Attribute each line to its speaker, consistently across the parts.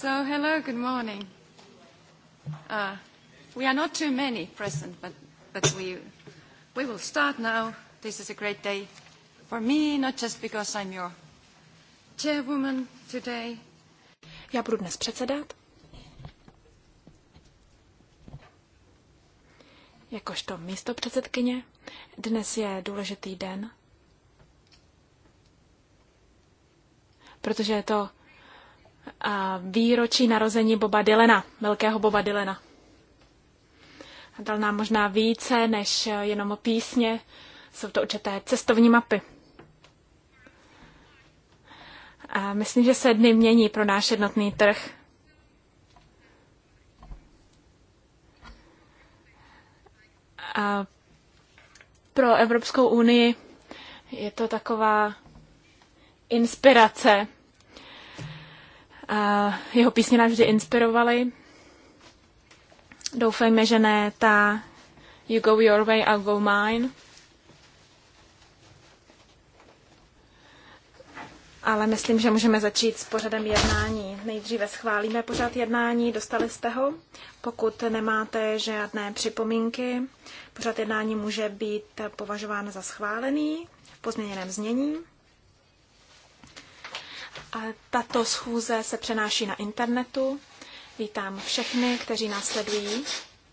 Speaker 1: So, hello, good morning. Uh, we are not too many present, but, but we, we will start now. This is a great day for me, not just because I'm your chairwoman today.
Speaker 2: Já budu dnes předsedat. Jakožto místo předsedkyně, dnes je důležitý den, protože je to výročí narození Boba Dylena, velkého Boba Dylena. Dal nám možná více než jenom písně, jsou to určité cestovní mapy. A myslím, že se dny mění pro náš jednotný trh. A pro Evropskou unii je to taková inspirace jeho písně nás vždy inspirovaly. Doufejme, že ne ta You go your way, I'll go mine. Ale myslím, že můžeme začít s pořadem jednání. Nejdříve schválíme pořad jednání, dostali jste ho. Pokud nemáte žádné připomínky, pořad jednání může být považován za schválený v pozměněném znění. Tato schůze se přenáší na internetu. Vítám všechny, kteří nás sledují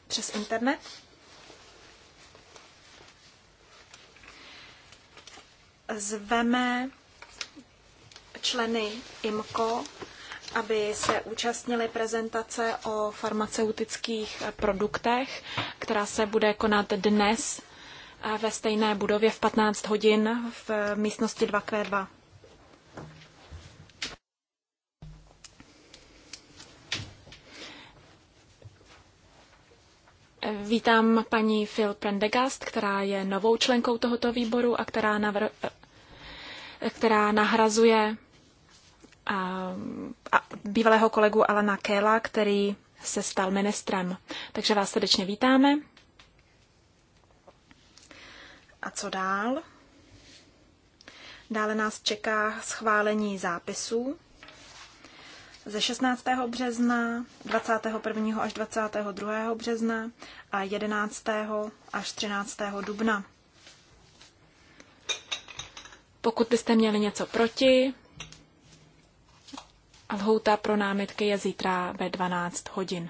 Speaker 2: přes internet. Zveme členy IMCO, aby se účastnili prezentace o farmaceutických produktech, která se bude konat dnes eh, ve stejné budově v 15 hodin v místnosti 2Q2. Vítám paní Phil Prendegast, která je novou členkou tohoto výboru a která, navr- eh, která nahrazuje a, eh, a bývalého kolegu Alana Kela, který se stal ministrem. Takže vás srdečně vítáme. A co dál? Dále nás čeká schválení zápisů ze 16. března, 21. až 22. března a 11. až 13. dubna. Pokud byste měli něco proti, lhouta pro námitky je zítra ve 12 hodin.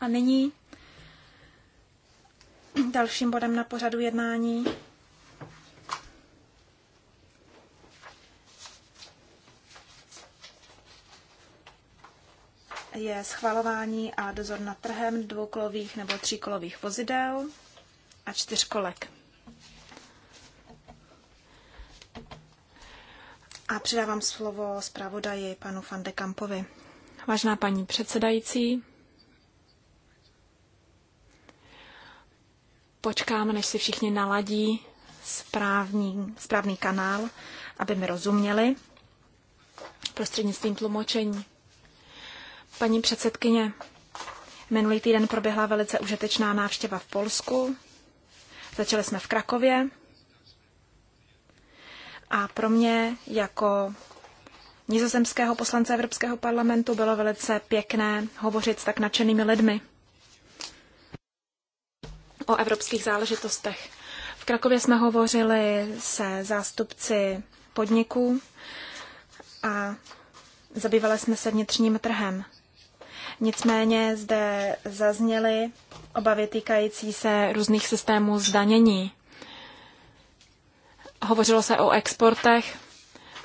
Speaker 2: A nyní dalším bodem na pořadu jednání je schvalování a dozor nad trhem dvoukolových nebo tříkolových vozidel a čtyřkolek. A předávám slovo zpravodaji panu van de Kampovi. Vážná paní předsedající, počkáme, než si všichni naladí správný, správný kanál, aby mi rozuměli prostřednictvím tlumočení. Paní předsedkyně, minulý týden proběhla velice užitečná návštěva v Polsku. Začali jsme v Krakově. A pro mě jako nizozemského poslance Evropského parlamentu bylo velice pěkné hovořit s tak nadšenými lidmi o evropských záležitostech. V Krakově jsme hovořili se zástupci podniků a zabývali jsme se vnitřním trhem. Nicméně zde zazněly obavy týkající se různých systémů zdanění. Hovořilo se o exportech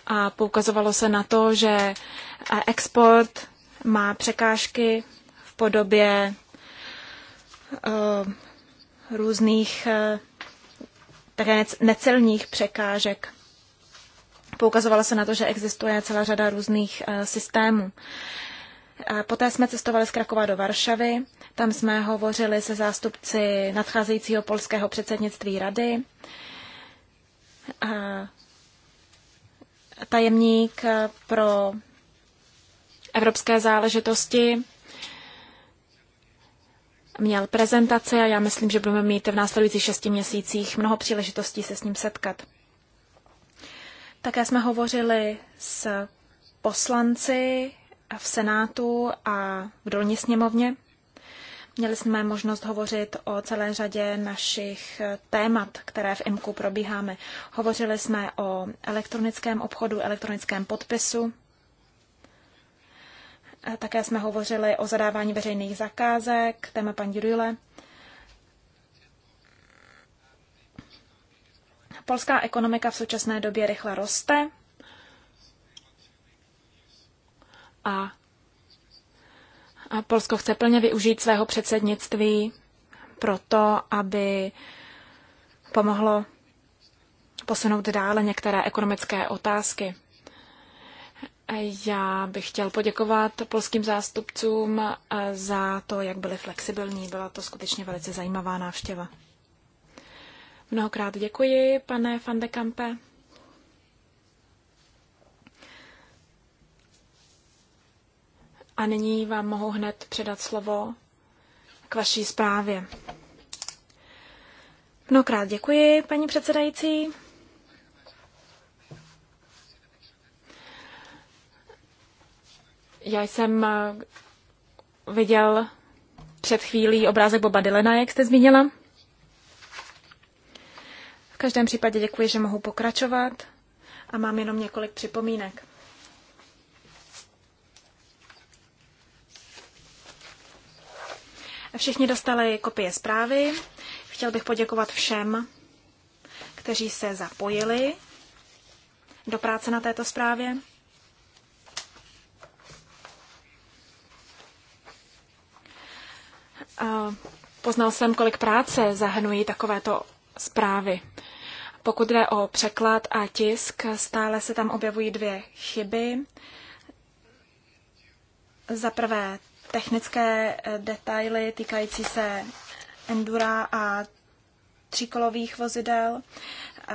Speaker 2: a poukazovalo se na to, že export má překážky v podobě eh, různých eh, také necelních překážek. Poukazovalo se na to, že existuje celá řada různých eh, systémů. Poté jsme cestovali z Krakova do Varšavy, tam jsme hovořili se zástupci nadcházejícího polského předsednictví rady. Tajemník pro evropské záležitosti měl prezentaci a já myslím, že budeme mít v následujících šesti měsících mnoho příležitostí se s ním setkat. Také jsme hovořili s poslanci v Senátu a v dolní sněmovně. Měli jsme možnost hovořit o celé řadě našich eh, témat, které v IMKU probíháme. Hovořili jsme o elektronickém obchodu, elektronickém podpisu. Také jsme hovořili o zadávání veřejných zakázek, téma paní Rujle. Polská ekonomika v současné době rychle roste a, a Polsko chce plně využít svého předsednictví proto, aby pomohlo posunout dále některé ekonomické otázky. Já bych chtěl poděkovat polským zástupcům eh, za to, jak byli flexibilní. Byla to skutečně velice zajímavá návštěva. Mnohokrát děkuji, pane Fandekampe. A nyní vám mohu hned předat slovo k vaší zprávě. Mnohokrát děkuji, paní předsedající. Já jsem viděl před chvílí obrázek Boba Dylena, jak jste zmínila. V každém případě děkuji, že mohu pokračovat a mám jenom několik připomínek. Všichni dostali kopie zprávy. Chtěl bych poděkovat všem, kteří se zapojili do práce na této zprávě. Poznal jsem, kolik práce zahrnují takovéto zprávy. Pokud jde o překlad a tisk, stále se tam objevují dvě chyby. Za prvé technické eh, detaily týkající se endura a tříkolových vozidel eh,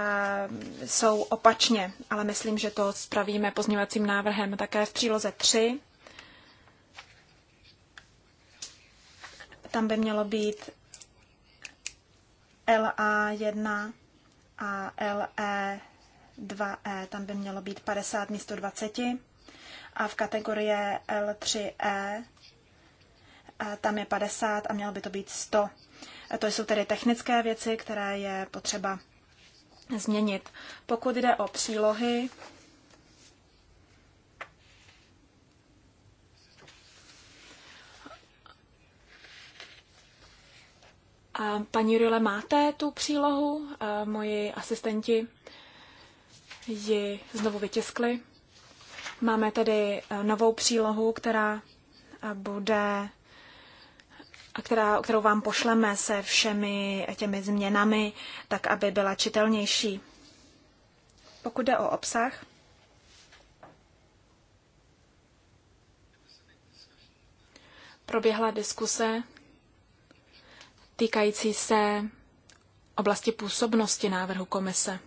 Speaker 2: jsou opačně, ale myslím, že to spravíme pozměňovacím návrhem také v příloze 3. Tam by mělo být LA1 a LE2E, e, tam by mělo být 50 místo 20. A v kategorie L3E tam je 50 a mělo by to být 100. To jsou tedy technické věci, které je potřeba změnit. Pokud jde o přílohy, A paní Rule, máte tu přílohu? A moji asistenti ji znovu vytiskli. Máme tedy e, novou přílohu, která e, bude která, kterou vám pošleme se všemi těmi změnami, tak aby byla čitelnější. Pokud jde o obsah, proběhla diskuse týkající se oblasti působnosti návrhu komise.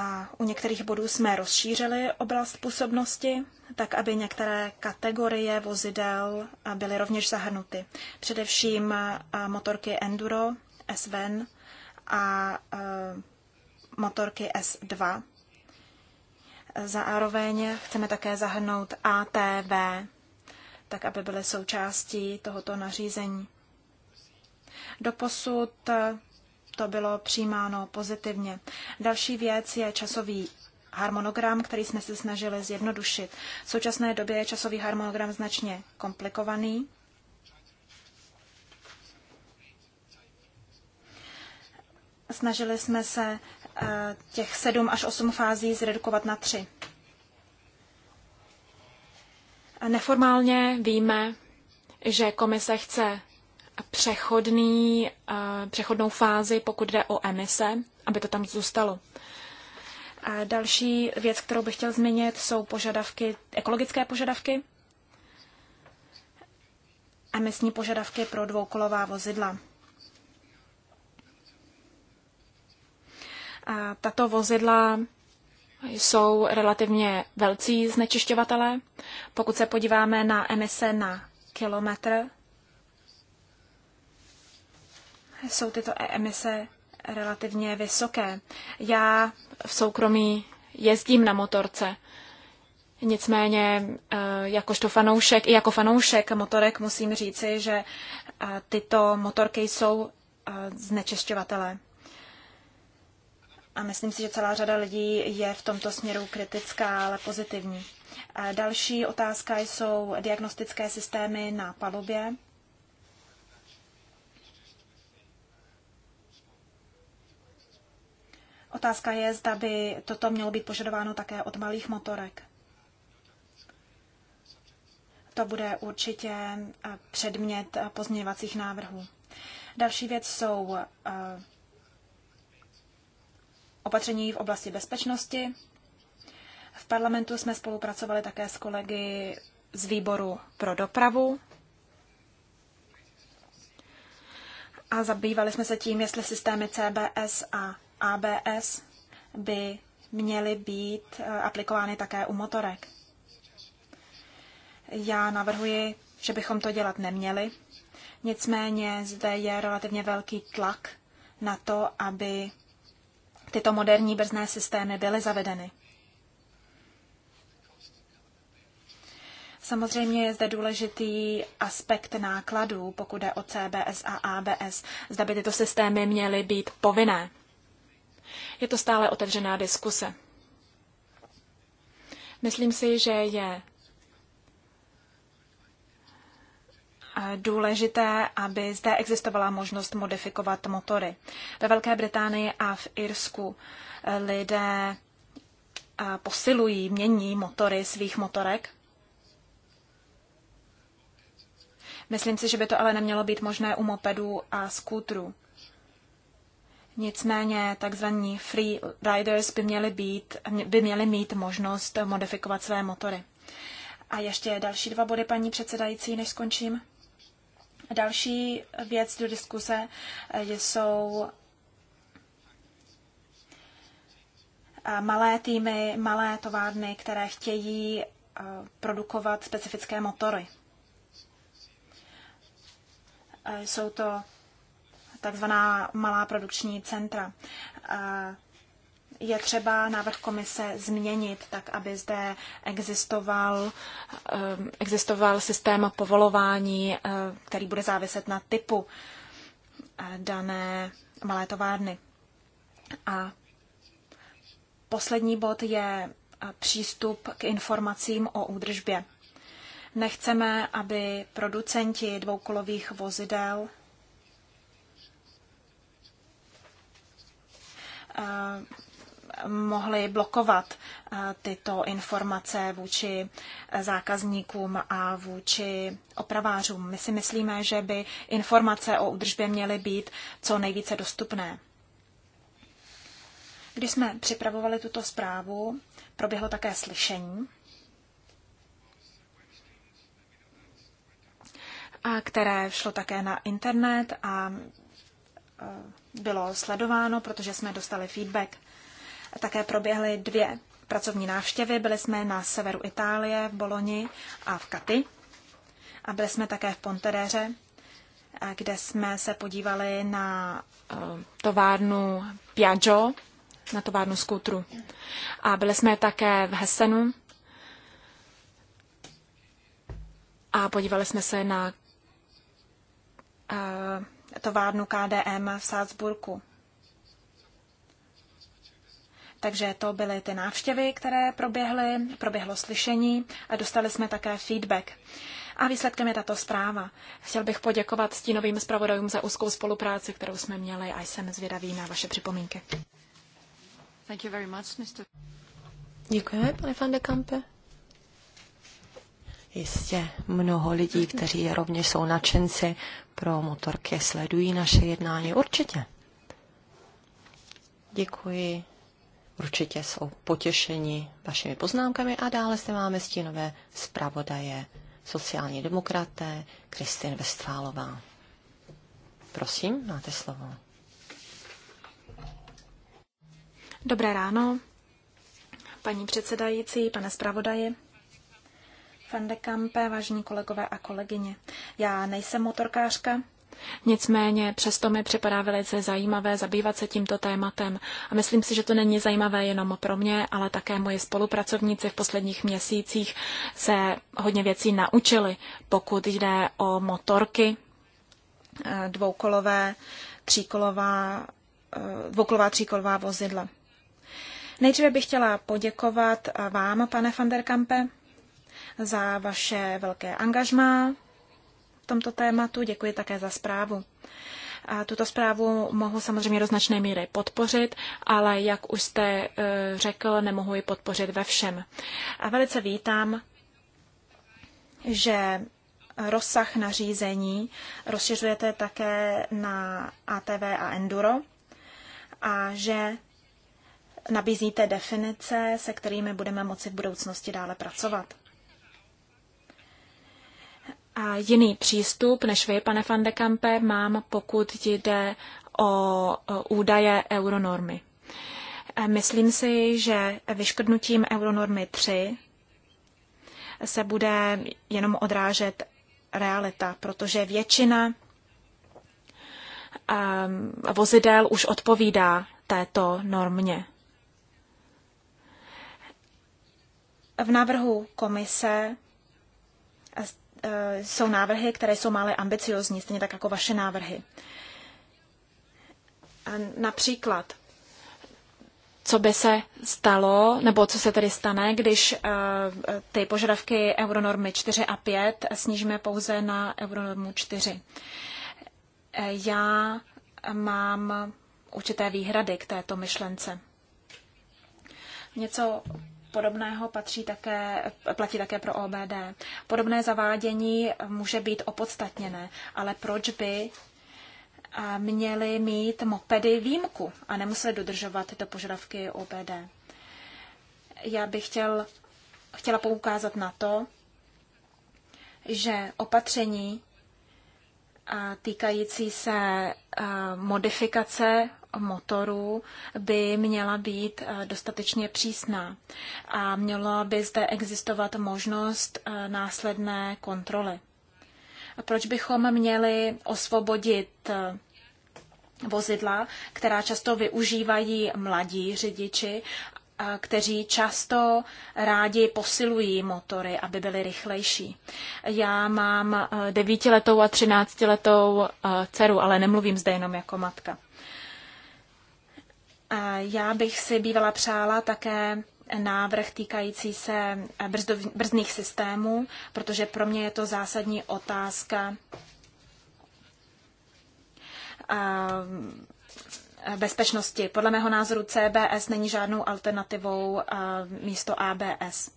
Speaker 2: A u některých bodů jsme rozšířili oblast působnosti, tak aby některé kategorie vozidel byly rovněž zahrnuty. Především motorky Enduro, SVN a motorky S2. Zároveň chceme také zahrnout ATV, tak aby byly součástí tohoto nařízení. Doposud to bylo přijímáno pozitivně. Další věc je časový harmonogram, který jsme se snažili zjednodušit. V současné době je časový harmonogram značně komplikovaný. Snažili jsme se eh, těch sedm až osm fází zredukovat na tři. Neformálně víme, že komise chce přechodný, eh, přechodnou fázi, pokud jde o emise, aby to tam zůstalo. A další věc, kterou bych chtěl zmínit, jsou požadavky, ekologické požadavky, emisní požadavky pro dvoukolová vozidla. A tato vozidla jsou relativně velcí znečišťovatelé. Pokud se podíváme na emise na kilometr, jsou tyto e- emise relativně vysoké. Já v soukromí jezdím na motorce. Nicméně, e, jakožto fanoušek, i jako fanoušek motorek musím říci, že e, tyto motorky jsou znečišťovatele. A myslím si, že celá řada lidí je v tomto směru kritická, ale pozitivní. Další otázka jsou diagnostické systémy na palubě. Otázka je, zda by toto mělo být požadováno také od malých motorek. To bude určitě eh, předmět eh, pozměňovacích návrhů. Další věc jsou eh, opatření v oblasti bezpečnosti. V parlamentu jsme spolupracovali také s kolegy z výboru pro dopravu a zabývali jsme se tím, jestli systémy CBS a ABS by měly být eh, aplikovány také u motorek. Já navrhuji, že bychom to dělat neměli. Nicméně zde je relativně velký tlak na to, aby tyto moderní brzné systémy byly zavedeny. Samozřejmě je zde důležitý aspekt nákladů, pokud je o CBS a ABS. Zda by tyto systémy měly být povinné. Je to stále otevřená diskuse. Myslím si, že je eh, důležité, aby zde existovala možnost modifikovat motory. Ve Velké Británii a v Irsku eh, lidé eh, posilují, mění motory svých motorek. Myslím si, že by to ale nemělo být možné u mopedů a skútrů. Nicméně takzvaní free riders by měli, být, by měli mít možnost modifikovat své motory. A ještě další dva body, paní předsedající, než skončím. Další věc do diskuse eh, jsou eh, malé týmy, malé továrny, které chtějí eh, produkovat specifické motory. Jsou to takzvaná malá produkční centra. Je třeba návrh komise změnit tak, aby zde existoval, um, existoval systém povolování, uh, který bude záviset na typu uh, dané malé továrny. A poslední bod je uh, přístup k informacím o údržbě. Nechceme, aby producenti dvoukolových vozidel Eh, mohli blokovat eh, tyto informace vůči zákazníkům a vůči opravářům. My si myslíme, že by informace o údržbě měly být co nejvíce dostupné. Když jsme připravovali tuto zprávu, proběhlo také slyšení, a které šlo také na internet a Eh, bylo sledováno, protože jsme dostali feedback. Také proběhly dvě pracovní návštěvy. Byli jsme na severu Itálie, v Boloni a v Katy. A byli jsme také v Pontedéře, eh, kde jsme se podívali na eh, továrnu Piaggio, na továrnu skutru. A byli jsme také v Hessenu a podívali jsme se na továrnu KDM v Salzburku. Takže to byly ty návštěvy, které proběhly, proběhlo slyšení a dostali jsme také feedback. A výsledkem je tato zpráva. Chtěl bych poděkovat stínovým zpravodajům za úzkou spolupráci, kterou jsme měli a jsem zvědavý na vaše připomínky. Thank you very much, Mr.
Speaker 3: Děkujeme, pane van de Kampe. Jistě mnoho lidí, kteří rovněž jsou nadšenci pro motorky, sledují naše jednání. Určitě. Děkuji. Určitě jsou potěšeni vašimi poznámkami a dále se máme stínové zpravodaje sociální demokraté Kristin Vestfálová. Prosím, máte slovo.
Speaker 2: Dobré ráno, paní předsedající, pane zpravodaji. Fendekampe, vážení kolegové a kolegyně. Já nejsem motorkářka, Nicméně přesto mi připadá velice zajímavé zabývat se tímto tématem a myslím si, že to není zajímavé jenom pro mě, ale také moji spolupracovníci v posledních měsících se hodně věcí naučili, pokud jde o motorky eh, dvoukolové, tříkolová, eh, dvoukolová, tříkolová vozidla. Nejdříve bych chtěla poděkovat eh, vám, pane van der Kampe, za vaše velké angažmá v tomto tématu. Děkuji také za zprávu. A tuto zprávu mohu samozřejmě do značné míry podpořit, ale jak už jste e, řekl, nemohu ji podpořit ve všem. A velice vítám, že rozsah nařízení rozšiřujete také na ATV a Enduro a že nabízíte definice, se kterými budeme moci v budoucnosti dále pracovat a jiný přístup než vy, pane van de Kampe, mám, pokud jde o údaje euronormy. E, myslím si, že vyškrtnutím euronormy 3 se bude jenom odrážet realita, protože většina vozidel už odpovídá této normě. V návrhu komise Eh, jsou návrhy, které jsou malé ambiciozní, stejně tak jako vaše návrhy. Například, co by se stalo, nebo co se tedy stane, když eh, ty požadavky euronormy 4 a 5 snížíme pouze na euronormu 4. Eh, já mám určité výhrady k této myšlence. Něco Podobného patří také, platí také pro OBD. Podobné zavádění může být opodstatněné, ale proč by měly mít mopedy výjimku a nemuseli dodržovat tyto požadavky OBD? Já bych chtěl, chtěla poukázat na to, že opatření týkající se modifikace motorů by měla být eh, dostatečně přísná a měla by zde existovat možnost eh, následné kontroly. A proč bychom měli osvobodit eh, vozidla, která často využívají mladí řidiči, kteří často rádi posilují motory, aby byly rychlejší. Já mám devítiletou a třináctiletou dceru, ale nemluvím zde jenom jako matka. Já bych si bývala přála také návrh týkající se brzdov, brzdných systémů, protože pro mě je to zásadní otázka bezpečnosti. Podle mého názoru CBS není žádnou alternativou místo ABS.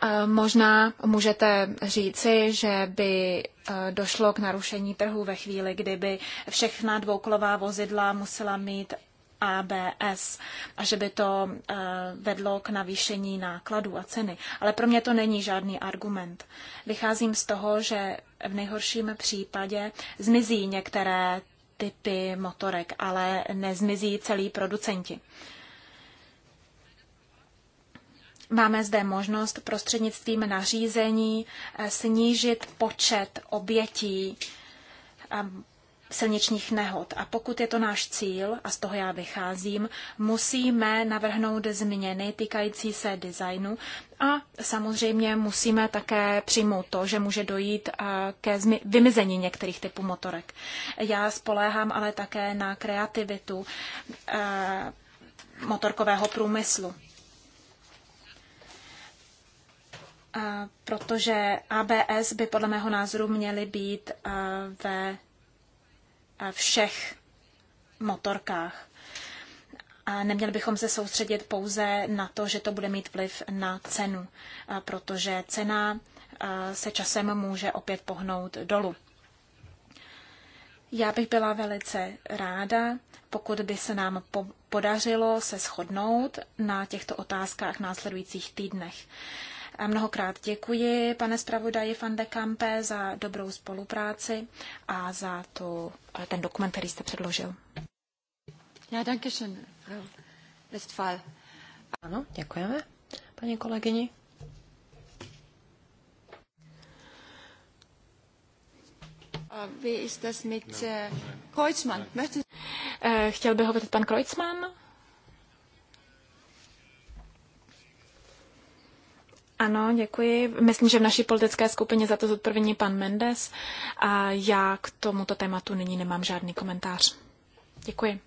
Speaker 2: Eh, možná můžete říci, že by eh, došlo k narušení trhu ve chvíli, kdyby všechna dvoukolová vozidla musela mít ABS a že by to eh, vedlo k navýšení nákladů a ceny. Ale pro mě to není žádný argument. Vycházím z toho, že v nejhorším případě zmizí některé typy motorek, ale nezmizí celý producenti. Máme zde možnost prostřednictvím nařízení eh, snížit počet obětí ehm, silničních nehod. A pokud je to náš cíl, a z toho já vycházím, musíme navrhnout změny týkající se designu a samozřejmě musíme také přijmout to, že může dojít eh, ke vymizení některých typů motorek. Já spoléhám ale také na kreativitu eh, motorkového průmyslu. protože ABS by podle mého názoru měly být e, ve e, všech motorkách. A neměli bychom se soustředit pouze na to, že to bude mít vliv na cenu, e, protože cena se časem může opět pohnout dolů. Já bych byla velice ráda, pokud by se nám po podařilo se shodnout na těchto otázkách v následujících týdnech mnohokrát děkuji, pane zpravodaji Van de Campe za dobrou spolupráci a za to, eh, ten dokument, který jste předložil. Já danke schön, Frau Westphal.
Speaker 3: Ano, děkujeme, paní kolegyni.
Speaker 2: Wie ist das mit eh, Kreuzmann? Möchten... Eh, chtěl by hovořit pan Kreuzmann? Ano, děkuji. Myslím, že v naší politické skupině za to zodpovědní pan Mendes a já k tomuto tématu nyní nemám žádný komentář. Děkuji.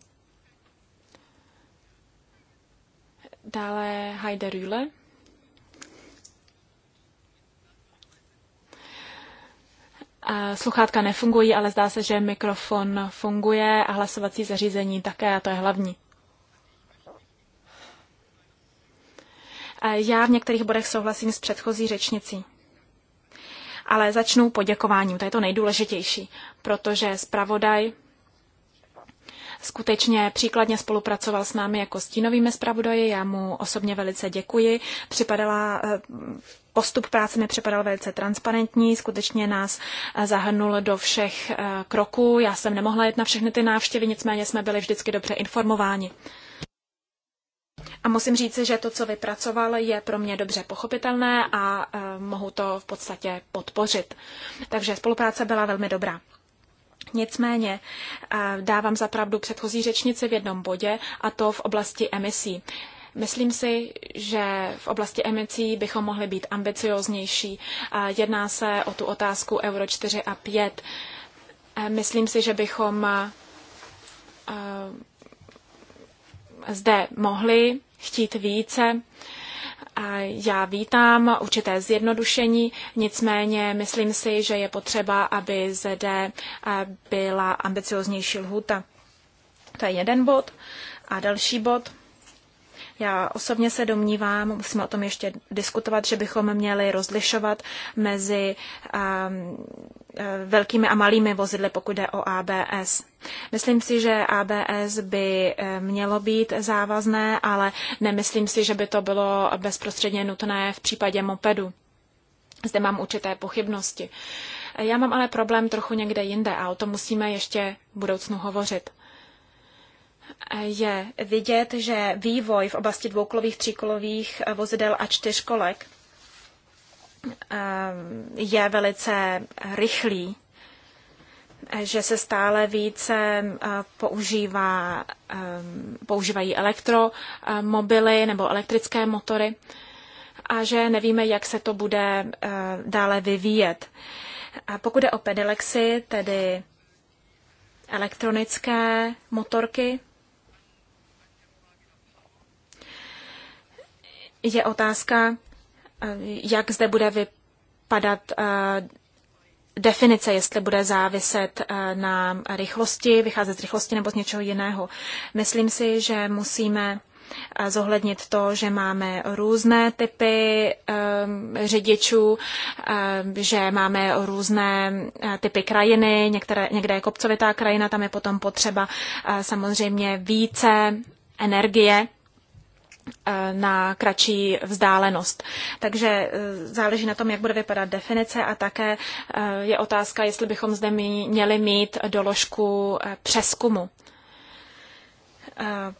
Speaker 2: Dále Heide Rühle. Sluchátka nefungují, ale zdá se, že mikrofon funguje a hlasovací zařízení také a to je hlavní. Eh, já v některých bodech souhlasím s předchozí řečnicí. Ale začnu poděkováním, to je to nejdůležitější, protože zpravodaj skutečně příkladně spolupracoval s námi jako stínovými zpravodaji. Já mu osobně velice děkuji. Připadala, eh, postup práce mi připadal velice transparentní, skutečně nás eh, zahrnul do všech kroků. Já jsem nemohla jít na všechny ty návštěvy, nicméně jsme byli vždycky dobře informováni. A musím říct, že to, co vypracoval, je pro mě dobře pochopitelné a e, mohu to v podstatě podpořit. Takže spolupráce byla velmi dobrá. Nicméně e, dávám zapravdu předchozí řečnici v jednom bodě, a to v oblasti emisí. Myslím si, že v oblasti emisí bychom mohli být ambicioznější. Jedná se o tu otázku Euro 4 a 5. E, myslím si, že bychom zde mohli chtít více. Já vítám určité zjednodušení, nicméně myslím si, že je potřeba, aby ZD eh, byla ambicioznější lhuta. To je jeden bod. A další bod já osobně se domnívám, musíme o tom ještě diskutovat, že bychom měli rozlišovat mezi um, eh, velkými a malými vozidly, pokud jde o ABS. Myslím si, že ABS by eh, mělo být závazné, ale nemyslím si, že by to bylo bezprostředně nutné v případě mopedu. Zde mám určité pochybnosti. Já mám ale problém trochu někde jinde a o tom musíme ještě v budoucnu hovořit je vidět, že vývoj v oblasti dvoukolových, tříkolových vozidel a čtyřkolek eh, je velice rychlý, že se stále více eh, používá, eh, používají elektromobily nebo elektrické motory a že nevíme, jak se to bude dále vyvíjet. A pokud je o pedelexy, tedy elektronické motorky, je otázka, eh, jak zde bude vypadat eh, definice, jestli bude záviset eh, na rychlosti, vycházet z rychlosti nebo z něčeho jiného. Myslím si, že musíme zohlednit to, že máme různé typy řidičů, že máme různé typy krajiny, některé, někde je kopcovitá krajina, tam je potom potřeba samozřejmě více energie E, na kratší vzdálenost. Takže e, záleží na tom, jak bude vypadat definice a také e, je otázka, jestli bychom zde měli mít doložku přeskumu.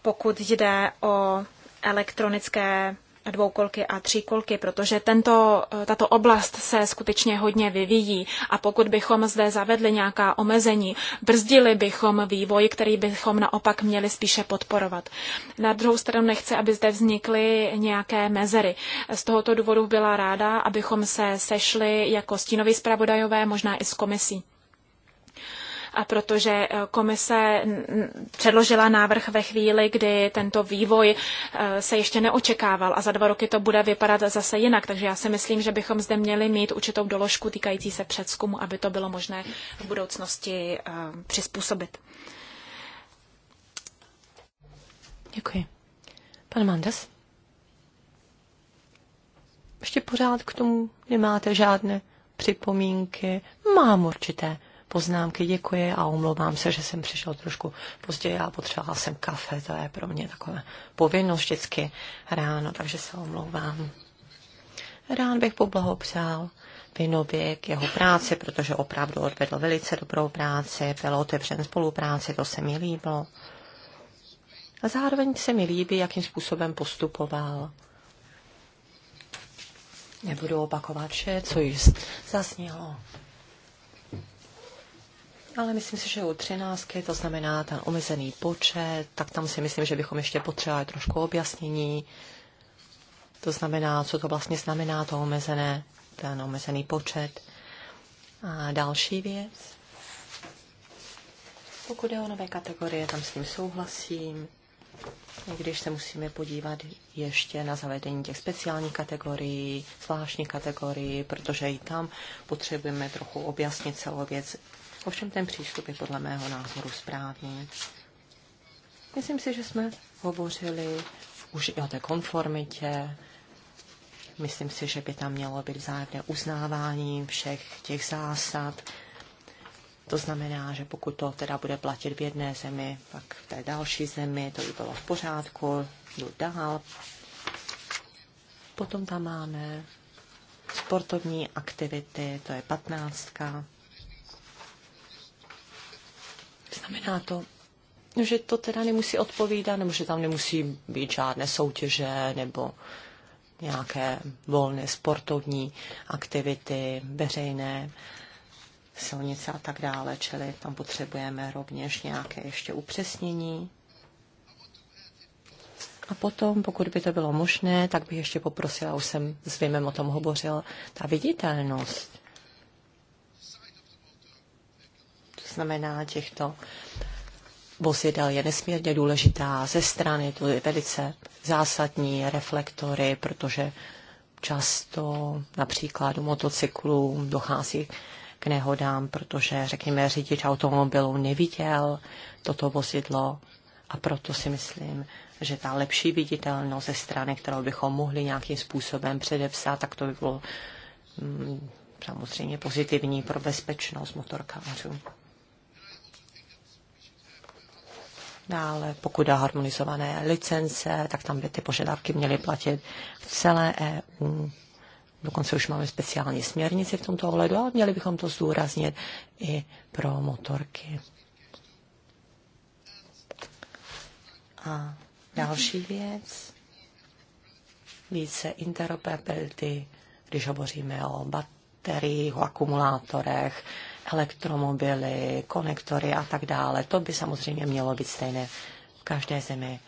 Speaker 2: Pokud jde o elektronické dvoukolky a tříkolky, protože tento, tato oblast se skutečně hodně vyvíjí a pokud bychom zde zavedli nějaká omezení, brzdili bychom vývoj, který bychom naopak měli spíše podporovat. Na druhou stranu nechci, aby zde vznikly nějaké mezery. Z tohoto důvodu byla ráda, abychom se sešli jako stínoví zpravodajové, možná i s komisí protože eh, komise předložila návrh ve chvíli, kdy tento vývoj eh, se ještě neočekával a za dva roky to bude vypadat zase jinak. Takže já si myslím, že bychom zde měli mít určitou doložku týkající se předzkumu, aby to bylo možné v budoucnosti eh, přizpůsobit.
Speaker 3: Děkuji. Pan Mandas? Ještě pořád k tomu nemáte žádné připomínky. Mám určité poznámky. Děkuji a omlouvám se, že jsem přišel trošku pozdě. Já potřebovala jsem kafe, to je pro mě takové povinnost vždycky ráno, takže se omlouvám. Rád bych poblahopřál Vinovi k jeho práci, protože opravdu odvedl velice dobrou práci, byl otevřen spolupráci, to se mi líbilo. A zároveň se mi líbí, jakým způsobem postupoval. Nebudu opakovat vše, co již zaznělo ale myslím si, že u třináctky, to znamená ten omezený počet, tak tam si myslím, že bychom ještě potřebovali trošku objasnění. To znamená, co to vlastně znamená, to omezené, ten omezený počet. A další věc. Pokud je o nové kategorie, tam s tím souhlasím. I když se musíme podívat ještě na zavedení těch speciálních kategorií, zvláštních kategorií, protože i tam potřebujeme trochu objasnit celou věc Ovšem ten přístup je podle mého názoru správný. Myslím si, že jsme hovořili už i o té konformitě. Myslím si, že by tam mělo být vzájemné uznávání všech těch zásad. To znamená, že pokud to teda bude platit v jedné zemi, pak v té další zemi, to by bylo v pořádku, jdu dál. Potom tam máme sportovní aktivity, to je patnáctka. Znamená to, že to teda nemusí odpovídat, nebo že tam nemusí být žádné soutěže, nebo nějaké volné sportovní aktivity, veřejné silnice a tak dále, čili tam potřebujeme rovněž nějaké ještě upřesnění. A potom, pokud by to bylo možné, tak bych ještě poprosila, už jsem s Vimem o tom hovořil, ta viditelnost. znamená těchto vozidel je nesmírně důležitá ze strany, to je velice zásadní reflektory, protože často například u motocyklů dochází k nehodám, protože, řekněme, řidič automobilu neviděl toto vozidlo a proto si myslím, že ta lepší viditelnost ze strany, kterou bychom mohli nějakým způsobem předepsat, tak to by bylo mm, samozřejmě pozitivní pro bezpečnost motorkářů. Dále, pokud dá harmonizované licence, tak tam by ty požadavky měly platit v celé EU. Dokonce už máme speciální směrnici v tomto ohledu Ale měli bychom to zdůraznit i pro motorky. A další věc, více interoperability, když hovoříme o bateriích, o akumulátorech, elektromobily, konektory a tak dále. To by samozřejmě mělo být stejné v každé zemi.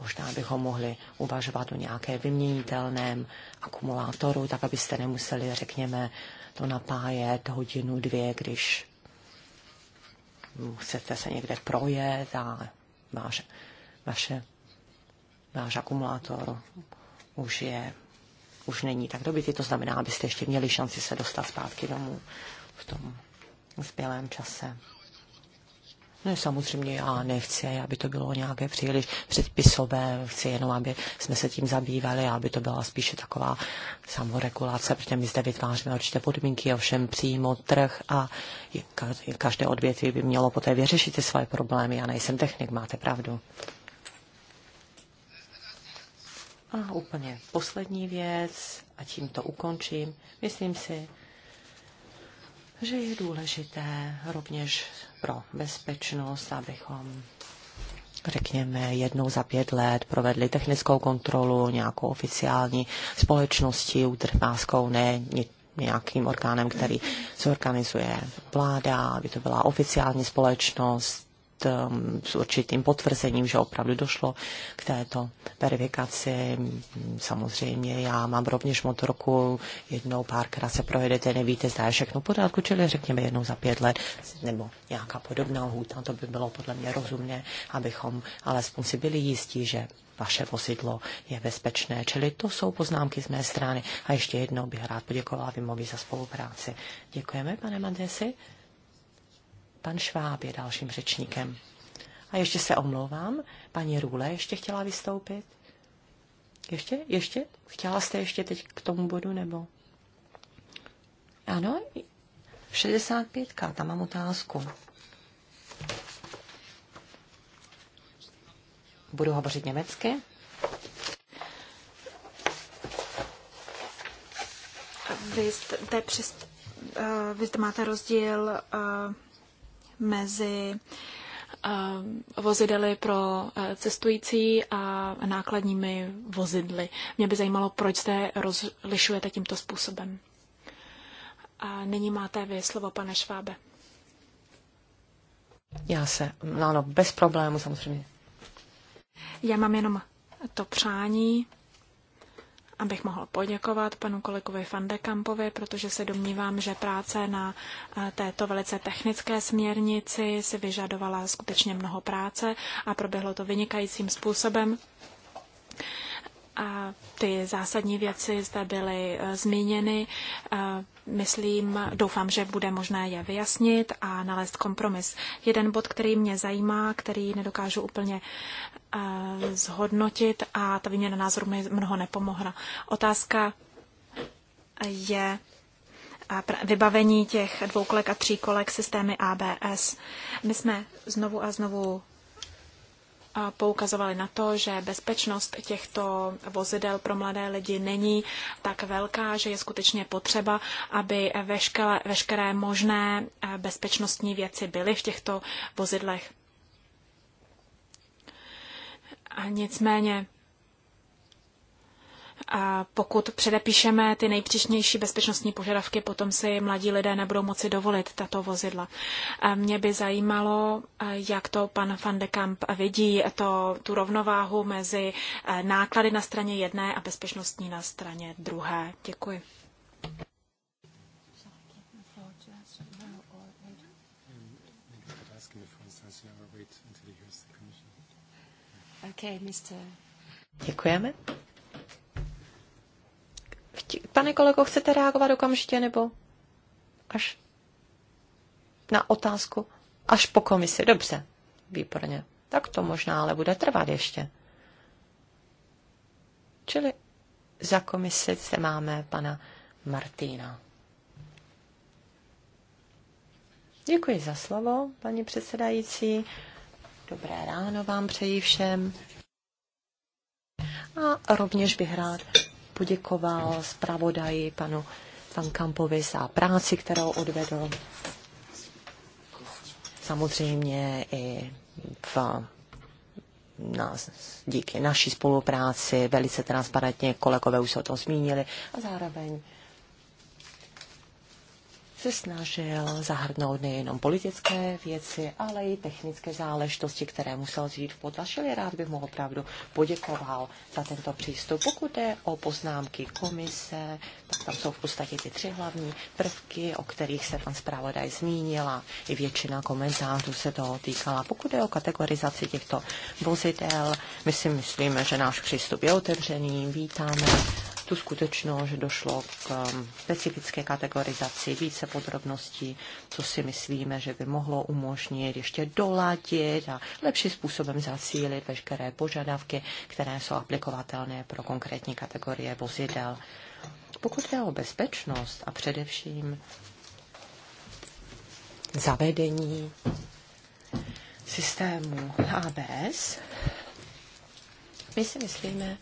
Speaker 3: Možná bychom mohli uvažovat o nějaké vyměnitelném akumulátoru, tak abyste nemuseli, řekněme, to napájet hodinu, dvě, když chcete se někde projet a váš, vaše, váš akumulátor už je už není tak dobytý, to znamená, abyste ještě měli šanci se dostat zpátky domů v tom zbělém čase. No samozřejmě já nechci, aby to bylo nějaké příliš předpisové, chci jenom, aby jsme se tím zabývali, aby to byla spíše taková samoregulace, protože my zde vytváříme určité podmínky, ovšem přímo trh a každé odvětví by mělo poté vyřešit ty svoje problémy. Já nejsem technik, máte pravdu. A úplně poslední věc a tím to ukončím. Myslím si, že je důležité rovněž pro bezpečnost, abychom řekněme, jednou za pět let provedli technickou kontrolu nějakou oficiální společností útrpáskou, ne nějakým orgánem, který se organizuje vláda, aby to byla oficiální společnost, Um, s určitým potvrzením, že opravdu došlo k této verifikaci. Samozřejmě já mám rovněž motorku, jednou párkrát se projedete, nevíte, zda je všechno pořádku, čili řekněme jednou za pět let nebo nějaká podobná lhůta, to by bylo podle mě rozumné, abychom alespoň si byli jistí, že vaše vozidlo je bezpečné. Čili to jsou poznámky z mé strany. A ještě jednou bych rád poděkovala Vimovi za spolupráci. Děkujeme, pane Mandesi. Pan Šváb je dalším řečníkem. A ještě se omlouvám, paní Růle ještě chtěla vystoupit. Ještě? Ještě? Chtěla jste ještě teď k tomu bodu, nebo? Ano, 65, tam mám otázku. Budu hovořit německy.
Speaker 2: Vy jste, přes, uh, vy máte rozdíl uh mezi eh, vozidely pro eh, cestující a nákladními vozidly. Mě by zajímalo, proč se rozlišujete tímto způsobem. A nyní máte vy slovo, pane Švábe.
Speaker 3: Já se, no ano, bez problému samozřejmě.
Speaker 2: Já mám jenom to přání, abych mohl poděkovat panu kolegovi Fandekampovi, protože se domnívám, že práce na eh, této velice technické směrnici si vyžadovala skutečně mnoho práce a proběhlo to vynikajícím způsobem. A ty zásadní věci zde byly eh, zmíněny. Eh, myslím, doufám, že bude možné je vyjasnit a nalézt kompromis. Jeden bod, který mě zajímá, který nedokážu úplně eh, zhodnotit a ta výměna názoru mi mnoho nepomohla. Otázka je vybavení těch dvoukolek a tříkolek systémy ABS. My jsme znovu a znovu poukazovali na to, že bezpečnost těchto vozidel pro mladé lidi není tak velká, že je skutečně potřeba, aby veškeré, veškeré možné eh, bezpečnostní věci byly v těchto vozidlech. A nicméně a pokud předepíšeme ty nejpříšnější bezpečnostní požadavky, potom si mladí lidé nebudou moci dovolit tato vozidla. A mě by zajímalo, jak to pan van de Kamp vidí, to, tu rovnováhu mezi náklady na straně jedné a bezpečnostní na straně druhé. Děkuji.
Speaker 3: Okay, Děkujeme. Pane kolego, chcete reagovat okamžitě nebo až na otázku? Až po komisi, dobře, výborně. Tak to možná ale bude trvat ještě. Čili za komisi se máme pana Martina. Děkuji za slovo, paní předsedající. Dobré ráno vám přeji všem. A rovněž bych rád poděkoval zpravodaji panu Van Kampovi za práci, kterou odvedl. Samozřejmě i v na, díky naší spolupráci velice transparentně, kolegové už se o tom zmínili, a zároveň se snažil zahrnout nejenom politické věci, ale i technické záležitosti, které musel zjít v potaz. Čili rád bych mu opravdu poděkoval za tento přístup. Pokud jde o poznámky komise, tak tam jsou v podstatě ty tři hlavní prvky, o kterých se pan zpravodaj zmínila. I většina komentářů se toho týkala. Pokud jde o kategorizaci těchto vozidel, my si myslíme, že náš přístup je otevřený, vítáme tu skutečnost, že došlo k um, specifické kategorizaci, více podrobností, co si myslíme, že by mohlo umožnit ještě doladit a lepší způsobem zasílit veškeré požadavky, které jsou aplikovatelné pro konkrétní kategorie vozidel. Pokud jde o bezpečnost a především zavedení systému ABS, my si myslíme,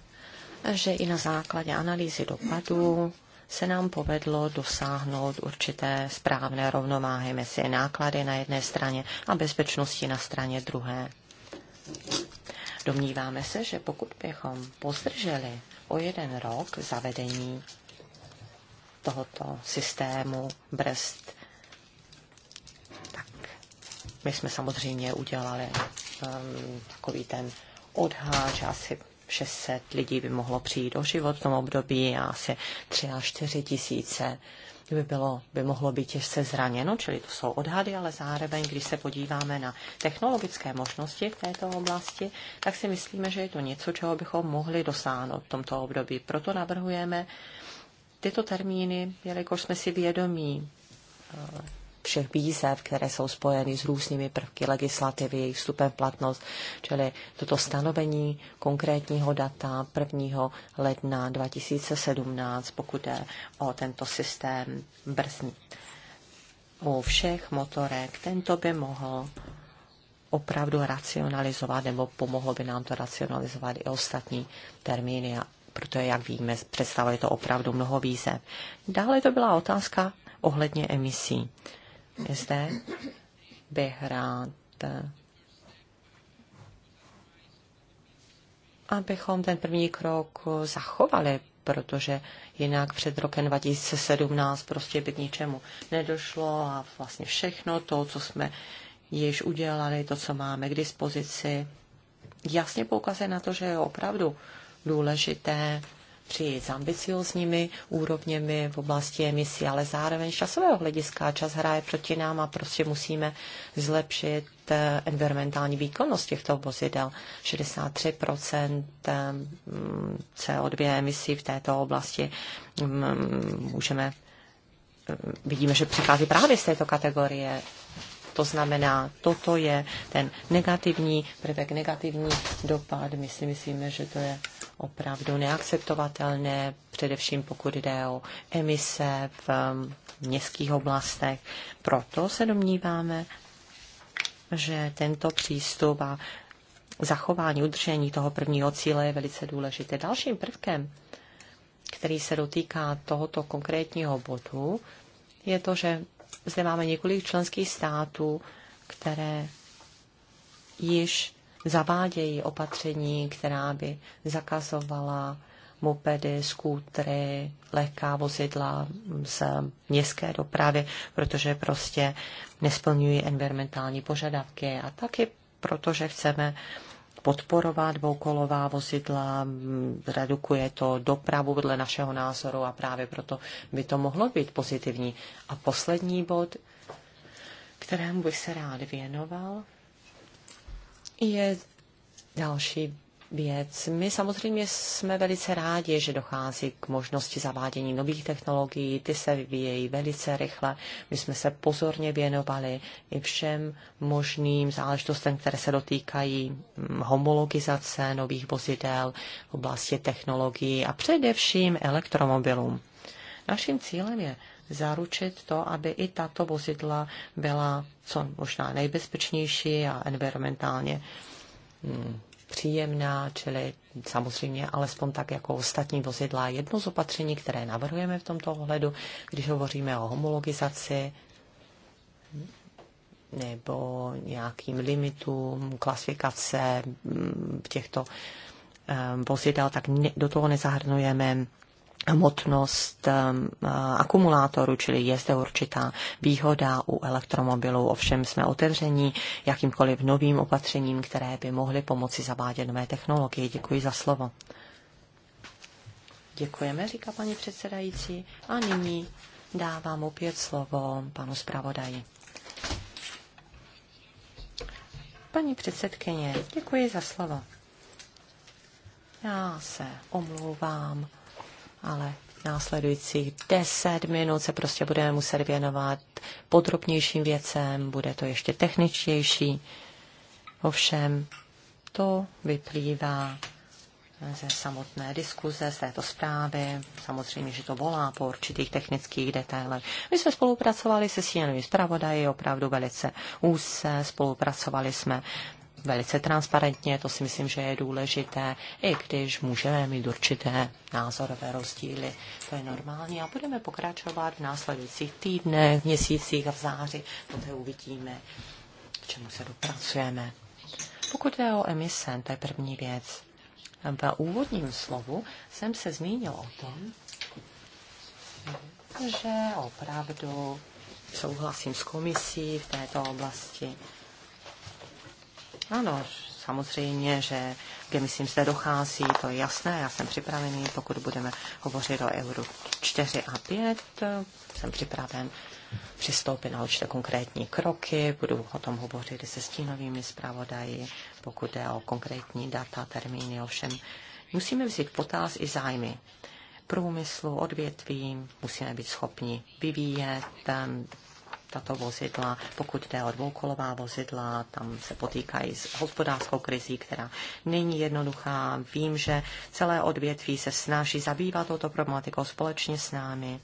Speaker 3: že i na základě analýzy dopadů se nám povedlo dosáhnout určité správné rovnováhy mezi náklady na jedné straně a bezpečnosti na straně druhé. Domníváme se, že pokud bychom pozdrželi o jeden rok zavedení tohoto systému Brest, tak my jsme samozřejmě udělali um, takový ten odhad, že asi 600 lidí by mohlo přijít do život v tom období a asi 3 až 4 tisíce by, bylo, by mohlo být těžce zraněno, čili to jsou odhady, ale zároveň, když se podíváme na technologické možnosti v této oblasti, tak si myslíme, že je to něco, čeho bychom mohli dosáhnout v tomto období. Proto navrhujeme tyto termíny, jelikož jsme si vědomí eh, všech výzev, které jsou spojeny s různými prvky legislativy, jejich vstupem v platnost, čili toto stanovení konkrétního data 1. ledna 2017, pokud jde o tento systém brzní. U všech motorek tento by mohl opravdu racionalizovat, nebo pomohlo by nám to racionalizovat i ostatní termíny, protože, jak víme, představuje to opravdu mnoho výzev. Dále to byla otázka ohledně emisí. Zde bych rád, eh, abychom ten první krok zachovali, protože jinak před rokem 2017 prostě by k ničemu nedošlo a vlastně všechno to, co jsme již udělali, to, co máme k dispozici, jasně poukazuje na to, že je opravdu důležité přijít s ambiciozními úrovněmi v oblasti emisí, ale zároveň z časového hlediska čas hraje proti nám a prostě musíme zlepšit eh, environmentální výkonnost těchto vozidel. 63% eh, mm, CO2 emisí v této oblasti mm, můžeme eh, vidíme, že přichází právě z této kategorie. To znamená, toto je ten negativní prvek, negativní dopad. My si myslíme, že to je opravdu neakceptovatelné, především pokud jde o emise v um, městských oblastech. Proto se domníváme, že tento přístup a zachování, udržení toho prvního cíle je velice důležité. Dalším prvkem, který se dotýká tohoto konkrétního bodu, je to, že zde máme několik členských států, které již zavádějí opatření, která by zakazovala mopedy, skútry, lehká vozidla z městské dopravy, protože prostě nesplňují environmentální požadavky a taky protože chceme podporovat dvoukolová vozidla, redukuje to dopravu podle našeho názoru a právě proto by to mohlo být pozitivní. A poslední bod, kterému bych se rád věnoval, je další věc. My samozřejmě jsme velice rádi, že dochází k možnosti zavádění nových technologií, ty se vyvíjejí velice rychle. My jsme se pozorně věnovali i všem možným záležitostem, které se dotýkají mm, homologizace nových vozidel v oblasti technologií a především elektromobilům. Naším cílem je zaručit to, aby i tato vozidla byla co možná nejbezpečnější a environmentálně mm, příjemná, čili samozřejmě alespoň tak jako ostatní vozidla. Jedno z opatření, které navrhujeme v tomto ohledu, když hovoříme o homologizaci nebo nějakým limitům klasifikace mm, těchto eh, vozidel, tak do toho nezahrnujeme hmotnost akumulátoru, čili je zde určitá výhoda u elektromobilů. Ovšem jsme otevření jakýmkoliv novým opatřením, které by mohly pomoci zavádět nové technologie. Děkuji za slovo. Děkujeme, říká paní předsedající. A nyní dávám opět slovo panu zpravodaji. Paní předsedkyně, děkuji za slovo. Já se omlouvám ale následujících deset minut se prostě budeme muset věnovat podrobnějším věcem, bude to ještě techničtější. Ovšem, to vyplývá ze samotné diskuze, z této zprávy. Samozřejmě, že to volá po určitých technických detailech. My jsme spolupracovali se sínovými zpravodaji opravdu velice úzce, spolupracovali jsme velice transparentně, to si myslím, že je důležité, i když můžeme mít určité názorové rozdíly, to je normální a budeme pokračovat v následujících týdnech, měsících a v září, poté uvidíme, k čemu se dopracujeme. Pokud je o emise, to je první věc. V úvodním slovu jsem se zmínil o tom, že opravdu souhlasím s komisí v této oblasti. Ano, samozřejmě, že k myslím zde dochází, to je jasné, já jsem připravený, pokud budeme hovořit o euro 4 a 5, jsem připraven přistoupit na určité konkrétní kroky, budu o tom hovořit se stínovými zpravodaji, pokud jde o konkrétní data, termíny, ovšem musíme vzít potaz i zájmy průmyslu, odvětví, musíme být schopni vyvíjet, tato vozidla. Pokud jde o dvoukolová vozidla, tam se potýkají s hospodářskou krizí, která není jednoduchá. Vím, že celé odvětví se snaží zabývat touto problematikou společně s námi.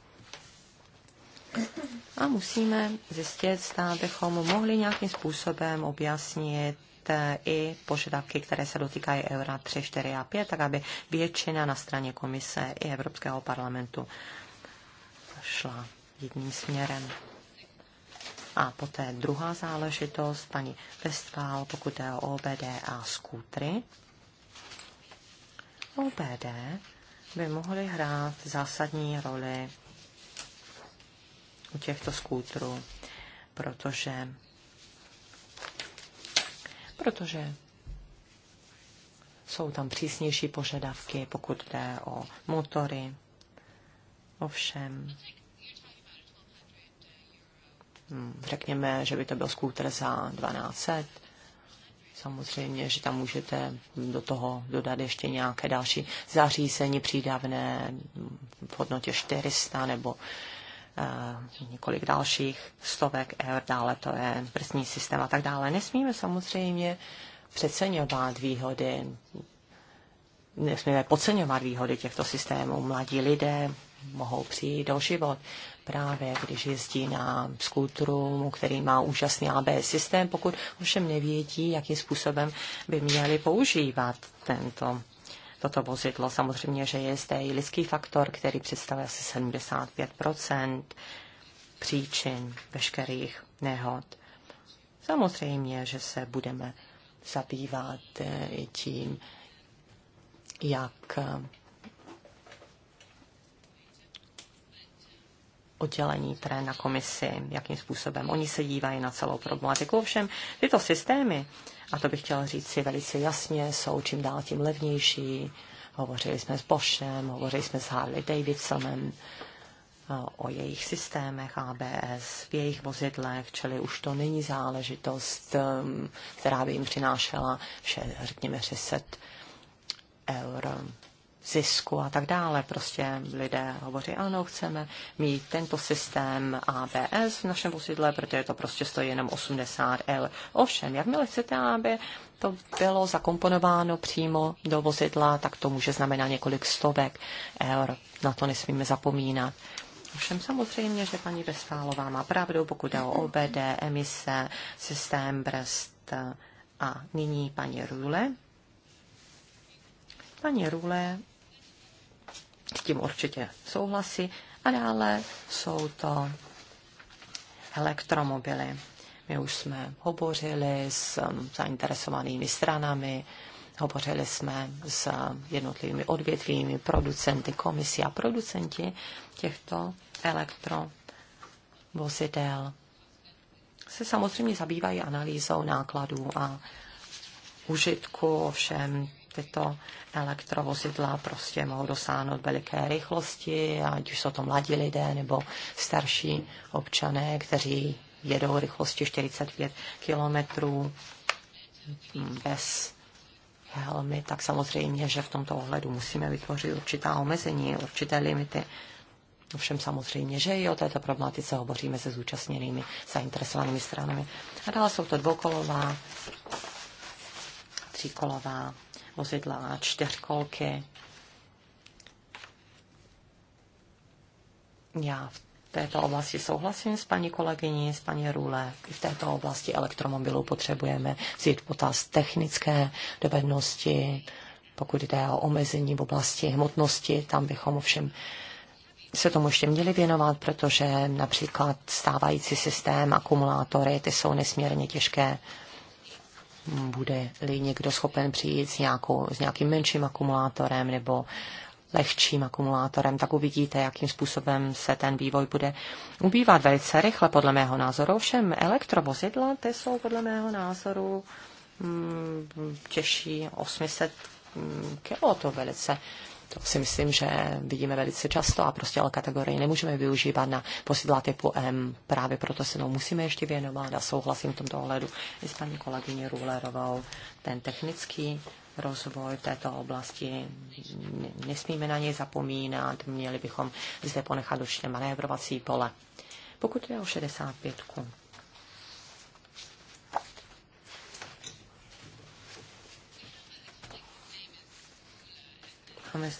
Speaker 3: A musíme zjistit, zda bychom mohli nějakým způsobem objasnit eh, i požadavky, které se dotýkají eura 3, 4 a 5, tak aby většina na straně komise i Evropského parlamentu šla jedním směrem. A poté druhá záležitost, paní Westphal, pokud je o OBD a skútry. OBD by mohly hrát zásadní roli u těchto skútrů, protože protože jsou tam přísnější požadavky, pokud jde o motory. Ovšem, řekněme, že by to byl skútr za 1200. Samozřejmě, že tam můžete do toho dodat ještě nějaké další zařízení přídavné v hodnotě 400 nebo eh, několik dalších stovek eur, dále to je prstní systém a tak dále. Nesmíme samozřejmě přeceňovat výhody, nesmíme podceňovat výhody těchto systémů. Mladí lidé mohou přijít do život právě když jezdí na skulpturu, který má úžasný ABS systém, pokud ovšem nevědí, jakým způsobem by měli používat tento toto vozidlo. Samozřejmě, že je zde i lidský faktor, který představuje asi 75 příčin veškerých nehod. Samozřejmě, že se budeme zabývat i eh, tím, jak eh, oddělení, které na komisi, jakým způsobem oni se dívají na celou problematiku. Ovšem, tyto systémy, a to bych chtěla říct si velice jasně, jsou čím dál tím levnější. Hovořili jsme s Boschem, hovořili jsme s Harley Davidsonem o jejich systémech ABS, v jejich vozidlech, čili už to není záležitost, um, která by jim přinášela vše, řekněme 600 eur zisku a tak dále. Prostě lidé hovoří, ano, chceme mít tento systém ABS v našem vozidle, protože to prostě stojí jenom 80 eur. Ovšem, jakmile chcete, aby to bylo zakomponováno přímo do vozidla, tak to může znamenat několik stovek eur. Na to nesmíme zapomínat. Ovšem samozřejmě, že paní Vestálová má pravdu, pokud jde o OBD, emise, systém Brest a nyní paní Rule. Paní Rule s tím určitě souhlasí. A dále jsou to elektromobily. My už jsme hovořili s um, zainteresovanými stranami, hovořili jsme s jednotlivými odvětvími, producenty, komisí a producenti těchto elektrovozidel se samozřejmě zabývají analýzou nákladů a užitku, ovšem tyto elektrovozidla prostě mohou dosáhnout veliké rychlosti, ať už jsou to mladí lidé nebo starší občané, kteří jedou rychlosti 45 kilometrů bez helmy, tak samozřejmě, že v tomto ohledu musíme vytvořit určitá omezení, určité limity. Ovšem samozřejmě, že i o této problematice hovoříme se zúčastněnými zainteresovanými stranami. A dále jsou to dvoukolová, tříkolová vozidla, na čtyřkolky. Já v této oblasti souhlasím s paní kolegyní, s paní Růle. I v této oblasti elektromobilů potřebujeme vzít potaz technické dovednosti, pokud jde o omezení v oblasti hmotnosti, tam bychom ovšem se tomu ještě měli věnovat, protože například stávající systém, akumulátory, ty jsou nesmírně těžké bude-li někdo schopen přijít s, nějakou, s nějakým menším akumulátorem nebo lehčím akumulátorem, tak uvidíte, jakým způsobem se ten vývoj bude ubývat velice rychle, podle mého názoru. Všem elektrovozidla, ty jsou podle mého názoru mm, těžší 800 kilo, to velice to si myslím, že vidíme velice často a prostě ale kategorii nemůžeme využívat na posidla typu M. Právě proto se tomu musíme ještě věnovat a souhlasím v tomto ohledu i s paní kolegyně Rulerovou. Ten technický rozvoj této oblasti. Nesmíme na něj zapomínat, měli bychom zde ponechat určitě manévrovací pole. Pokud je o 65, Máme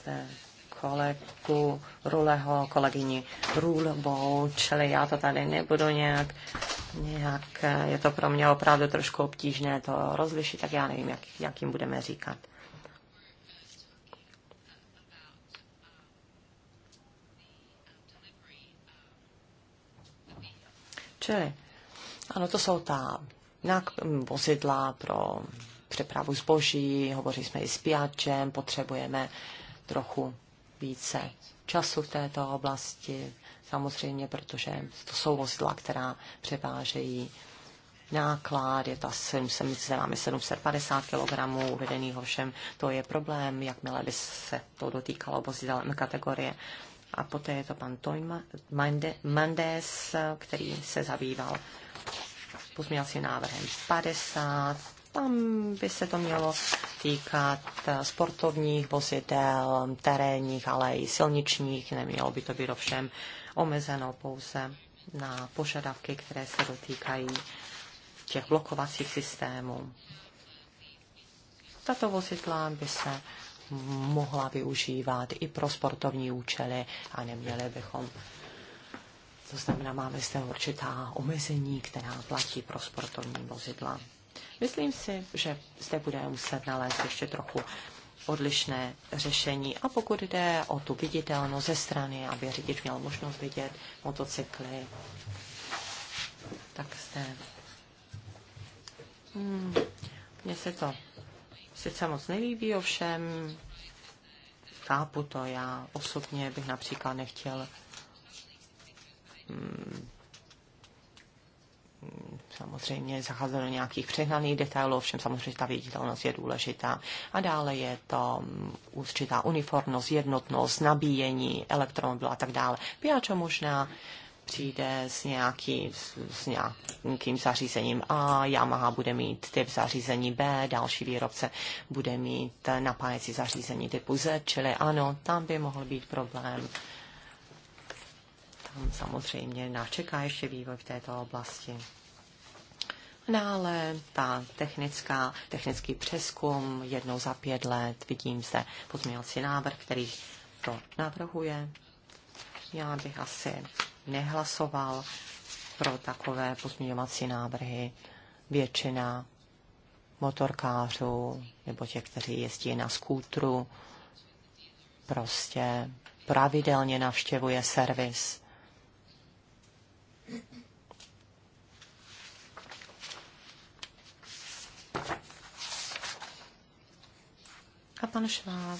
Speaker 3: kolegu Ruleho, kolegyni Rulbou, čili já to tady nebudu nějak, nějak, je to pro mě opravdu trošku obtížné to rozlišit, tak já nevím, jak, jak jim budeme říkat. Čili, ano, to jsou ta vozidla pro přepravu zboží, hovoří jsme i s piačem, potřebujeme uh, trochu více času v této oblasti, samozřejmě, protože to jsou vozidla, která převážejí náklad, je to asi 750 kg, uvedených ovšem, to je problém, jakmile by se to dotýkalo vozidel M kategorie. A poté je to pan Toim Mandes, který se zabýval pozměňovacím návrhem 50, tam by se to mělo týkat sportovních vozidel, terénních, ale i silničních. Nemělo by to být ovšem omezeno pouze na požadavky, které se dotýkají těch blokovacích systémů. Tato vozidla by se mohla využívat i pro sportovní účely a neměli bychom. To znamená, máme zde určitá omezení, která platí pro sportovní vozidla. Myslím si, že zde bude muset nalézt ještě trochu odlišné řešení. A pokud jde o tu viditelnost ze strany, aby řidič měl možnost vidět motocykly, tak zde. Hmm, mně se to sice moc nelíbí, ovšem chápu to. Já osobně bych například nechtěl hmm, samozřejmě zacházet do nějakých přehnaných detailů, ovšem samozřejmě ta viditelnost je důležitá. A dále je to mm, určitá uniformnost, jednotnost, nabíjení elektromobil a tak dále. Piačo možná přijde s, nějaký, s nějakým zařízením A, Yamaha bude mít typ zařízení B, další výrobce bude mít napájecí zařízení typu Z, čili ano, tam by mohl být problém samozřejmě načeká ještě vývoj v této oblasti. Dále no, ta technická, technický přeskum jednou za pět let. Vidím se pozměňovací návrh, který to navrhuje. Já bych asi nehlasoval pro takové pozměňovací návrhy. Většina motorkářů nebo těch, kteří jezdí na skútru, prostě pravidelně navštěvuje servis A pan Šváb,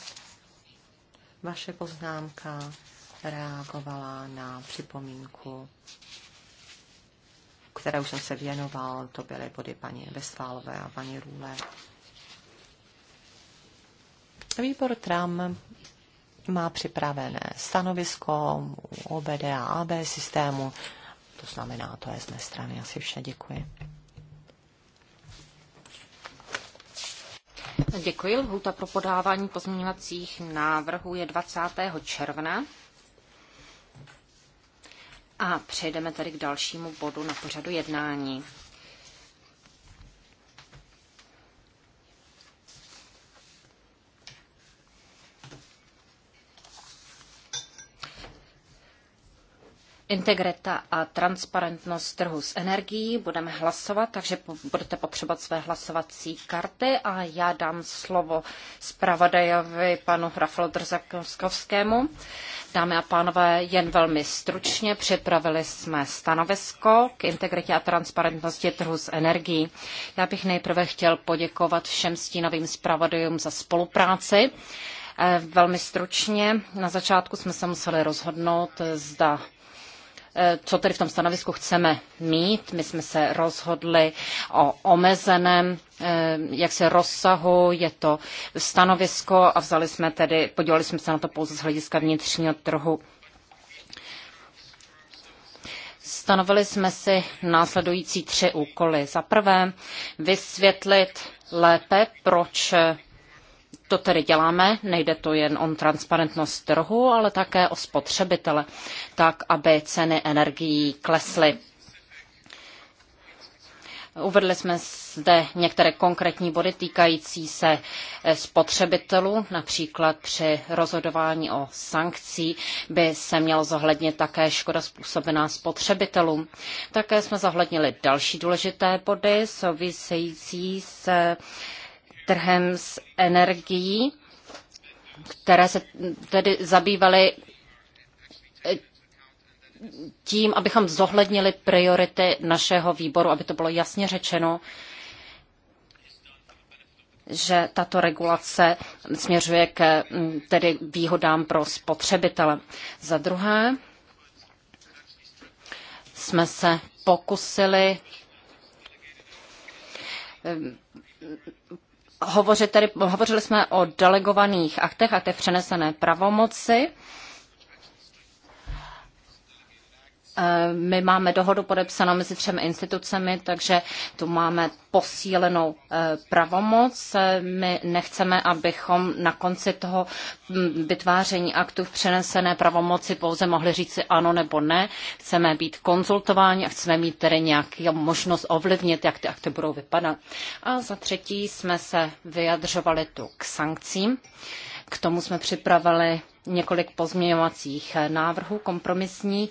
Speaker 3: vaše poznámka reagovala na připomínku, které už jsem se věnoval, to byly body paní Vestválové a paní Růle. Výbor Tram má připravené stanovisko OBD a AB systému, to znamená, to je z mé strany asi vše. Děkuji.
Speaker 4: Děkuji. Lhůta pro podávání pozměňovacích návrhů je 20. června. A přejdeme tedy k dalšímu bodu na pořadu jednání. integrita a transparentnost trhu s energií. Budeme hlasovat, takže budete potřebovat své hlasovací karty a já dám slovo zpravodajovi panu Rafal Drzakovskému. Dámy a pánové, jen velmi stručně připravili jsme stanovisko k integritě a transparentnosti trhu s energií. Já bych nejprve chtěl poděkovat všem stínovým zpravodajům za spolupráci. Eh, velmi stručně, na začátku jsme se museli rozhodnout, zda Eh, co tedy v tom stanovisku chceme mít. My jsme se rozhodli o omezeném eh, jak se rozsahu, je to stanovisko a vzali jsme tedy, podívali jsme se na to pouze z hlediska vnitřního trhu. Stanovili jsme si následující tři úkoly. Za prvé vysvětlit lépe, proč to tedy děláme, nejde to jen o transparentnost trhu, ale také o spotřebitele, tak aby ceny energií klesly. Uvedli jsme zde některé konkrétní body týkající se eh, spotřebitelů, například při rozhodování o sankcí by se mělo zohlednit také škoda způsobená spotřebitelům. Také jsme zohlednili další důležité body související se uh, trhem s energií, které se tedy zabývaly eh, tím, abychom zohlednili priority našeho výboru, aby to bylo jasně řečeno, že tato regulace směřuje k mm, tedy výhodám pro spotřebitele. Za druhé jsme se pokusili eh, Hovořit tady, hovořili jsme o delegovaných aktech a té přenesené pravomoci. Eh, my máme dohodu podepsanou mezi třemi institucemi, takže tu máme posílenou eh, pravomoc. My nechceme, abychom na konci toho hm, vytváření aktu v přenesené pravomoci pouze mohli říci ano nebo ne. Chceme být konzultováni a chceme mít tedy nějaký možnost ovlivnit, jak ty akty budou vypadat. A za třetí jsme se vyjadřovali tu k sankcím. K tomu jsme připravili několik pozměňovacích návrhů kompromisní.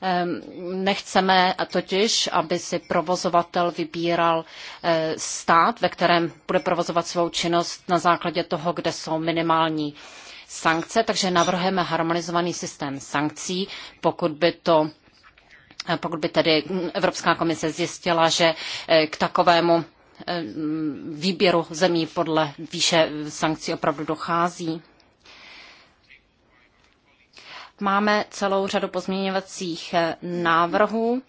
Speaker 4: Ehm, nechceme totiž, aby si provozovatel vybíral eh, stát, ve kterém bude provozovat svou činnost na základě toho, kde jsou minimální sankce, takže navrhujeme harmonizovaný systém sankcí, pokud by to eh, pokud by tedy Evropská komise zjistila, že eh, k takovému Eh, výběru zemí podle výše sankcí opravdu dochází. Máme celou řadu pozměňovacích eh, návrhů.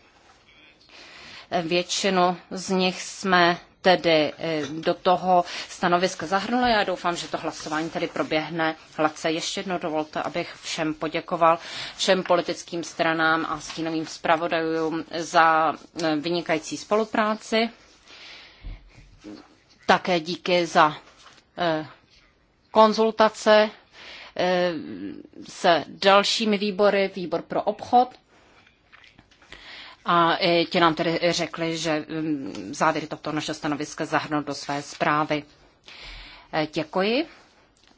Speaker 4: Většinu z nich jsme tedy eh, do toho stanoviska zahrnuli. Já doufám, že to hlasování tedy proběhne hladce. Ještě jednou dovolte, abych všem poděkoval, všem politickým stranám a stínovým zpravodajům za vynikající spolupráci. Také díky za eh, konzultace eh, se dalšími výbory, výbor pro obchod. A eh, ti nám tedy řekli, že mm, závěry tohoto naše stanoviska zahrnou do své zprávy. Děkuji.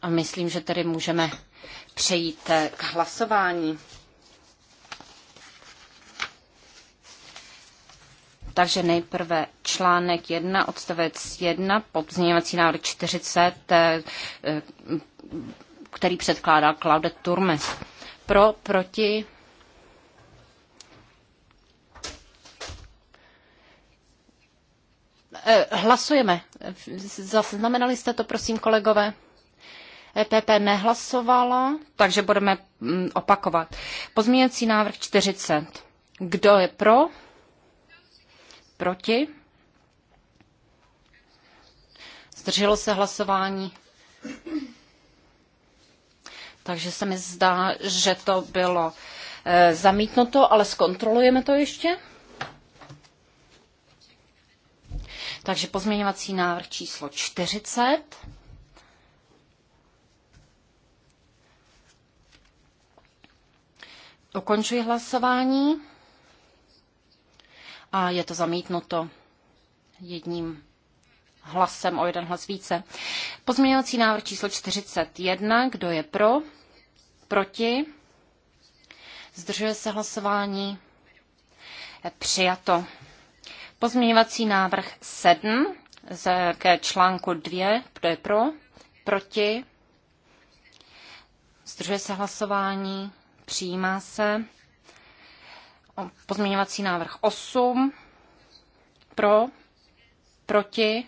Speaker 4: A myslím, že tedy můžeme přejít k hlasování. Takže nejprve článek 1, odstavec 1, podzněvací návrh 40, eh, eh, který předkládá Claude Turmes. Pro, proti, eh, Hlasujeme. Zaznamenali jste to, prosím, kolegové? EPP nehlasovala, takže budeme mm, opakovat. Pozměňovací návrh 40. Kdo je pro? Proti? Zdrželo se hlasování. Takže se mi zdá, že to bylo eh, zamítnuto, ale zkontrolujeme to ještě. Takže pozměňovací návrh číslo 40. Ukončuji hlasování a je to zamítnuto jedním hlasem o jeden hlas více. Pozměňovací návrh číslo 41. Kdo je pro? Proti? Zdržuje se hlasování? Přijato. Pozměňovací návrh 7 ke článku 2. Kdo je pro? Proti? Zdržuje se hlasování? Přijímá se. Pozměňovací návrh 8. Pro, proti,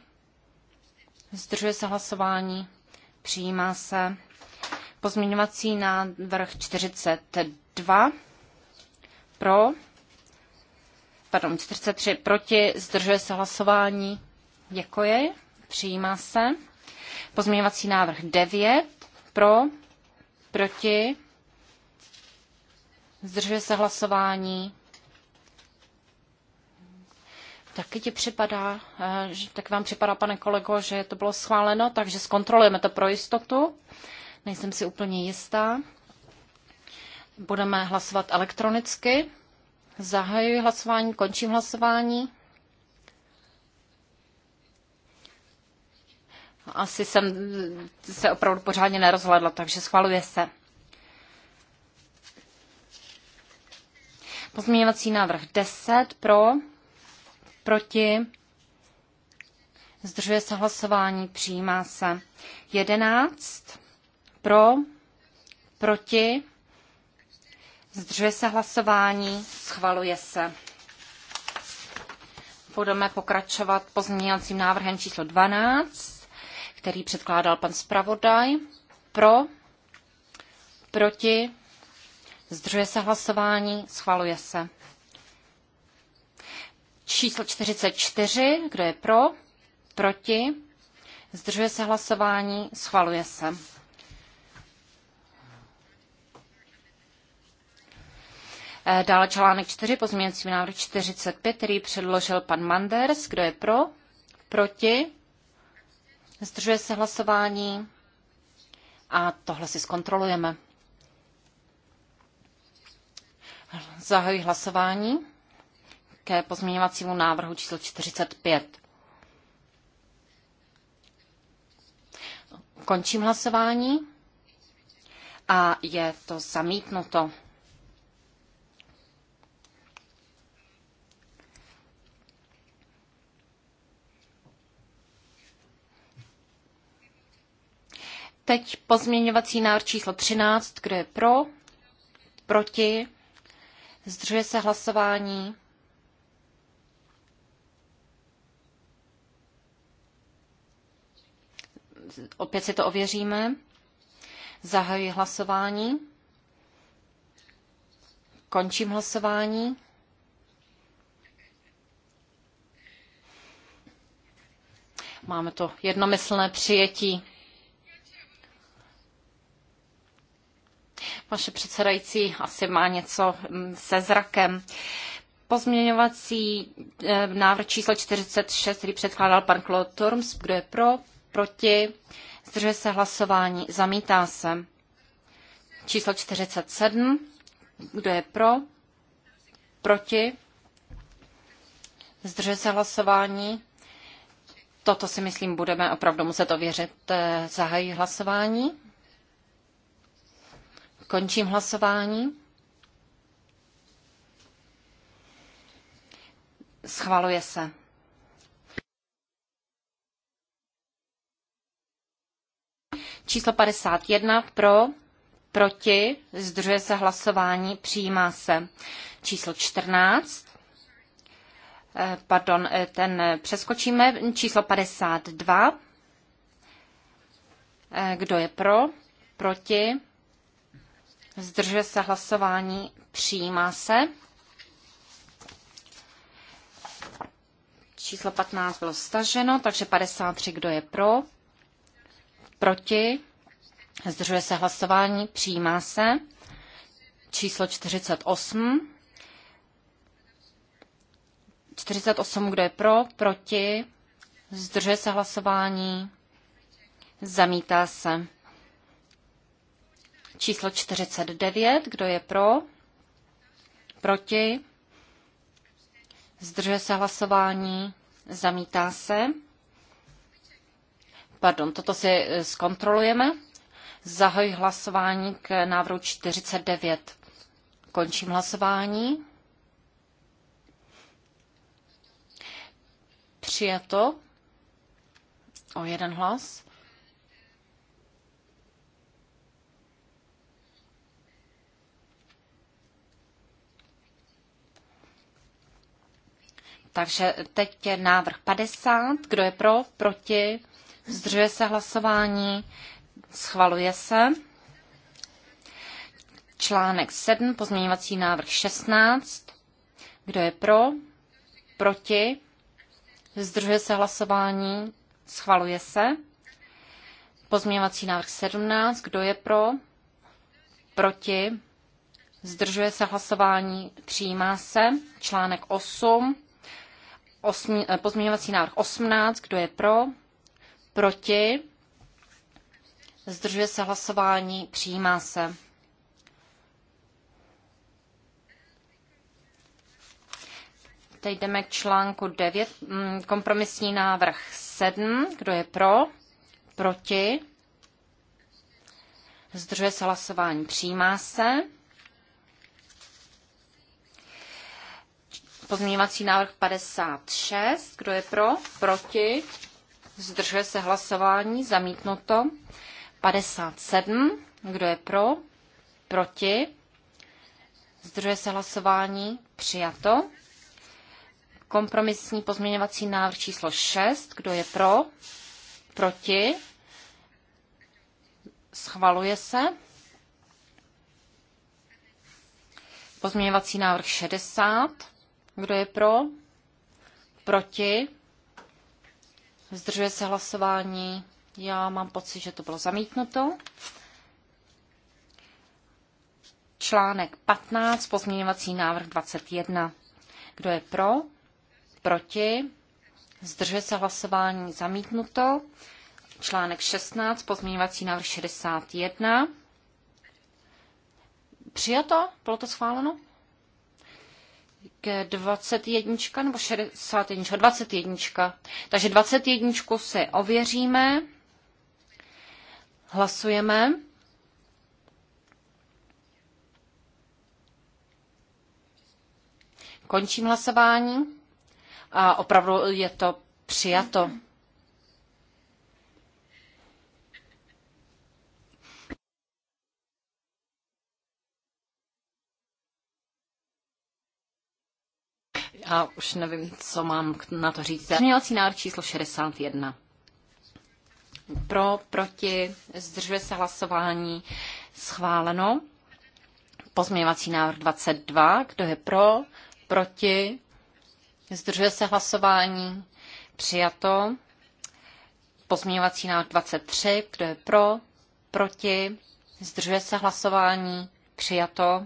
Speaker 4: zdržuje se hlasování, přijímá se. Pozměňovací návrh 42. Pro, pardon, 43 proti, zdržuje se hlasování. Děkuji, přijímá se. Pozměňovací návrh 9 pro, proti, zdržuje se hlasování. Taky ti připadá, eh, tak vám připadá, pane kolego, že to bylo schváleno, takže zkontrolujeme to pro jistotu. Nejsem si úplně jistá. Budeme hlasovat elektronicky. Zahajuji hlasování, končím hlasování. Asi jsem se opravdu pořádně nerozhledla, takže schvaluje se. Pozměňovací návrh 10 pro Proti? Zdržuje se hlasování, přijímá se. 11. Pro? Proti? Zdržuje se hlasování, schvaluje se. Budeme pokračovat pozměňovacím návrhem číslo 12, který předkládal pan zpravodaj. Pro? Proti? Zdržuje se hlasování, schvaluje se. Číslo 44, kdo je pro, proti, zdržuje se hlasování, schvaluje se. Eh, dále článek 4, pozměňovací návrh 45, který předložil pan Manders. Kdo je pro? Proti? Zdržuje se hlasování? A tohle si zkontrolujeme. Zahajuji hlasování ke pozměňovacímu návrhu číslo 45. Končím hlasování a je to zamítnuto. Teď pozměňovací návrh číslo 13. Kdo je pro? Proti? Zdržuje se hlasování? opět si to ověříme. Zahajuji hlasování. Končím hlasování. Máme to jednomyslné přijetí. Vaše předsedající asi má něco mm, se zrakem. Pozměňovací eh, návrh číslo 46, který předkládal pan Claude Turms, Kdo je pro? proti, zdržuje se hlasování, zamítá se. Číslo 47, kdo je pro, proti, zdržuje se hlasování. Toto si myslím, budeme opravdu muset ověřit. Eh, Zahají hlasování. Končím hlasování. Schvaluje se. Číslo 51 pro, proti, zdržuje se hlasování, přijímá se. Číslo 14, eh, pardon, eh, ten eh, přeskočíme, číslo 52. Kdo je pro, proti, zdržuje se hlasování, přijímá se. Číslo 15 bylo staženo, takže 53, kdo je pro, proti, zdržuje se hlasování, přijímá se. Číslo 48. 48, kdo je pro, proti, zdržuje se hlasování, zamítá se. Číslo 49, kdo je pro, proti, zdržuje se hlasování, zamítá se. Pardon, toto si eh, zkontrolujeme. Zahoj hlasování k návrhu 49. Končím hlasování. Přijato o jeden hlas. Takže teď je návrh 50. Kdo je pro? Proti? Zdržuje se hlasování. Schvaluje se. Článek 7, pozměňovací návrh 16. Kdo je pro? Proti? Zdržuje se hlasování? Schvaluje se. Pozměňovací návrh 17. Kdo je pro? Proti? Zdržuje se hlasování? Přijímá se. Článek 8. Osmi, eh, pozměňovací návrh 18. Kdo je pro? Proti? Zdržuje se hlasování, přijímá se. Teď jdeme k článku 9, mm, kompromisní návrh 7. Kdo je pro? Proti? Zdržuje se hlasování, přijímá se. Pozměňovací návrh 56. Kdo je pro? Proti? zdržuje se hlasování, zamítnuto. 57, kdo je pro, proti, zdržuje se hlasování, přijato. Kompromisní pozměňovací návrh číslo 6, kdo je pro, proti, schvaluje se. Pozměňovací návrh 60, kdo je pro, proti, Zdržuje se hlasování. Já mám pocit, že to bylo zamítnuto. Článek 15, pozměňovací návrh 21. Kdo je pro? Proti? Zdržuje se hlasování zamítnuto. Článek 16, pozměňovací návrh 61. Přijato? Bylo to schváleno? k 21 nebo 61, 21. Takže 21 si ověříme, hlasujeme. Končím hlasování a opravdu je to přijato. Mm-hmm. a už nevím, co mám na to říct. Pozměňovací návrh číslo 61. Pro, proti, zdržuje se hlasování, schváleno. Pozměňovací návrh 22. Kdo je pro, proti, zdržuje se hlasování, přijato. Pozměňovací návrh 23. Kdo je pro, proti, zdržuje se hlasování, přijato.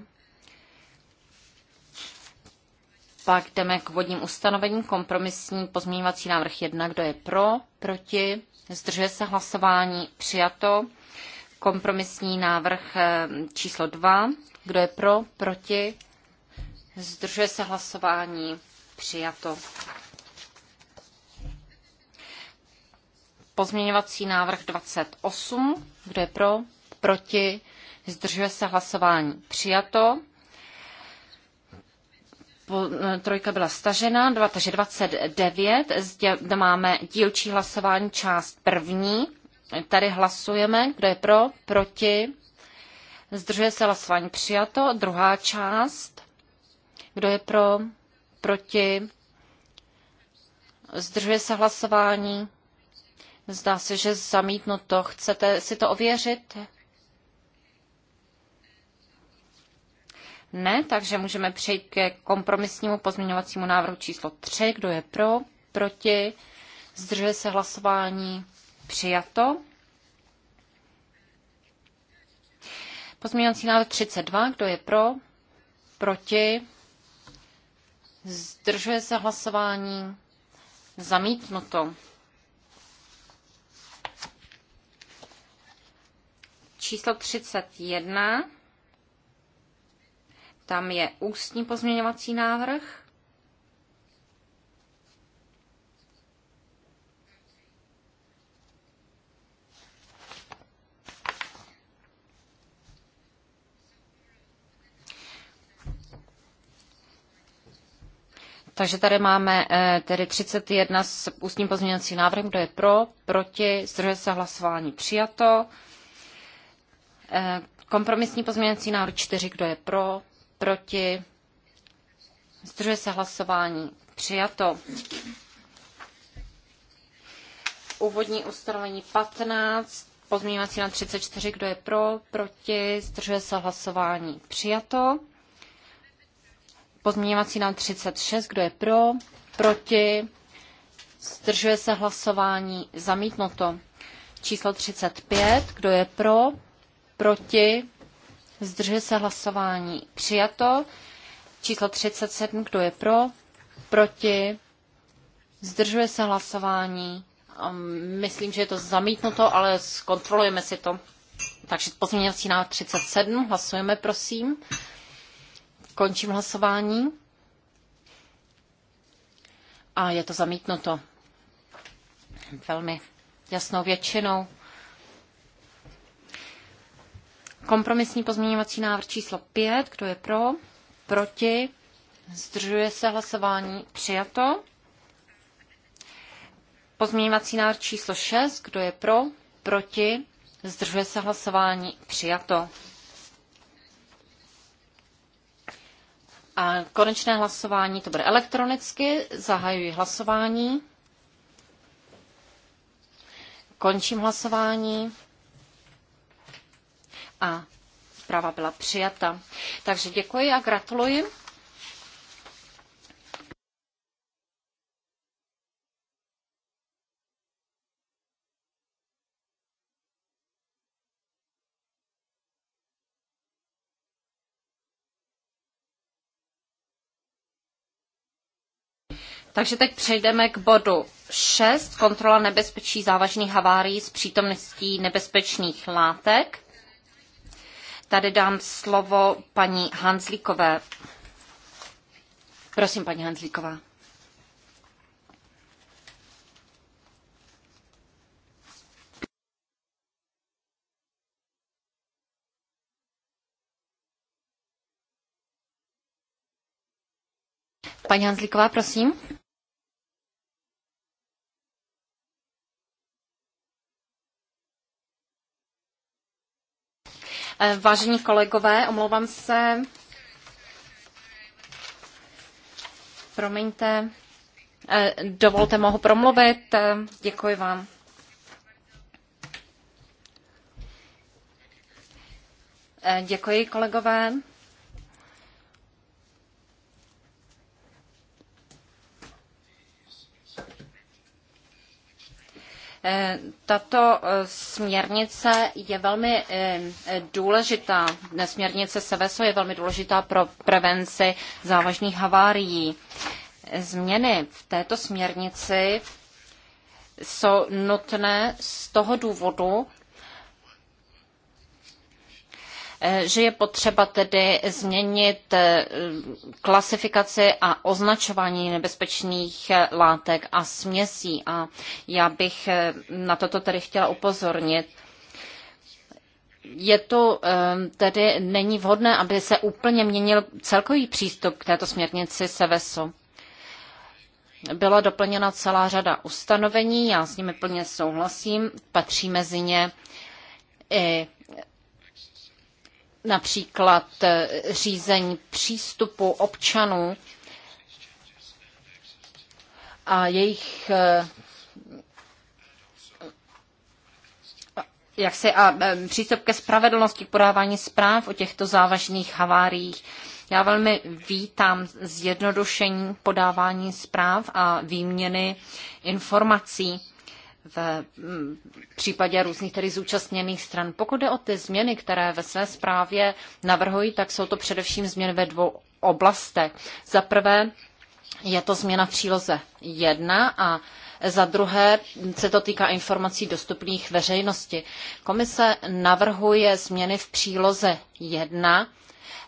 Speaker 4: Pak jdeme k vodním ustanovením. Kompromisní pozměňovací návrh 1. Kdo je pro? Proti? Zdržuje se hlasování? Přijato. Kompromisní návrh eh, číslo 2. Kdo je pro? Proti? Zdržuje se hlasování? Přijato. Pozměňovací návrh 28. Kdo je pro? Proti? Zdržuje se hlasování? Přijato. Eh, trojka byla stažena, dva, takže 29, zde máme dílčí hlasování část první. Tady hlasujeme, kdo je pro, proti, zdržuje se hlasování přijato. Druhá část, kdo je pro, proti, zdržuje se hlasování. Zdá se, že zamítnuto. Chcete si to ověřit? Ne, takže můžeme přejít ke kompromisnímu pozměňovacímu návrhu číslo 3. Kdo je pro? Proti? Zdržuje se hlasování? Přijato. Pozměňovací návrh 32. Kdo je pro? Proti? Zdržuje se hlasování? Zamítnuto. Číslo 31. Tam je ústní pozměňovací návrh. Takže tady máme eh, tedy 31 s ústním pozměňovacím návrhem, kdo je pro, proti, zdržuje se hlasování přijato. Eh, kompromisní pozměňovací návrh 4, kdo je pro, proti, zdržuje se hlasování, přijato. Úvodní ustanovení 15, pozměňovací na 34, kdo je pro, proti, zdržuje se hlasování, přijato. Pozměňovací na 36, kdo je pro, proti, zdržuje se hlasování, zamítnuto. Číslo 35, kdo je pro, proti, Zdržel se hlasování. Přijato. Číslo 37. Kdo je pro? Proti? Zdržuje se hlasování. Um, myslím, že je to zamítnuto, ale zkontrolujeme si to. Takže pozměňovací návrh 37. Hlasujeme, prosím. Končím hlasování. A je to zamítnuto. Velmi jasnou většinou. Kompromisní pozměňovací návrh číslo 5. Kdo je pro? Proti? Zdržuje se hlasování? Přijato. Pozměňovací návrh číslo 6. Kdo je pro? Proti? Zdržuje se hlasování? Přijato. A konečné hlasování to bude elektronicky. Zahajuji hlasování. Končím hlasování a zpráva byla přijata. Takže děkuji a gratuluji. Takže teď přejdeme k bodu 6, kontrola nebezpečí závažných havárií s přítomností nebezpečných látek. Tady dám slovo paní Hanzlíkové. Prosím, paní Hanzlíková. Paní Hanzlíková, prosím. Eh, vážení kolegové, omlouvám se. Promiňte. Eh, dovolte, mohu promluvit. Eh, děkuji vám. Děkuji, kolegové. Eh, tato eh, směrnice je velmi eh, důležitá. Směrnice SEVESO je velmi důležitá pro prevenci závažných havárií. Změny v této směrnici jsou nutné z toho důvodu, Eh, že je potřeba tedy změnit eh, klasifikaci a označování nebezpečných eh, látek a směsí. A já bych na toto tedy chtěla upozornit. Je to tedy není vhodné, aby se úplně měnil celkový přístup k této směrnici seveso. byla doplněna celá řada ustanovení, já s nimi plně souhlasím, patří mezi ně i například eh, řízení přístupu občanů a jejich eh, jak se, a eh, přístup ke spravedlnosti k podávání zpráv o těchto závažných haváriích. Já velmi vítám zjednodušení podávání zpráv a výměny informací v mm, případě různých tedy zúčastněných stran. Pokud jde o ty změny, které ve své zprávě navrhují, tak jsou to především změny ve dvou oblastech. Za prvé je to změna v příloze 1 a za druhé se to týká informací dostupných veřejnosti. Komise navrhuje změny v příloze 1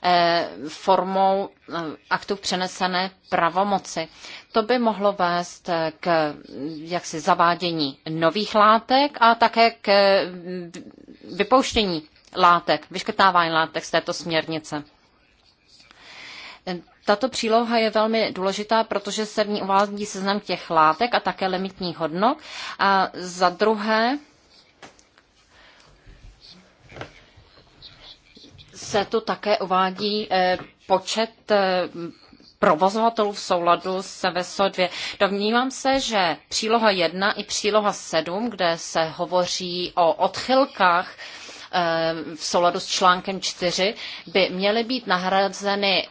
Speaker 4: Eh, formou eh, aktu přenesené pravomoci. To by mohlo vést eh, k jaksi zavádění nových látek a také k vypouštění látek, vyškrtávání látek z této směrnice. Tato příloha je velmi důležitá, protože se v ní uvádí seznam těch látek a také limitních hodnot. A za druhé, se tu také uvádí eh, počet eh, provozovatelů v souladu s VESO 2. Domnívám se, že příloha 1 i příloha 7, kde se hovoří o odchylkách eh, v souladu s článkem 4, by měly být nahrazeny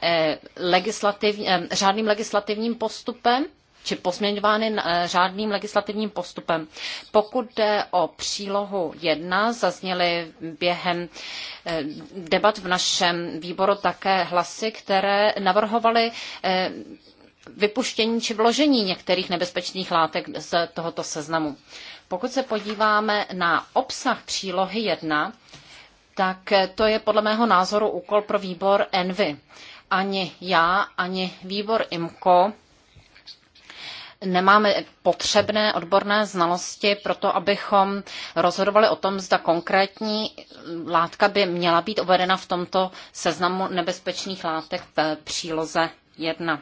Speaker 4: legislativ, řádným legislativním postupem či pozměňovány eh, řádným legislativním postupem. Pokud jde o přílohu 1, zazněly během eh, debat v našem výboru také hlasy, které navrhovaly eh, vypuštění či vložení některých nebezpečných látek z tohoto seznamu. Pokud se podíváme na obsah přílohy 1, tak to je podle mého názoru úkol pro výbor Envy. Ani já, ani výbor IMCO nemáme potřebné odborné znalosti pro to, abychom rozhodovali o tom, zda konkrétní látka by měla být uvedena v tomto seznamu nebezpečných látek v příloze 1.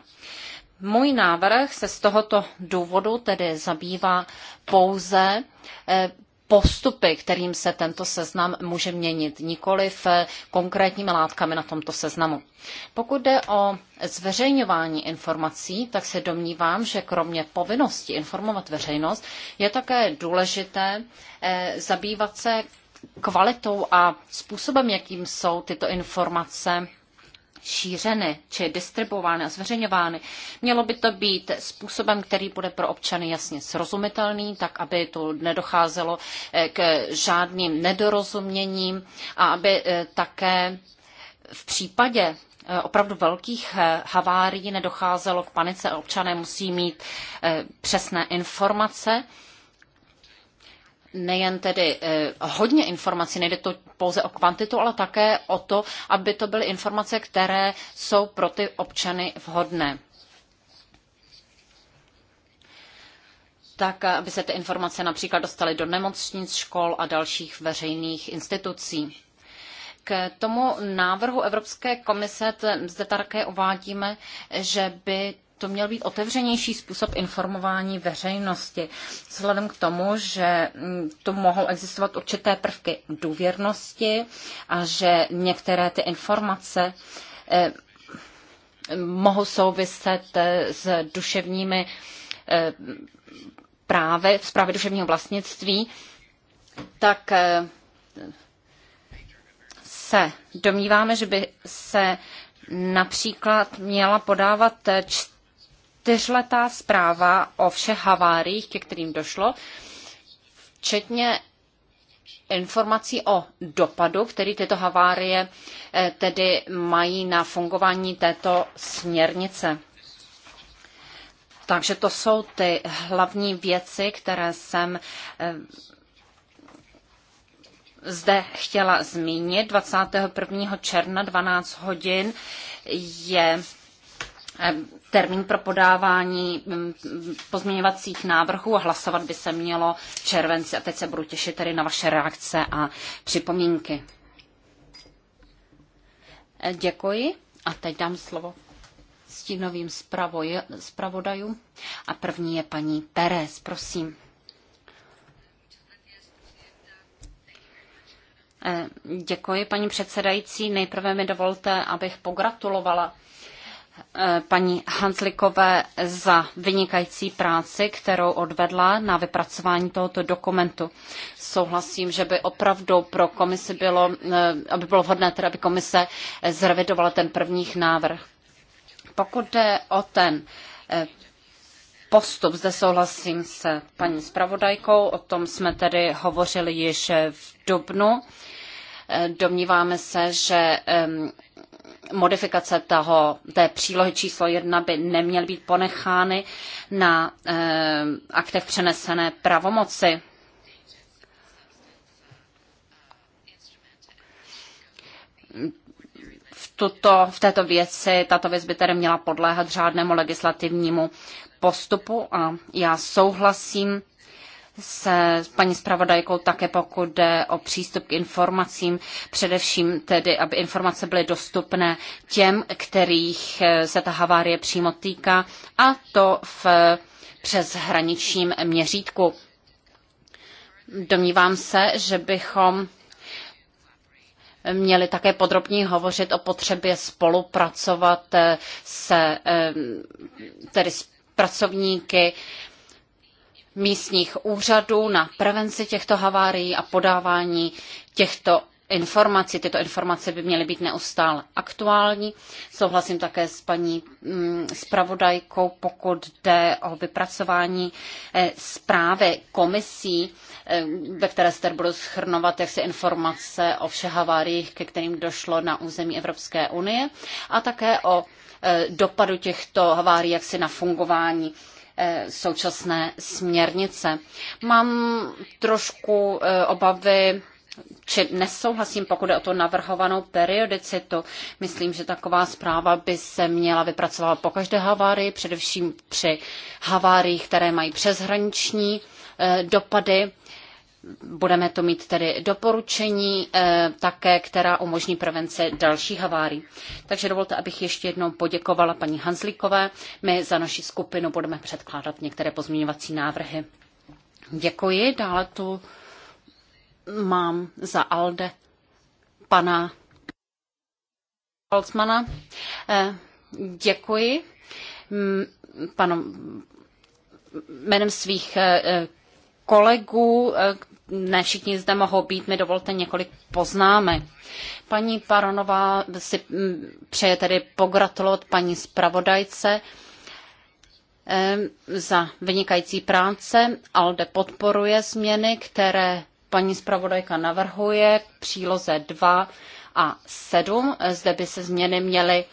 Speaker 4: Můj návrh se z tohoto důvodu tedy zabývá pouze eh, postupy, kterým se tento seznam může měnit, nikoli v eh, konkrétními látkami na tomto seznamu. Pokud jde o zveřejňování informací, tak se domnívám, že kromě povinnosti informovat veřejnost je také důležité eh, zabývat se kvalitou a způsobem, jakým jsou tyto informace šířeny či distribuovány a zveřejňovány. Mělo by to být způsobem, který bude pro občany jasně srozumitelný, tak aby to nedocházelo eh, k žádným nedorozuměním a aby eh, také v případě eh, opravdu velkých havárií nedocházelo k panice. Občané musí mít přesné informace nejen tedy eh, hodně informací, nejde to pouze o kvantitu, ale také o to, aby to byly informace, které jsou pro ty občany vhodné. tak aby se ty informace například dostaly do nemocnic, škol a dalších veřejných institucí. K tomu návrhu Evropské komise zde také uvádíme, že by to měl být otevřenější způsob informování veřejnosti. Vzhledem k tomu, že mm, tu mohou existovat určité prvky důvěrnosti a že některé ty informace eh, mohou souviset eh, s duševními eh, právy, s právy duševního vlastnictví, tak se domníváme, že by se například měla podávat čtyřletá zpráva o všech haváriích, ke kterým došlo, včetně informací o dopadu, který tyto havárie eh, tedy mají na fungování této směrnice. Takže to jsou ty hlavní věci, které jsem eh, zde chtěla zmínit. 21. června 12 hodin je eh, termín pro podávání mm, pozměňovacích návrhů a hlasovat by se mělo v červenci. A teď se budu těšit tedy na vaše reakce a připomínky. E, děkuji a teď dám slovo stínovým zpravodajům. A první je paní Perez, prosím. E, děkuji, paní předsedající. Nejprve mi dovolte, abych pogratulovala Eh, paní Hanslikové za vynikající práci, kterou odvedla na vypracování tohoto dokumentu. Souhlasím, že by opravdu pro komisi bylo, eh, aby bylo vhodné, teda, aby komise zrevidovala ten první návrh. Pokud jde o ten eh, postup, zde souhlasím se paní zpravodajkou, o tom jsme tedy hovořili již v dubnu. Domníváme se, že modifikace toho, té přílohy číslo jedna by neměly být ponechány na eh, aktech přenesené pravomoci. V, tuto, v této věci tato věc by tedy měla podléhat řádnému legislativnímu postupu a já souhlasím se s paní zpravodajkou také, pokud jde o přístup k informacím, především tedy, aby informace byly dostupné těm, kterých eh, se ta havárie přímo týká, a to v přeshraničním měřítku. Domnívám se, že bychom měli také podrobněji hovořit o potřebě spolupracovat eh, se eh, tedy s pracovníky místních úřadů na prevenci těchto havárií a podávání těchto informací. Tyto informace by měly být neustále aktuální. Souhlasím také s paní mm, zpravodajkou, pokud jde o vypracování eh, zprávy komisí, eh, ve které se budou schrnovat jaksi informace o všech haváriích, ke kterým došlo na území Evropské unie a také o eh, dopadu těchto havárií jaksi na fungování Eh, současné směrnice. Mám trošku eh, obavy či nesouhlasím, pokud je o tu navrhovanou periodicitu. Myslím, že taková zpráva by se měla vypracovat po každé havárii, především při haváriích, které mají přeshraniční eh, dopady. Budeme to mít tedy doporučení eh, také, která umožní prevence dalších havárií. Takže dovolte, abych ještě jednou poděkovala paní Hanzlíkové. My za naši skupinu budeme předkládat některé pozměňovací návrhy. Děkuji. Dále tu mám za Alde pana Holzmana. Eh, děkuji mm, panu, jménem svých eh, kolegů, ne všichni zde mohou být, mi dovolte několik poznámek. Paní Paronová si mm, přeje tedy pogratulovat paní zpravodajce za vynikající práce. ALDE podporuje změny, které paní zpravodajka navrhuje k příloze 2 a 7. Zde by se změny měly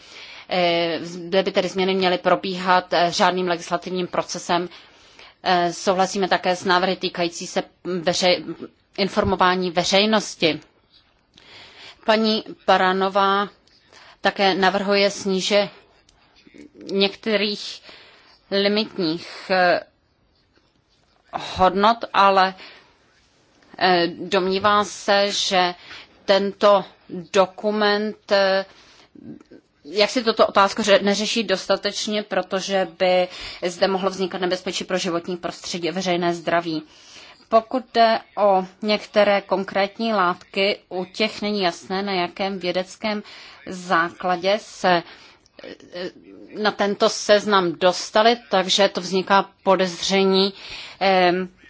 Speaker 4: eh, zde by tedy změny měly probíhat eh, řádným legislativním procesem Eh, souhlasíme také s návrhy týkající se veřej, informování veřejnosti. Paní Paranová také navrhuje sníže některých limitních eh, hodnot, ale eh, domnívá se, že tento dokument jak si toto otázku neřeší dostatečně, protože by zde mohlo vznikat nebezpečí pro životní prostředí a veřejné zdraví. Pokud jde o některé konkrétní látky, u těch není jasné, na jakém vědeckém základě se e, na tento seznam dostali, takže to vzniká podezření,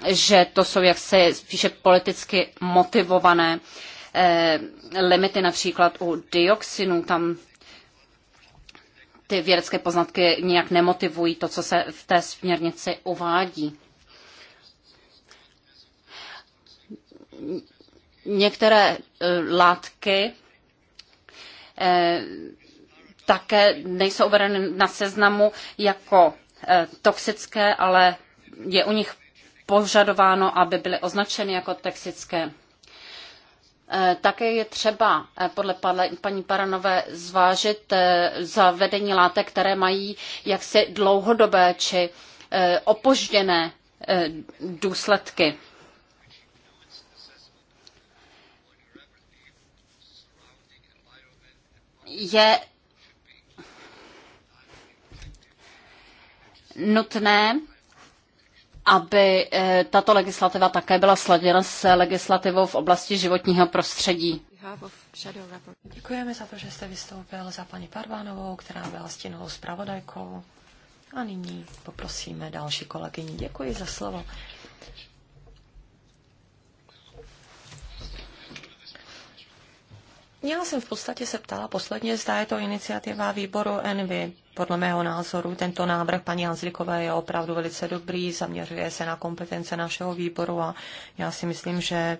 Speaker 4: že to jsou jaksi spíše politicky motivované limity, například u dioxinů, tam ty vědecké poznatky nijak nemotivují to, co se v té směrnici uvádí. Některé e, látky e, také nejsou uvedeny na seznamu jako e, toxické, ale je u nich požadováno, aby byly označeny jako toxické. Také je třeba eh, podle paní Paranové zvážit eh, zavedení látek, které mají jaksi dlouhodobé či eh, opožděné důsledky. Je nutné aby eh, tato legislativa také byla sladěna s legislativou v oblasti životního prostředí.
Speaker 3: Děkujeme za to, že jste vystoupil za paní Parvánovou, která byla stínovou zpravodajkou. A nyní poprosíme další kolegyni. Děkuji za slovo. Já jsem v podstatě se ptala posledně, zda je to iniciativa výboru Envy. Podle mého názoru tento návrh paní Hanzlikové je opravdu velice dobrý, zaměřuje se na kompetence našeho výboru a já si myslím, že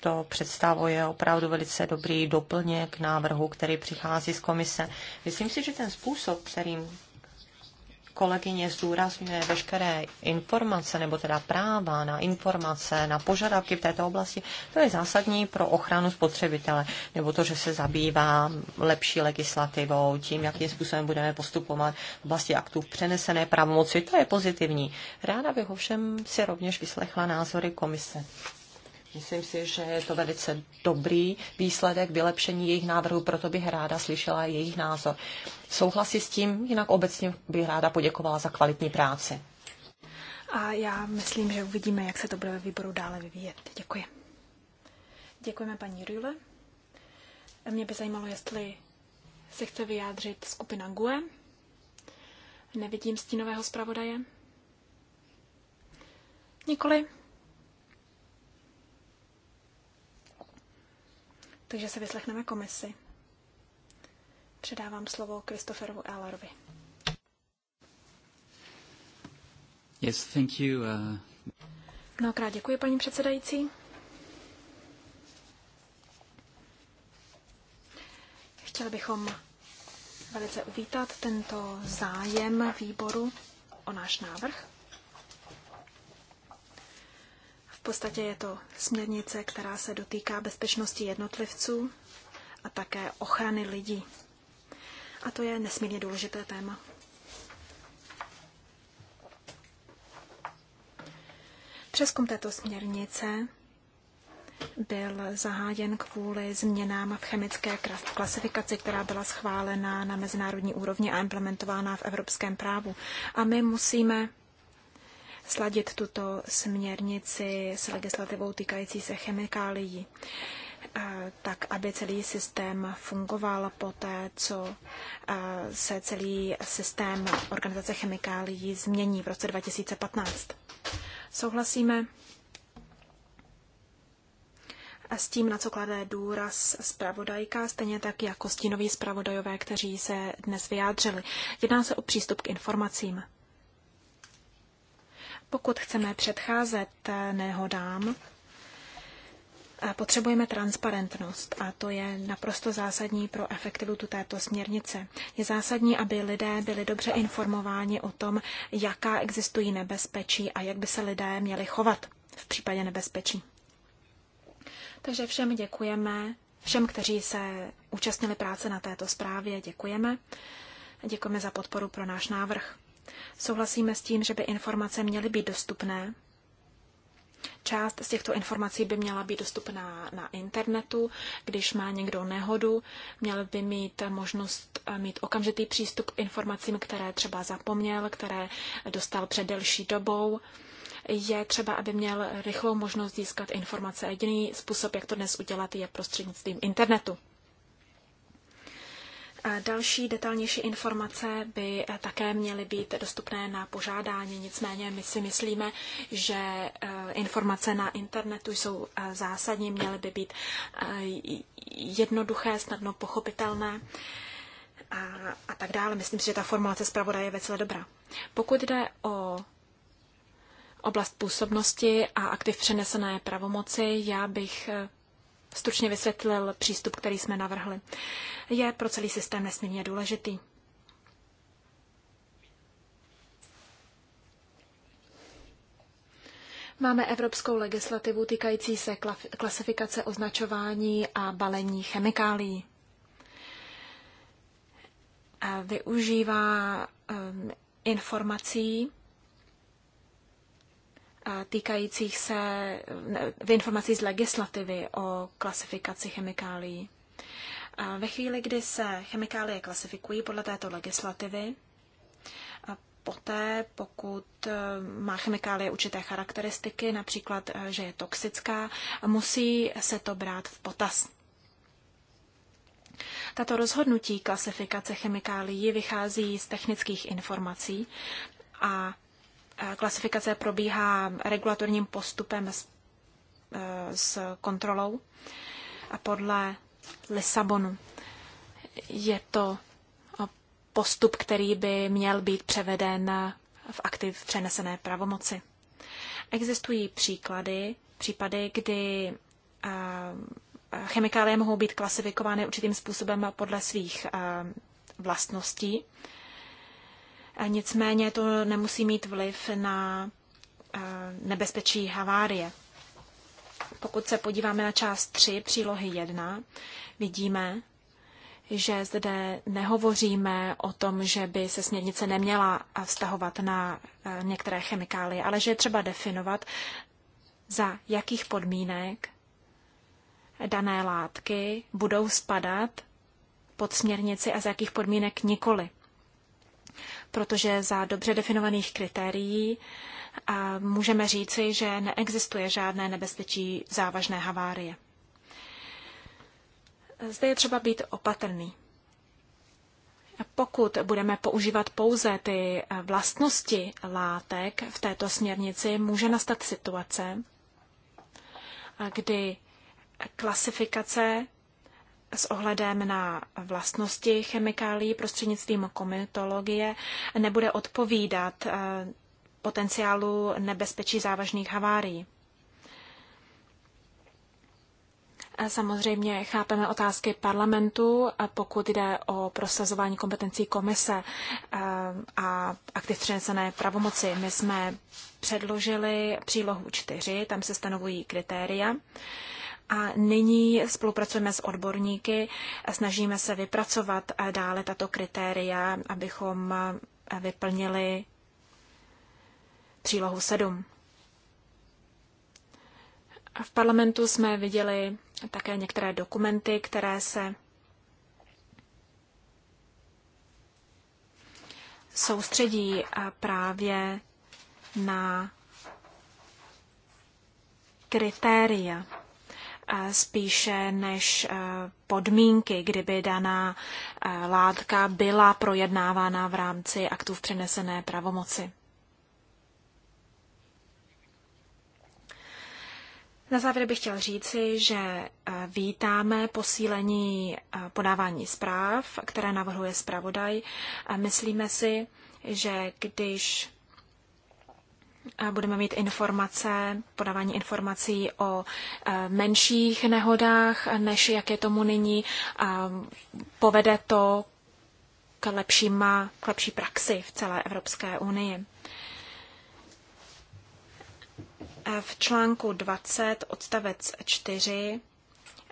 Speaker 3: to představuje opravdu velice dobrý doplněk návrhu, který přichází z komise. Myslím si, že ten způsob, kterým kolegyně zdůrazňuje veškeré informace, nebo teda práva na informace, na požadavky v této oblasti, to je zásadní pro ochranu spotřebitele, nebo to, že se zabývá lepší legislativou, tím, jakým způsobem budeme postupovat v oblasti aktů přenesené pravomoci, to je pozitivní. Ráda bych ovšem si rovněž vyslechla názory komise. Myslím si, že je to velice dobrý výsledek vylepšení jejich návrhu, proto bych ráda slyšela jejich názor. Souhlasí s tím, jinak obecně bych ráda poděkovala za kvalitní práci.
Speaker 2: A já myslím, že uvidíme, jak se to bude ve výboru dále vyvíjet. Děkuji. Děkujeme paní Rule. Mě by zajímalo, jestli se chce vyjádřit skupina GUE. Nevidím stínového zpravodaje. Nikoli. Takže se vyslechneme komisi. Předávám slovo Kristoferu Ellerovi.
Speaker 4: Yes, thank you. Uh...
Speaker 2: Mnohokrát děkuji, paní předsedající. Chtěli bychom velice uvítat tento zájem výboru o náš návrh. V podstatě je to směrnice, která se dotýká bezpečnosti jednotlivců a také ochrany lidí. A to je nesmírně důležité téma. Přeskum této směrnice byl zahájen kvůli změnám v chemické klasifikaci, která byla schválena na mezinárodní úrovni a implementována v evropském právu. A my musíme sladit tuto směrnici s legislativou týkající se chemikálií, eh, tak aby celý systém fungoval poté, co eh, se celý systém organizace chemikálií změní v roce 2015. Souhlasíme a s tím, na co klade důraz zpravodajka, stejně tak jako stínoví zpravodajové, kteří se dnes vyjádřili. Jedná se o přístup k informacím. Pokud chceme předcházet nehodám, Potřebujeme transparentnost a to je naprosto zásadní pro efektivitu této směrnice. Je zásadní, aby lidé byli dobře informováni o tom, jaká existují nebezpečí a jak by se lidé měli chovat v případě nebezpečí. Takže všem děkujeme, všem, kteří se účastnili práce na této zprávě, děkujeme. Děkujeme za podporu pro náš návrh. Souhlasíme s tím, že by informace měly být dostupné. Část z těchto informací by měla být dostupná na internetu. Když má někdo nehodu, měl by mít možnost eh, mít okamžitý přístup k informacím, které třeba zapomněl, které dostal před delší dobou je třeba, aby měl rychlou možnost získat informace. Jediný způsob, jak to dnes udělat, je prostřednictvím internetu. Další detailnější informace by eh, také měly být dostupné na požádání, nicméně my si myslíme, že eh, informace na internetu jsou eh, zásadní, měly by být jednoduché, snadno pochopitelné a, a tak dále. Myslím si, že ta formulace zpravodaje je velice dobrá. Pokud jde o oblast působnosti a aktiv přenesené pravomoci, já bych stručně vysvětlil přístup, který jsme navrhli. Je pro celý systém nesmírně důležitý. Máme evropskou legislativu týkající se klasifikace označování a balení chemikálií. Využívá ehm, informací týkajících se v informací z legislativy o klasifikaci chemikálií. A ve chvíli, kdy se chemikálie klasifikují podle této legislativy, a poté, pokud e, má chemikálie určité charakteristiky, například, e, že je toxická, musí se to brát v potaz. Tato rozhodnutí klasifikace chemikálií vychází z technických informací a Klasifikace probíhá regulatorním postupem s, e, s kontrolou a podle Lisabonu. Je to postup, který by měl být převeden v aktiv přenesené pravomoci. Existují příklady, případy, kdy e, chemikálie mohou být klasifikovány určitým způsobem podle svých e, vlastností. Nicméně to nemusí mít vliv na eh, nebezpečí havárie. Pokud se podíváme na část 3 přílohy 1, vidíme, že zde nehovoříme o tom, že by se směrnice neměla eh, vztahovat na eh, některé chemikálie, ale že je třeba definovat, za jakých podmínek dané látky budou spadat pod směrnici a za jakých podmínek nikoli protože za dobře definovaných kritérií a můžeme říci, že neexistuje žádné nebezpečí závažné havárie. Zde je třeba být opatrný. Pokud budeme používat pouze ty eh, vlastnosti látek v této směrnici, může nastat situace, eh, kdy klasifikace s ohledem na vlastnosti chemikálií prostřednictvím komitologie nebude odpovídat eh, potenciálu nebezpečí závažných havárií. Samozřejmě chápeme otázky parlamentu, pokud jde o prosazování kompetencí komise eh, a aktiv přenesené pravomoci. My jsme předložili přílohu 4, tam se stanovují kritéria. A nyní spolupracujeme s odborníky, snažíme se vypracovat dále tato kritéria, abychom vyplnili přílohu 7. V parlamentu jsme viděli také některé dokumenty, které se soustředí právě na kritéria spíše než eh, podmínky, kdyby daná eh, látka byla projednávána v rámci aktů v přenesené pravomoci. Na závěr bych chtěl říci, že eh, vítáme posílení podávání zpráv, které navrhuje zpravodaj. Myslíme si, že když budeme mít informace, podávání informací o eh, menších nehodách, než jak je tomu nyní. Povede to k, lepšíma, k lepší praxi v celé Evropské unii. Eh, v článku 20 odstavec 4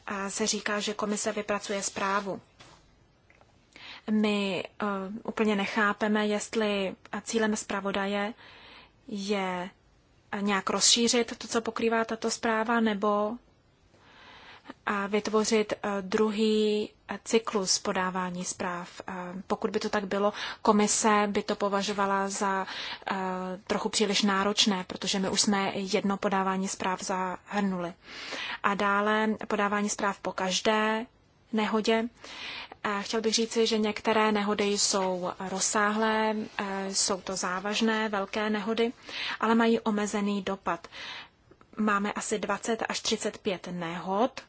Speaker 2: eh, se říká, že komise vypracuje zprávu. My uh, úplně nechápeme, jestli cílem zpravodaje je eh, nějak rozšířit to, co pokrývá tato zpráva, nebo a eh, vytvořit eh, druhý cyklus podávání zpráv. Pokud by to tak bylo, komise by to považovala za trochu příliš náročné, protože my už jsme jedno podávání zpráv zahrnuli. A dále podávání zpráv po každé nehodě. Chtěl bych říci, že některé nehody jsou rozsáhlé, eh, jsou to závažné, velké nehody, ale mají omezený dopad. Máme asi 20 až 35 nehod,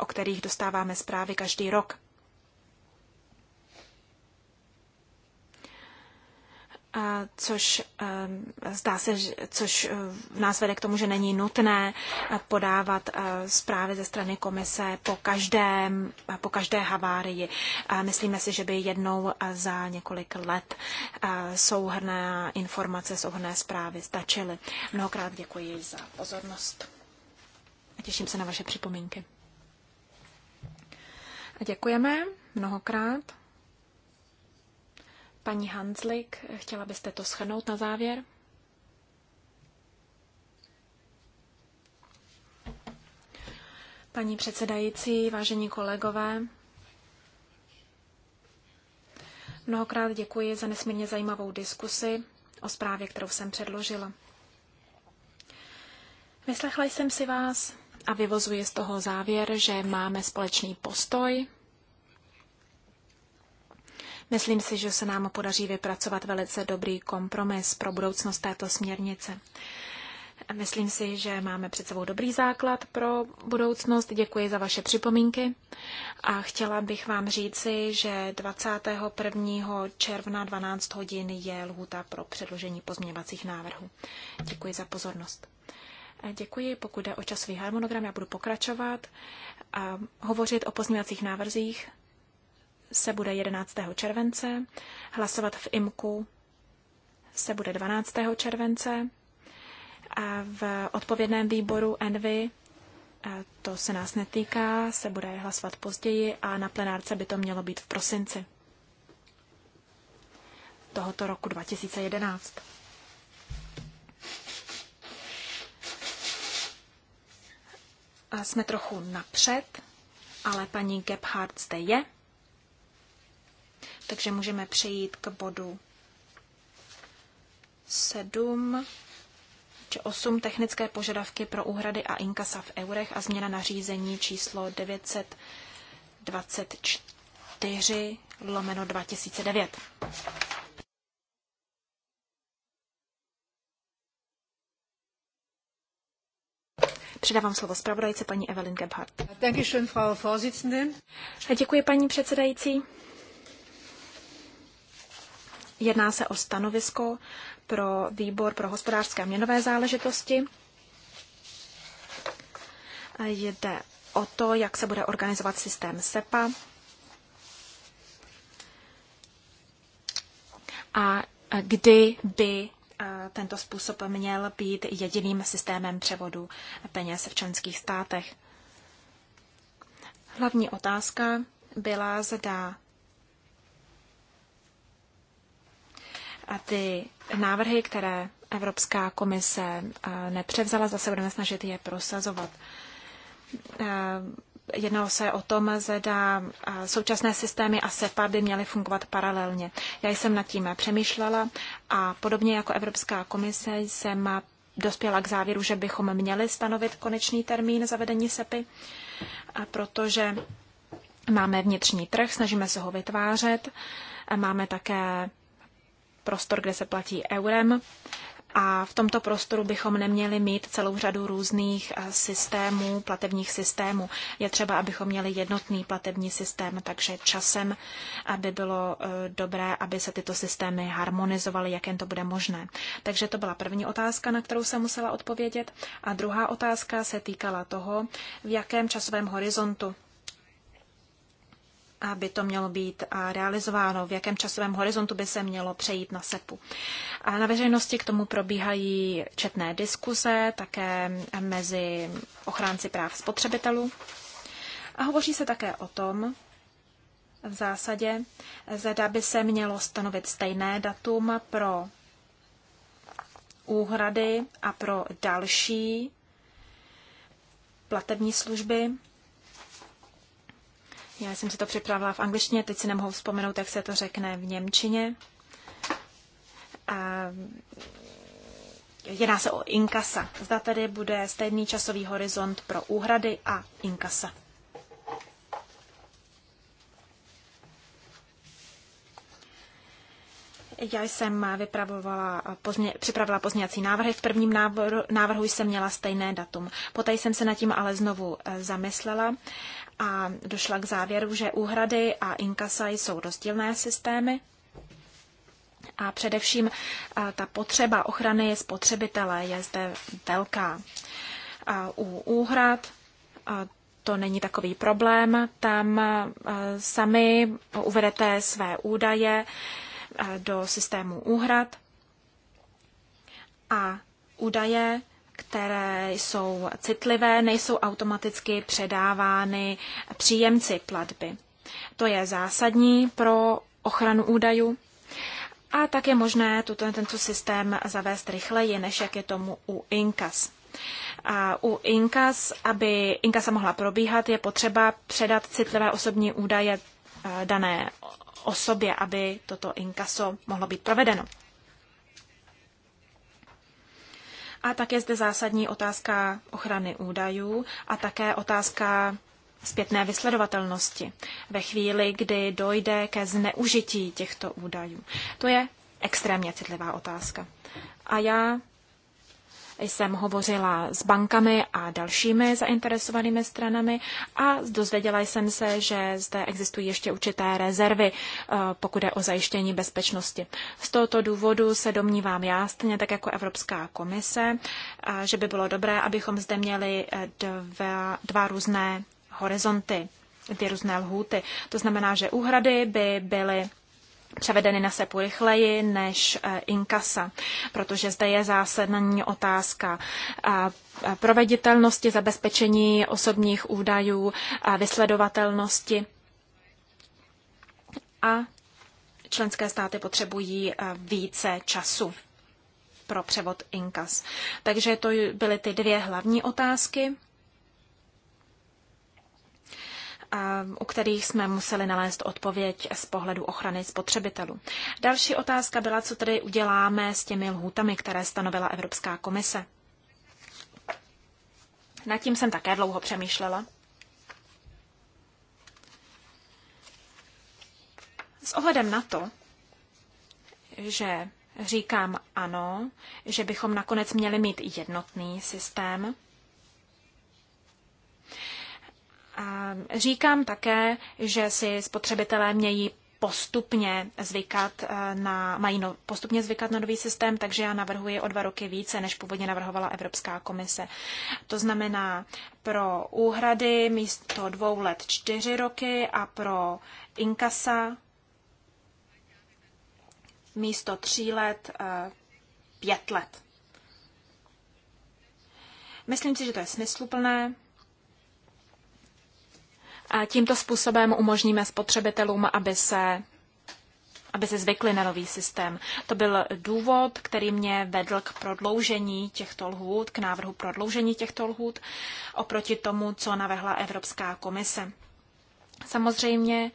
Speaker 2: o kterých dostáváme zprávy každý rok. což ehm, zdá se, což eh, nás vede k tomu, že není nutné eh, podávat eh, zprávy ze strany komise po, každém, po každé havárii. Myslíme si, že by jednou za několik let souhrné informace, souhrné zprávy stačily. Mnohokrát děkuji za pozornost a těším se na vaše připomínky. Děkujeme mnohokrát. Paní Hanslik, chtěla byste to schrnout na závěr? Paní předsedající, vážení kolegové, mnohokrát děkuji za nesmírně zajímavou diskusi o zprávě, kterou jsem předložila. Vyslechla jsem si vás a vyvozuji z toho závěr, že máme společný postoj Myslím si, že se nám podaří vypracovat velice dobrý kompromis pro budoucnost této směrnice. Myslím si, že máme před sebou dobrý základ pro budoucnost. Děkuji za vaše připomínky a chtěla bych vám říci, že 21. června 12 hodin je lhůta pro předložení pozměňovacích návrhů. Děkuji za pozornost. Děkuji, pokud jde o časový harmonogram, já budu pokračovat a hovořit o pozměňovacích návrzích se bude 11. července, hlasovat v IMKU se bude 12. července a v odpovědném výboru ENVY to se nás netýká, se bude hlasovat později a na plenárce by to mělo být v prosinci tohoto roku 2011. A jsme trochu napřed, ale paní Gebhardt zde je. Takže můžeme přejít k bodu 7 či 8 technické požadavky pro úhrady a inkasa v eurech a změna nařízení číslo 924 lomeno 2009. Předávám slovo zpravodajce paní Evelyn Gebhardt. Děkuji, paní předsedající. Jedná se o stanovisko pro výbor pro hospodářské a měnové záležitosti. Jde o to, jak se bude organizovat systém SEPA. A kdy by eh, tento způsob měl být jediným systémem převodu peněz v členských státech. Hlavní otázka byla, zda a ty návrhy, které Evropská komise eh, nepřevzala, zase budeme snažit je prosazovat. Eh, jednalo se o tom, zda eh, současné systémy a SEPA by měly fungovat paralelně. Já jsem nad tím přemýšlela a podobně jako Evropská komise jsem dospěla k závěru, že bychom měli stanovit konečný termín zavedení SEPy, protože máme vnitřní trh, snažíme se ho vytvářet, máme také prostor, kde se platí eurem. A v tomto prostoru bychom neměli mít celou řadu různých eh, systémů, platebních systémů. Je třeba, abychom měli jednotný platební systém, takže časem by bylo eh, dobré, aby se tyto systémy harmonizovaly, jak jen to bude možné. Takže to byla první otázka, na kterou jsem musela odpovědět. A druhá otázka se týkala toho, v jakém časovém horizontu aby to mělo být realizováno, v jakém časovém horizontu by se mělo přejít na SEPu. A na veřejnosti k tomu probíhají četné diskuze, také mezi ochránci práv spotřebitelů. A hovoří se také o tom, v zásadě, zda by se mělo stanovit stejné datum pro úhrady a pro další platební služby já jsem si to připravila v angličtině, teď si nemohu vzpomenout, jak se to řekne v Němčině. A jedná se o inkasa. Zda tedy bude stejný časový horizont pro úhrady a inkasa. Já jsem vypravovala, pozně, připravila pozněcí návrhy. V prvním návrhu, návrhu jsem měla stejné datum. Poté jsem se nad tím ale znovu e, zamyslela a došla k závěru, že úhrady a inkasa jsou rozdílné systémy. A především ta potřeba ochrany spotřebitele je zde velká. U úhrad to není takový problém, tam sami uvedete své údaje do systému úhrad a údaje které jsou citlivé, nejsou automaticky předávány příjemci platby. To je zásadní pro ochranu údajů. A tak je možné tuto, tento systém zavést rychleji, než jak je tomu u inkas. A u inkas aby Inkasa mohla probíhat, je potřeba předat citlivé osobní údaje eh, dané osobě, aby toto inkaso mohlo být provedeno. A také zde zásadní otázka ochrany údajů a také otázka zpětné vysledovatelnosti ve chvíli, kdy dojde ke zneužití těchto údajů. To je extrémně citlivá otázka. A já jsem hovořila s bankami a dalšími zainteresovanými stranami a dozvěděla jsem se, že zde existují ještě určité rezervy, eh, pokud je o zajištění bezpečnosti. Z tohoto důvodu se domnívám já, stejně tak jako Evropská komise, eh, že by bylo dobré, abychom zde měli eh, dva, dva různé horizonty, dvě různé lhůty. To znamená, že úhrady by byly převedeny na SEPu rychleji než eh, inkasa, protože zde je zásadní otázka eh, eh, proveditelnosti, zabezpečení osobních údajů, vysledovatelnosti a členské státy potřebují více času pro převod inkas. Takže to byly ty dvě hlavní otázky u kterých jsme museli nalézt odpověď z pohledu ochrany spotřebitelů. Další otázka byla, co tedy uděláme s těmi lhůtami, které stanovila Evropská komise. Nad tím jsem také dlouho přemýšlela. S ohledem na to, že říkám ano, že bychom nakonec měli mít jednotný systém, Říkám také, že si spotřebitelé mějí postupně zvykat eh, na, mají no, postupně zvykat na nový systém, takže já navrhuji o dva roky více, než původně navrhovala Evropská komise. To znamená pro úhrady místo dvou let čtyři roky a pro inkasa místo tří let eh, pět let. Myslím si, že to je smysluplné. A tímto způsobem umožníme spotřebitelům, aby se aby se zvykli na nový systém. To byl důvod, který mě vedl k prodloužení těchto lhůt, k návrhu prodloužení těchto lhůt oproti tomu, co navrhla Evropská komise. Samozřejmě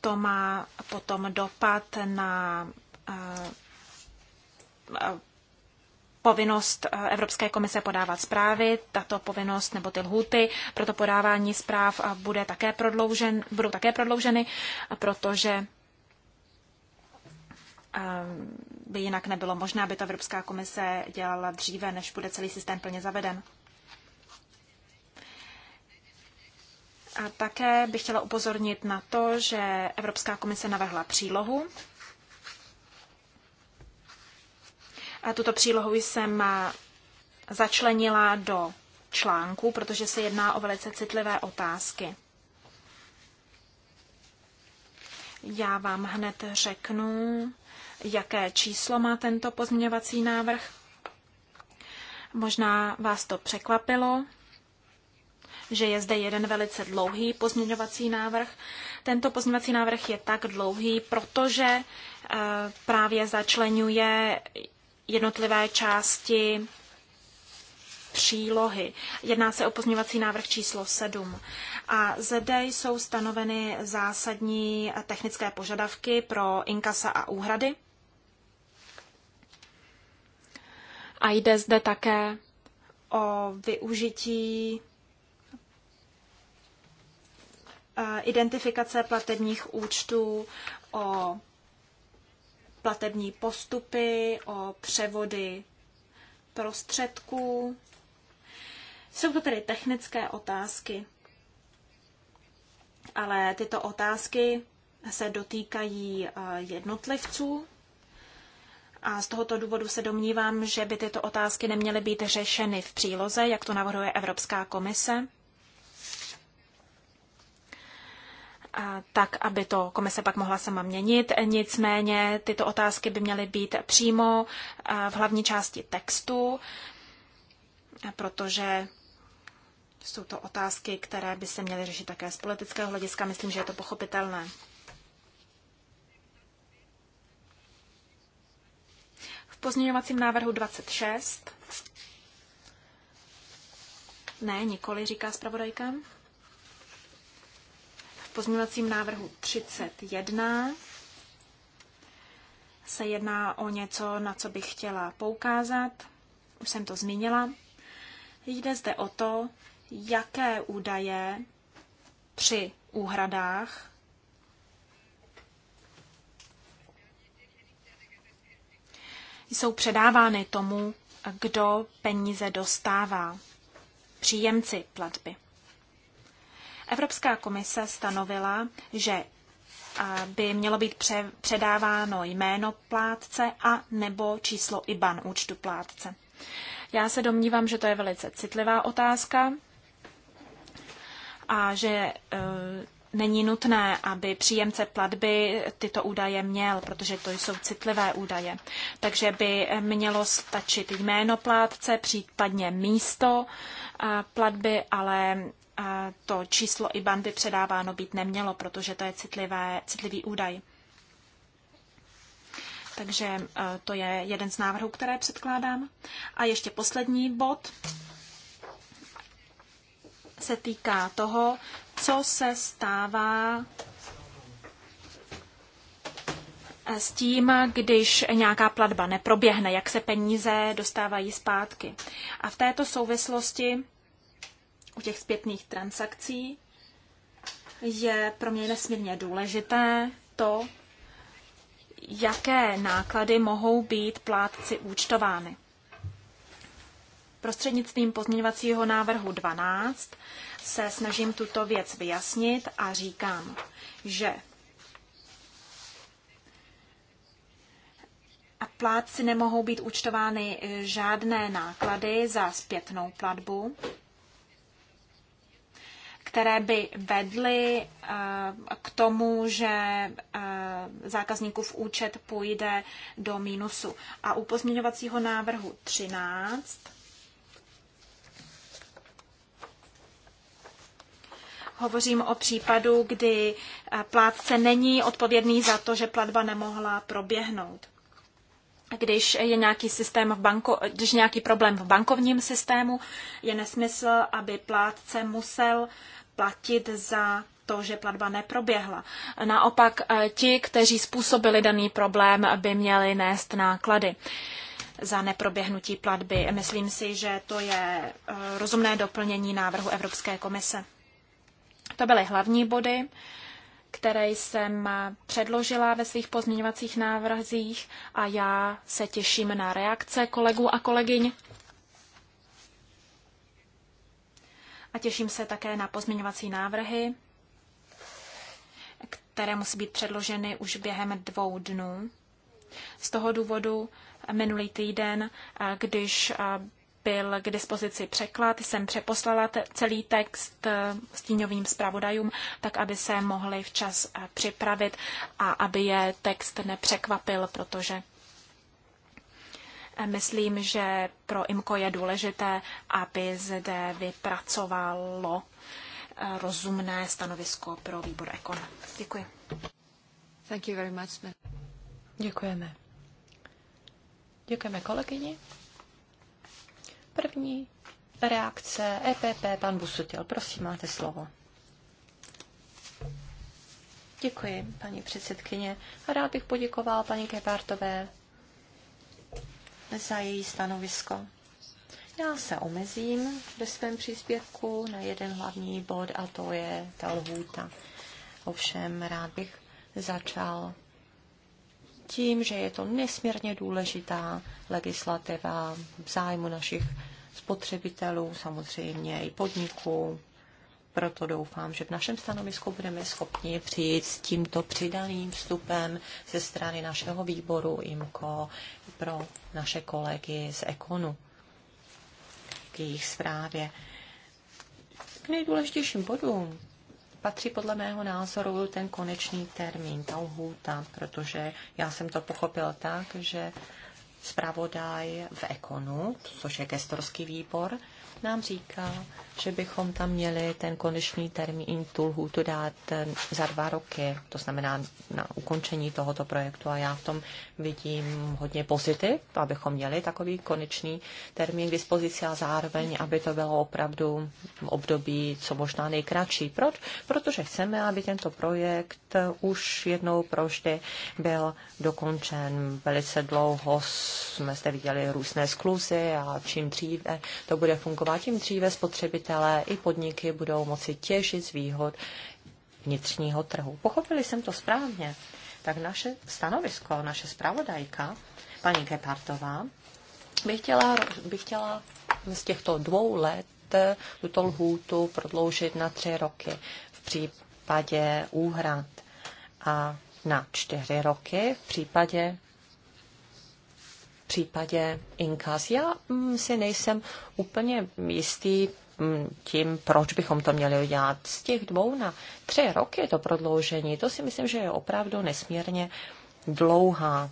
Speaker 2: to má potom dopad na eh, povinnost eh, Evropské komise podávat zprávy, tato povinnost nebo ty lhuty pro to podávání zpráv eh, bude také prodloužen, budou také prodlouženy, protože eh, by jinak nebylo možné, aby to Evropská komise dělala dříve, než bude celý systém plně zaveden. A také bych chtěla upozornit na to, že Evropská komise navrhla přílohu, Tuto přílohu jsem eh, začlenila do článku, protože se jedná o velice citlivé otázky. Já vám hned řeknu, jaké číslo má tento pozměňovací návrh. Možná vás to překvapilo, že je zde jeden velice dlouhý pozměňovací návrh. Tento pozměňovací návrh je tak dlouhý, protože eh, právě začlenuje jednotlivé části přílohy. Jedná se o pozměňovací návrh číslo 7. A zde jsou stanoveny zásadní technické požadavky pro inkasa a úhrady. A jde zde také o využití eh, identifikace platebních účtů, o platební postupy, o převody prostředků. Jsou to tedy technické otázky, ale tyto otázky se dotýkají eh, jednotlivců. A z tohoto důvodu se domnívám, že by tyto otázky neměly být řešeny v příloze, jak to navrhuje Evropská komise. tak, aby to komise pak mohla sama měnit. Nicméně tyto otázky by měly být přímo v hlavní části textu, protože jsou to otázky, které by se měly řešit také z politického hlediska. Myslím, že je to pochopitelné. V pozměňovacím návrhu 26. Ne, nikoli, říká zpravodajka pozměňovacím návrhu 31 se jedná o něco, na co bych chtěla poukázat. Už jsem to zmínila. Jde zde o to, jaké údaje při úhradách jsou předávány tomu, kdo peníze dostává, příjemci platby. Evropská komise stanovila, že by mělo být předáváno jméno plátce a nebo číslo IBAN účtu plátce. Já se domnívám, že to je velice citlivá otázka a že e, není nutné, aby příjemce platby tyto údaje měl, protože to jsou citlivé údaje. Takže by mělo stačit jméno plátce, případně místo e, platby, ale to číslo i bandy předáváno být nemělo, protože to je citlivé, citlivý údaj. Takže e, to je jeden z návrhů, které předkládám. A ještě poslední bod se týká toho, co se stává e, s tím, když nějaká platba neproběhne, jak se peníze dostávají zpátky. A v této souvislosti u těch zpětných transakcí je pro mě nesmírně důležité to, jaké náklady mohou být plátci účtovány. Prostřednictvím pozměňovacího návrhu 12 se snažím tuto věc vyjasnit a říkám, že a plátci nemohou být účtovány žádné náklady za zpětnou platbu které by vedly eh, k tomu, že eh, zákazníkův účet půjde do mínusu. A u pozměňovacího návrhu 13 Hovořím o případu, kdy eh, plátce není odpovědný za to, že platba nemohla proběhnout. Když je nějaký, systém v banko, když nějaký problém v bankovním systému, je nesmysl, aby plátce musel platit za to, že platba neproběhla. Naopak eh, ti, kteří způsobili daný problém, by měli nést náklady za neproběhnutí platby. Myslím si, že to je eh, rozumné doplnění návrhu Evropské komise. To byly hlavní body, které jsem předložila ve svých pozměňovacích návrzích a já se těším na reakce kolegů a kolegyň a těším se také na pozměňovací návrhy, které musí být předloženy už během dvou dnů. Z toho důvodu minulý týden, eh, když eh, byl k dispozici překlad, jsem přeposlala celý text eh, stíňovým zpravodajům, tak aby se mohli včas připravit a aby je text nepřekvapil, protože Myslím, že pro IMKO je důležité, aby zde vypracovalo eh, rozumné stanovisko pro výbor Ekon. Děkuji. Thank you very much.
Speaker 3: Děkujeme. Děkujeme kolegyni. První reakce EPP, pan Busutil. Prosím, máte slovo. Děkuji, paní předsedkyně. Rád bych poděkoval paní Kepartové za její stanovisko. Já se omezím ve svém příspěvku na jeden hlavní bod a to je ta lhůta. Ovšem rád bych začal tím, že je to nesmírně důležitá legislativa v zájmu našich spotřebitelů, samozřejmě i podniků, proto doufám, že v našem stanovisku budeme schopni přijít s tímto přidaným vstupem ze strany našeho výboru IMCO pro naše kolegy z Ekonu k jejich zprávě. K nejdůležitějším bodům patří podle mého názoru ten konečný termín, ta lhůta, protože já jsem to pochopil tak, že zpravodaj v Ekonu, což je gestorský výbor, nám říká, že bychom tam měli ten konečný termín, tu lhůtu dát eh, za dva roky, to znamená na ukončení tohoto projektu a já v tom vidím hodně pozitiv, abychom měli takový konečný termín k dispozici a zároveň, aby to bylo opravdu období co možná nejkratší. Proč? Protože chceme, aby tento projekt už jednou proždy byl dokončen. Velice dlouho jsme zde viděli různé skluzy a čím dříve to bude fungovat, práva, tím dříve spotřebitelé i podniky budou moci těžit z výhod vnitřního trhu. Pochopili jsem to správně, tak naše stanovisko, naše zpravodajka, paní Kepartová, by chtěla, by chtěla z těchto dvou let eh, tuto lhůtu prodloužit na tři roky v případě úhrad a na čtyři roky v případě případě inkas. Já mm, si nejsem úplně jistý mm, tím, proč bychom to měli udělat. Z těch dvou na tři roky to prodloužení, to si myslím, že je opravdu nesmírně dlouhá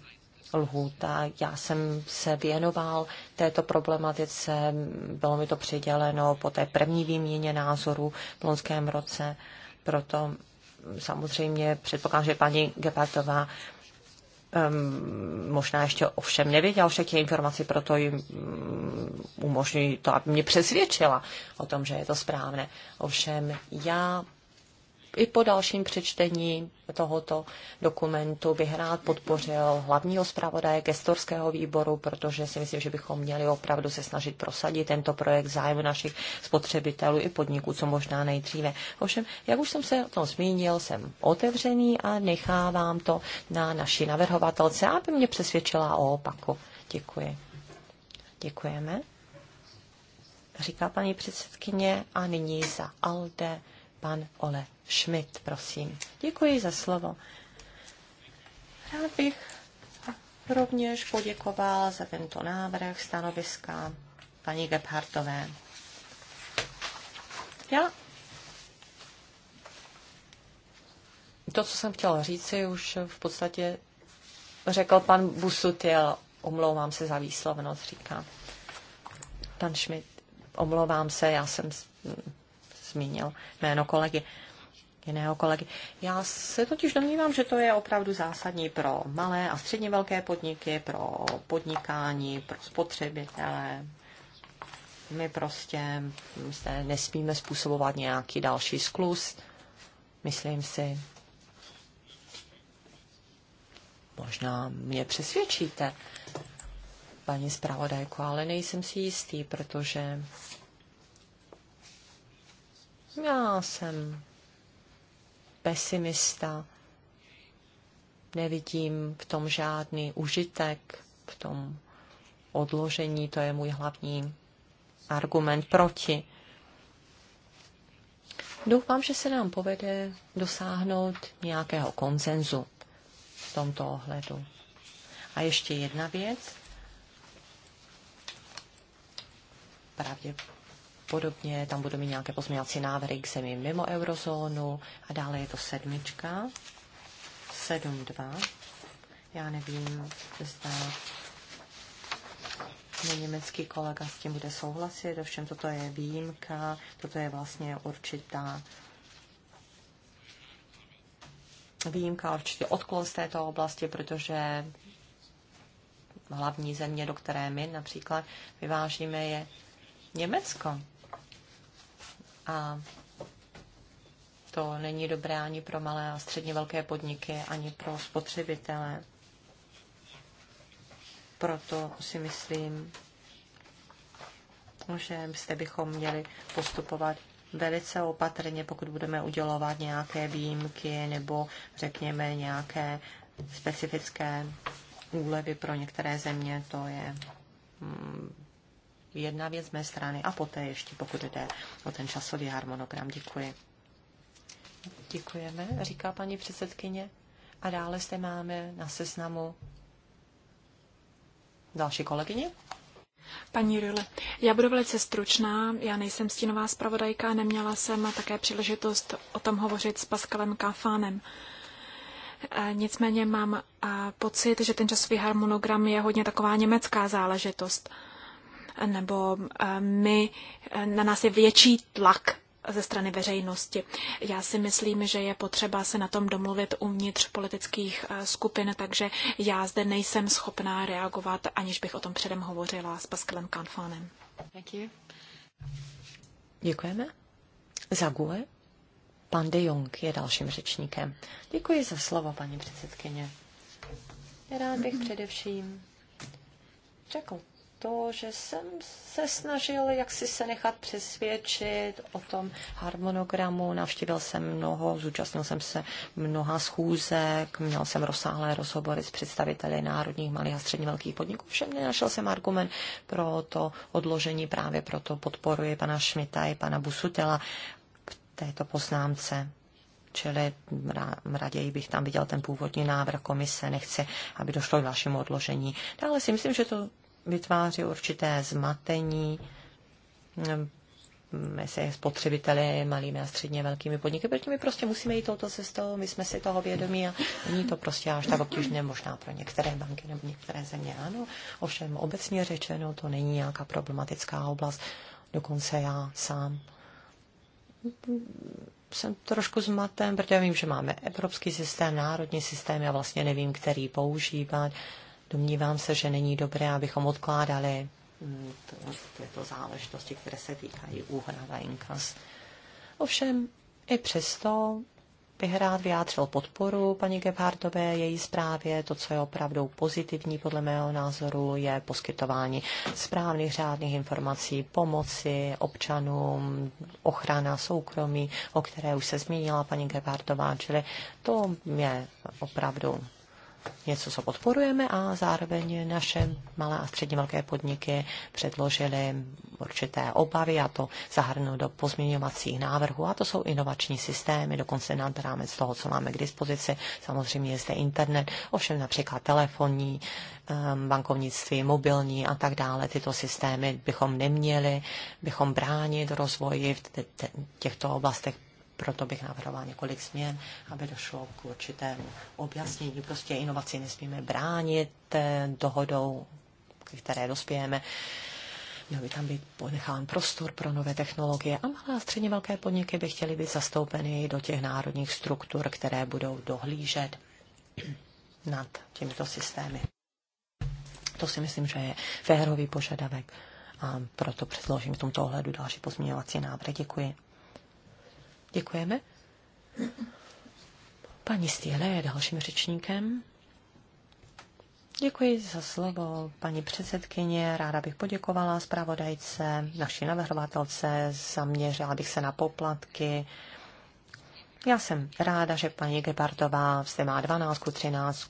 Speaker 3: lhůta. Já jsem se věnoval této problematice, bylo mi to přiděleno po té první výměně názoru v loňském roce, proto samozřejmě předpokládám, že paní Gepartová um, možná ještě ovšem nevěděl všechny informace informací, proto jim um, mm, umožňuji to, aby mě přesvědčila o tom, že je to správné. Ovšem já i po dalším přečtení tohoto dokumentu bych rád podpořil hlavního zpravodaje gestorského výboru, protože si myslím, že bychom měli opravdu se snažit prosadit tento projekt zájmu našich spotřebitelů i podniků, co možná nejdříve. Ovšem, jak už jsem se o tom zmínil, jsem otevřený a nechávám to na naší navrhovatelce, aby mě přesvědčila o opaku. Děkuji. Děkujeme. Říká paní předsedkyně a nyní za ALDE pan Ole Schmidt, prosím. Děkuji za slovo. Rád bych rovněž poděkoval za tento návrh stanoviska paní Gebhardtové. Já to, co jsem chtěla říci, už v podstatě řekl pan Busutil, omlouvám se za výslovnost, říká pan Schmidt, omlouvám se, já jsem zmínil jméno kolegy jiného kolegy. Já se totiž domnívám, že to je opravdu zásadní pro malé a středně velké podniky, pro podnikání, pro spotřebitele. My prostě se nesmíme způsobovat nějaký další sklus, myslím si. Možná mě přesvědčíte, paní zpravodajko, ale nejsem si jistý, protože já jsem pesimista. Nevidím v tom žádný užitek, v tom odložení, to je můj hlavní argument proti. Doufám, že se nám povede dosáhnout nějakého konsenzu v tomto ohledu. A ještě jedna věc. Pravděpodobně podobně. Tam budou mít nějaké pozměňovací návrhy k zemi mimo eurozónu. A dále je to sedmička. dva, Já nevím, zda můj německý kolega s tím bude souhlasit, ovšem toto je výjimka, toto je vlastně určitá výjimka, určitě odklon z této oblasti, protože hlavní země, do které my například vyvážíme, je Německo a to není dobré ani pro malé a středně velké podniky, ani pro spotřebitele. Proto si myslím, že byste bychom měli postupovat velice opatrně, pokud budeme udělovat nějaké výjimky nebo řekněme nějaké specifické úlevy pro některé země, to je mm, jedna věc z mé strany a poté ještě, pokud jde o ten časový harmonogram. Děkuji. Děkujeme, říká paní předsedkyně. A dále zde máme na seznamu další kolegyně.
Speaker 2: Paní Rule, já budu velice stručná, já nejsem stínová zpravodajka, neměla jsem také příležitost o tom hovořit s Paskalem Káfánem. E, nicméně mám e, pocit, že ten časový harmonogram je hodně taková německá záležitost nebo eh, my, eh, na nás je větší tlak ze strany veřejnosti. Já si myslím, že je potřeba se na tom domluvit uvnitř politických eh, skupin, takže já zde nejsem schopná reagovat, aniž bych o tom předem hovořila s Pascalem Kanfánem.
Speaker 3: Děkujeme. Zague. Pan de Jong je dalším řečníkem. Děkuji za slovo, paní předsedkyně. Rád bych především řekl to, že jsem se snažil jaksi se nechat přesvědčit o tom harmonogramu. Navštívil jsem mnoho, zúčastnil jsem se mnoha schůzek, měl jsem rozsáhlé rozhovory s představiteli národních malých a středně velkých podniků. Všem nenašel jsem argument pro to odložení, právě proto podporuji pana Šmita i pana Busutela v této poznámce čili raději bych tam viděl ten původní návrh komise, nechci, aby došlo k dalšímu odložení. Dále si myslím, že to vytváří určité zmatení mezi spotřebiteli, malými a středně velkými podniky, protože my prostě musíme jít touto cestou, my jsme si toho vědomí a není to prostě až tak obtížné možná pro některé banky nebo některé země. Ano, ovšem obecně řečeno to není nějaká problematická oblast, dokonce já sám jsem trošku zmatem, protože vím, že máme evropský systém, národní systém, já vlastně nevím, který používat. Domnívám se, že není dobré, abychom odkládali mm, tyto záležitosti, které se týkají úhrad a inkas. Ovšem, i přesto bych rád vyjádřil podporu paní Gebhardové, její zprávě. To, co je opravdu pozitivní podle mého názoru, je poskytování správných řádných informací, pomoci občanům, ochrana soukromí, o které už se zmínila paní Gebhardová, čili to je opravdu něco, co podporujeme a zároveň naše malé a středně velké podniky předložily určité obavy a to zahrnou do pozměňovacích návrhů a to jsou inovační systémy, dokonce nad rámec toho, co máme k dispozici. Samozřejmě je zde internet, ovšem například telefonní, ehm, bankovnictví, mobilní a tak dále. Tyto systémy bychom neměli, bychom bránit rozvoji v těchto oblastech proto bych navrhovala několik změn, aby došlo k určitému objasnění. Prostě inovaci nesmíme bránit dohodou, které dospějeme. Měl by tam být ponechán prostor pro nové technologie a malé a středně velké podniky by chtěly být zastoupeny do těch národních struktur, které budou dohlížet nad těmito systémy. To si myslím, že je férový požadavek a proto předložím v tomto ohledu další pozměňovací návrh. Děkuji. Děkujeme. Paní Stěle je dalším řečníkem. Děkuji za slovo, paní předsedkyně. Ráda bych poděkovala zpravodajce, naší navrhovatelce. Zaměřila bych se na poplatky. Já jsem ráda, že paní Gebardová se má 12, 13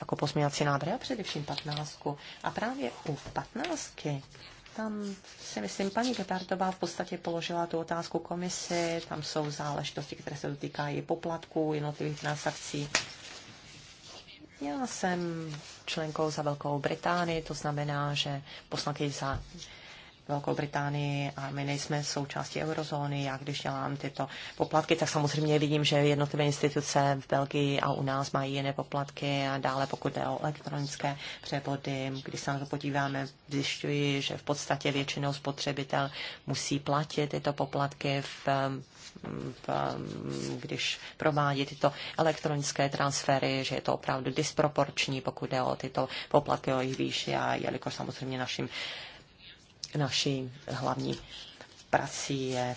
Speaker 3: jako pozměňovací návrh a především 15. A právě u 15 tam si myslím, paní Gepardová v podstatě položila tu otázku komisi, tam jsou záležitosti, které se dotýkají poplatků, jednotlivých transakcí. Já jsem členkou za Velkou Británii, to znamená, že poslanky za Velkou Británii a my nejsme součástí eurozóny. Já když dělám tyto poplatky, tak samozřejmě vidím, že jednotlivé instituce v Belgii a u nás mají jiné poplatky a dále pokud jde o elektronické převody, když se na to podíváme, zjišťuji, že v podstatě většinou spotřebitel musí platit tyto poplatky v když provádí tyto elektronické transfery, že je to opravdu disproporční, pokud jde o tyto poplatky o jejich výši a jelikož samozřejmě naším naší hlavní prací je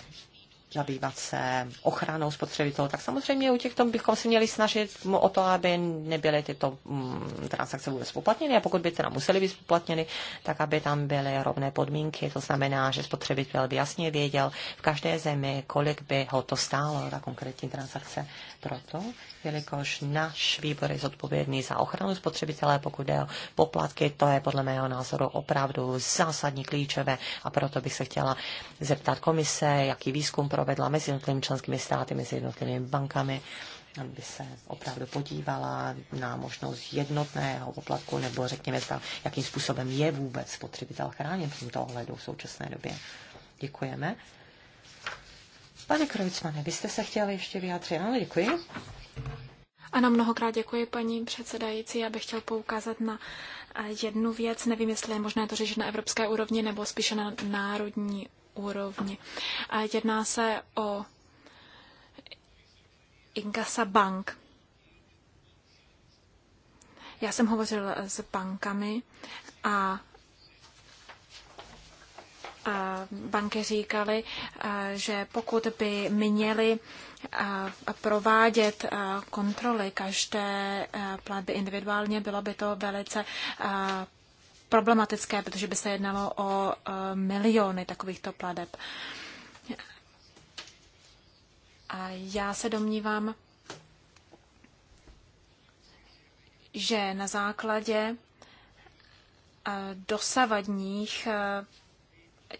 Speaker 3: zabývat se ochranou spotřebitelů, tak samozřejmě u těchto bychom si měli snažit o to, aby nebyly tyto mm, transakce vůbec poplatněny a pokud by teda musely být poplatněny, tak aby tam byly rovné podmínky. To znamená, že spotřebitel by jasně věděl v každé zemi, kolik by ho to stálo, ta konkrétní transakce. Proto jelikož náš výbor je zodpovědný za ochranu spotřebitele, pokud jde o poplatky, to je podle mého názoru opravdu zásadní klíčové a proto bych se chtěla zeptat komise, jaký výzkum provedla mezi jednotlivými členskými státy, mezi jednotlivými bankami, aby se opravdu podívala na možnost jednotného poplatku, nebo řekněme, zda, jakým způsobem je vůbec spotřebitel chráněn v tomto ohledu v současné době. Děkujeme. Pane Krojcmane, byste se chtěli ještě vyjádřit? Ano, děkuji.
Speaker 2: Ano, mnohokrát děkuji, paní předsedající. Já bych chtěl poukázat na eh, jednu věc. Nevím, jestli je možné to řešit na evropské úrovni nebo spíše na národní úrovni. Jedná se o Inkasa Bank. Já jsem hovořil s bankami a banky říkaly, že pokud by měly provádět kontroly každé platby individuálně, bylo by to velice problematické, protože by se jednalo o miliony takovýchto pladeb. A já se domnívám, že na základě dosavadních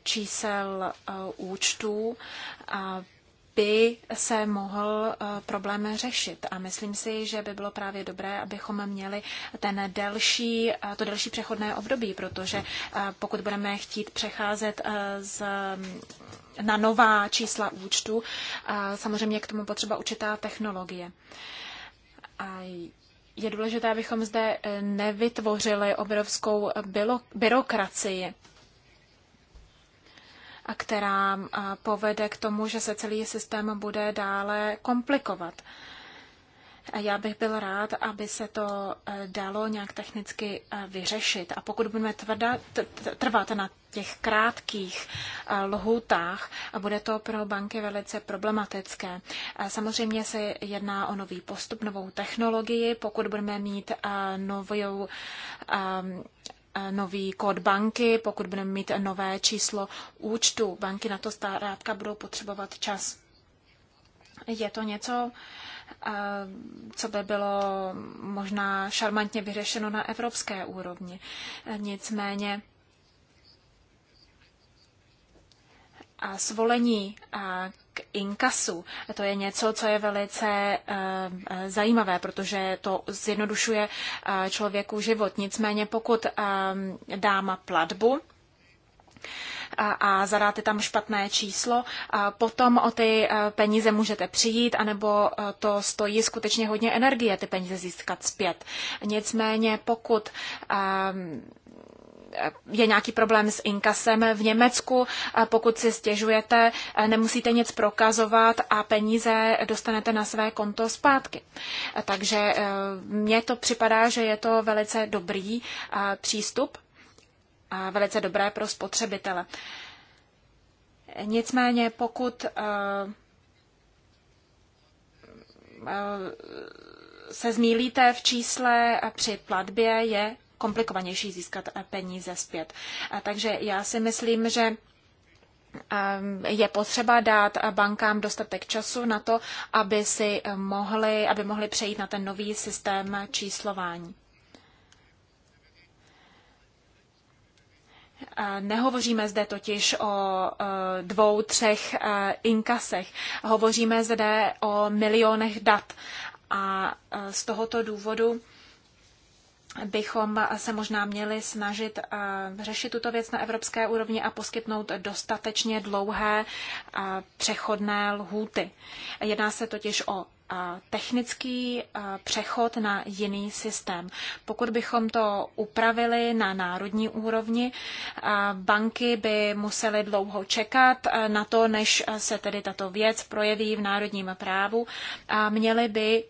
Speaker 2: čísel eh, účtů by se mohl eh, problém řešit. A myslím si, že by bylo právě dobré, abychom měli ten delší, eh, to delší přechodné období, protože pokud budeme chtít přecházet z, mm, na nová čísla účtu, samozřejmě k tomu potřeba určitá technologie. A je důležité, abychom zde nevytvořili obrovskou byrokracii a která povede k tomu, že se celý systém bude dále komplikovat. Já bych byl rád, aby se to e, dalo nějak technicky e, vyřešit. A pokud budeme trvat na těch krátkých e, lhůtách, bude to pro banky velice problematické. Samozřejmě se jedná o nový postup, novou technologii. Pokud budeme mít novou Eh, nový kód banky, pokud budeme mít nové číslo účtu. Banky na to zkrátka budou potřebovat čas. Je to něco, eh, co by bylo možná šarmantně vyřešeno na evropské úrovni. Nicméně a svolení a k inkasu. To je něco, co je velice eh, zajímavé, protože to zjednodušuje eh, člověku život. Nicméně pokud eh, dám platbu, a, a zadáte tam špatné číslo, a potom o ty peníze můžete přijít, anebo to stojí skutečně hodně energie ty peníze získat zpět. Nicméně pokud um, je nějaký problém s inkasem v Německu, pokud si stěžujete, nemusíte nic prokazovat a peníze dostanete na své konto zpátky. Takže e, mně to připadá, že je to velice dobrý e, přístup a velice dobré pro spotřebitele. Nicméně, pokud e, se zmílíte v čísle při platbě, je komplikovanější získat eh, peníze zpět. Eh, takže já si myslím, že ehm, je potřeba dát eh, bankám dostatek času na to, aby si mohli, aby mohli přejít na ten nový systém číslování. Nehovoříme zde totiž o dvou, třech inkasech. Hovoříme zde o milionech dat. A z tohoto důvodu bychom se možná měli snažit eh, řešit tuto věc na evropské úrovni a poskytnout dostatečně dlouhé eh, přechodné lhůty. Jedná se totiž o eh, technický přechod na jiný systém. Pokud bychom to upravili na národní úrovni, banky by musely dlouho čekat na to, než se tedy tato věc projeví v národním právu a měly by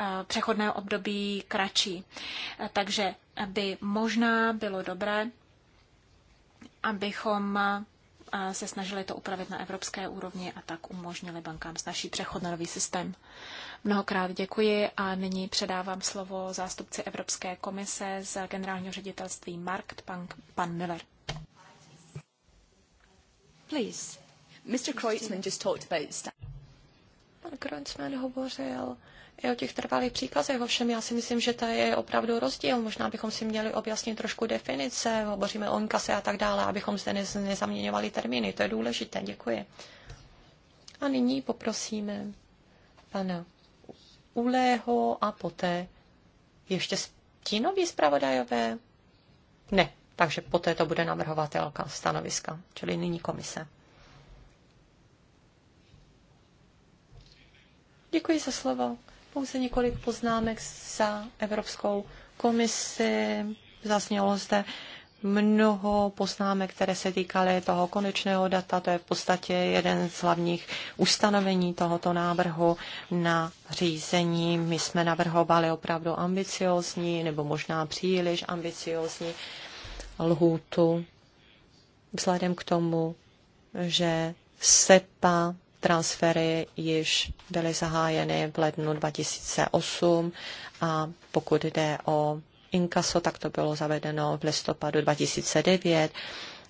Speaker 2: Eh, přechodné období kratší. Eh, takže by možná bylo dobré, abychom eh, se snažili to upravit na evropské úrovni a tak umožnili bankám snažší přechod na nový systém. Mnohokrát děkuji a nyní předávám slovo zástupci Evropské komise z generálního ředitelství Markt, pan, pan Miller. Please. Mr. Kreutzmann just talked about... Pan Kreutzmann
Speaker 3: hovořil i o těch trvalých příkazech. Ovšem, já si myslím, že to je opravdu rozdíl. Možná bychom si měli objasnit trošku definice, hovoříme o inkase a tak dále, abychom zde nezaměňovali termíny. To je důležité. Děkuji. A nyní poprosíme pana Ulého a poté ještě stínový zpravodajové. Ne, takže poté to bude navrhovatelka stanoviska, čili nyní komise. Děkuji za slovo pouze několik poznámek za Evropskou komisi. Zaznělo zde mnoho poznámek, které se týkaly toho konečného data. To je v podstatě jeden z hlavních ustanovení tohoto návrhu na řízení. My jsme navrhovali opravdu ambiciozní nebo možná příliš ambiciozní lhůtu vzhledem k tomu, že SEPA transfery již byly zahájeny v lednu 2008 a pokud jde o inkaso, tak to bylo zavedeno v listopadu 2009.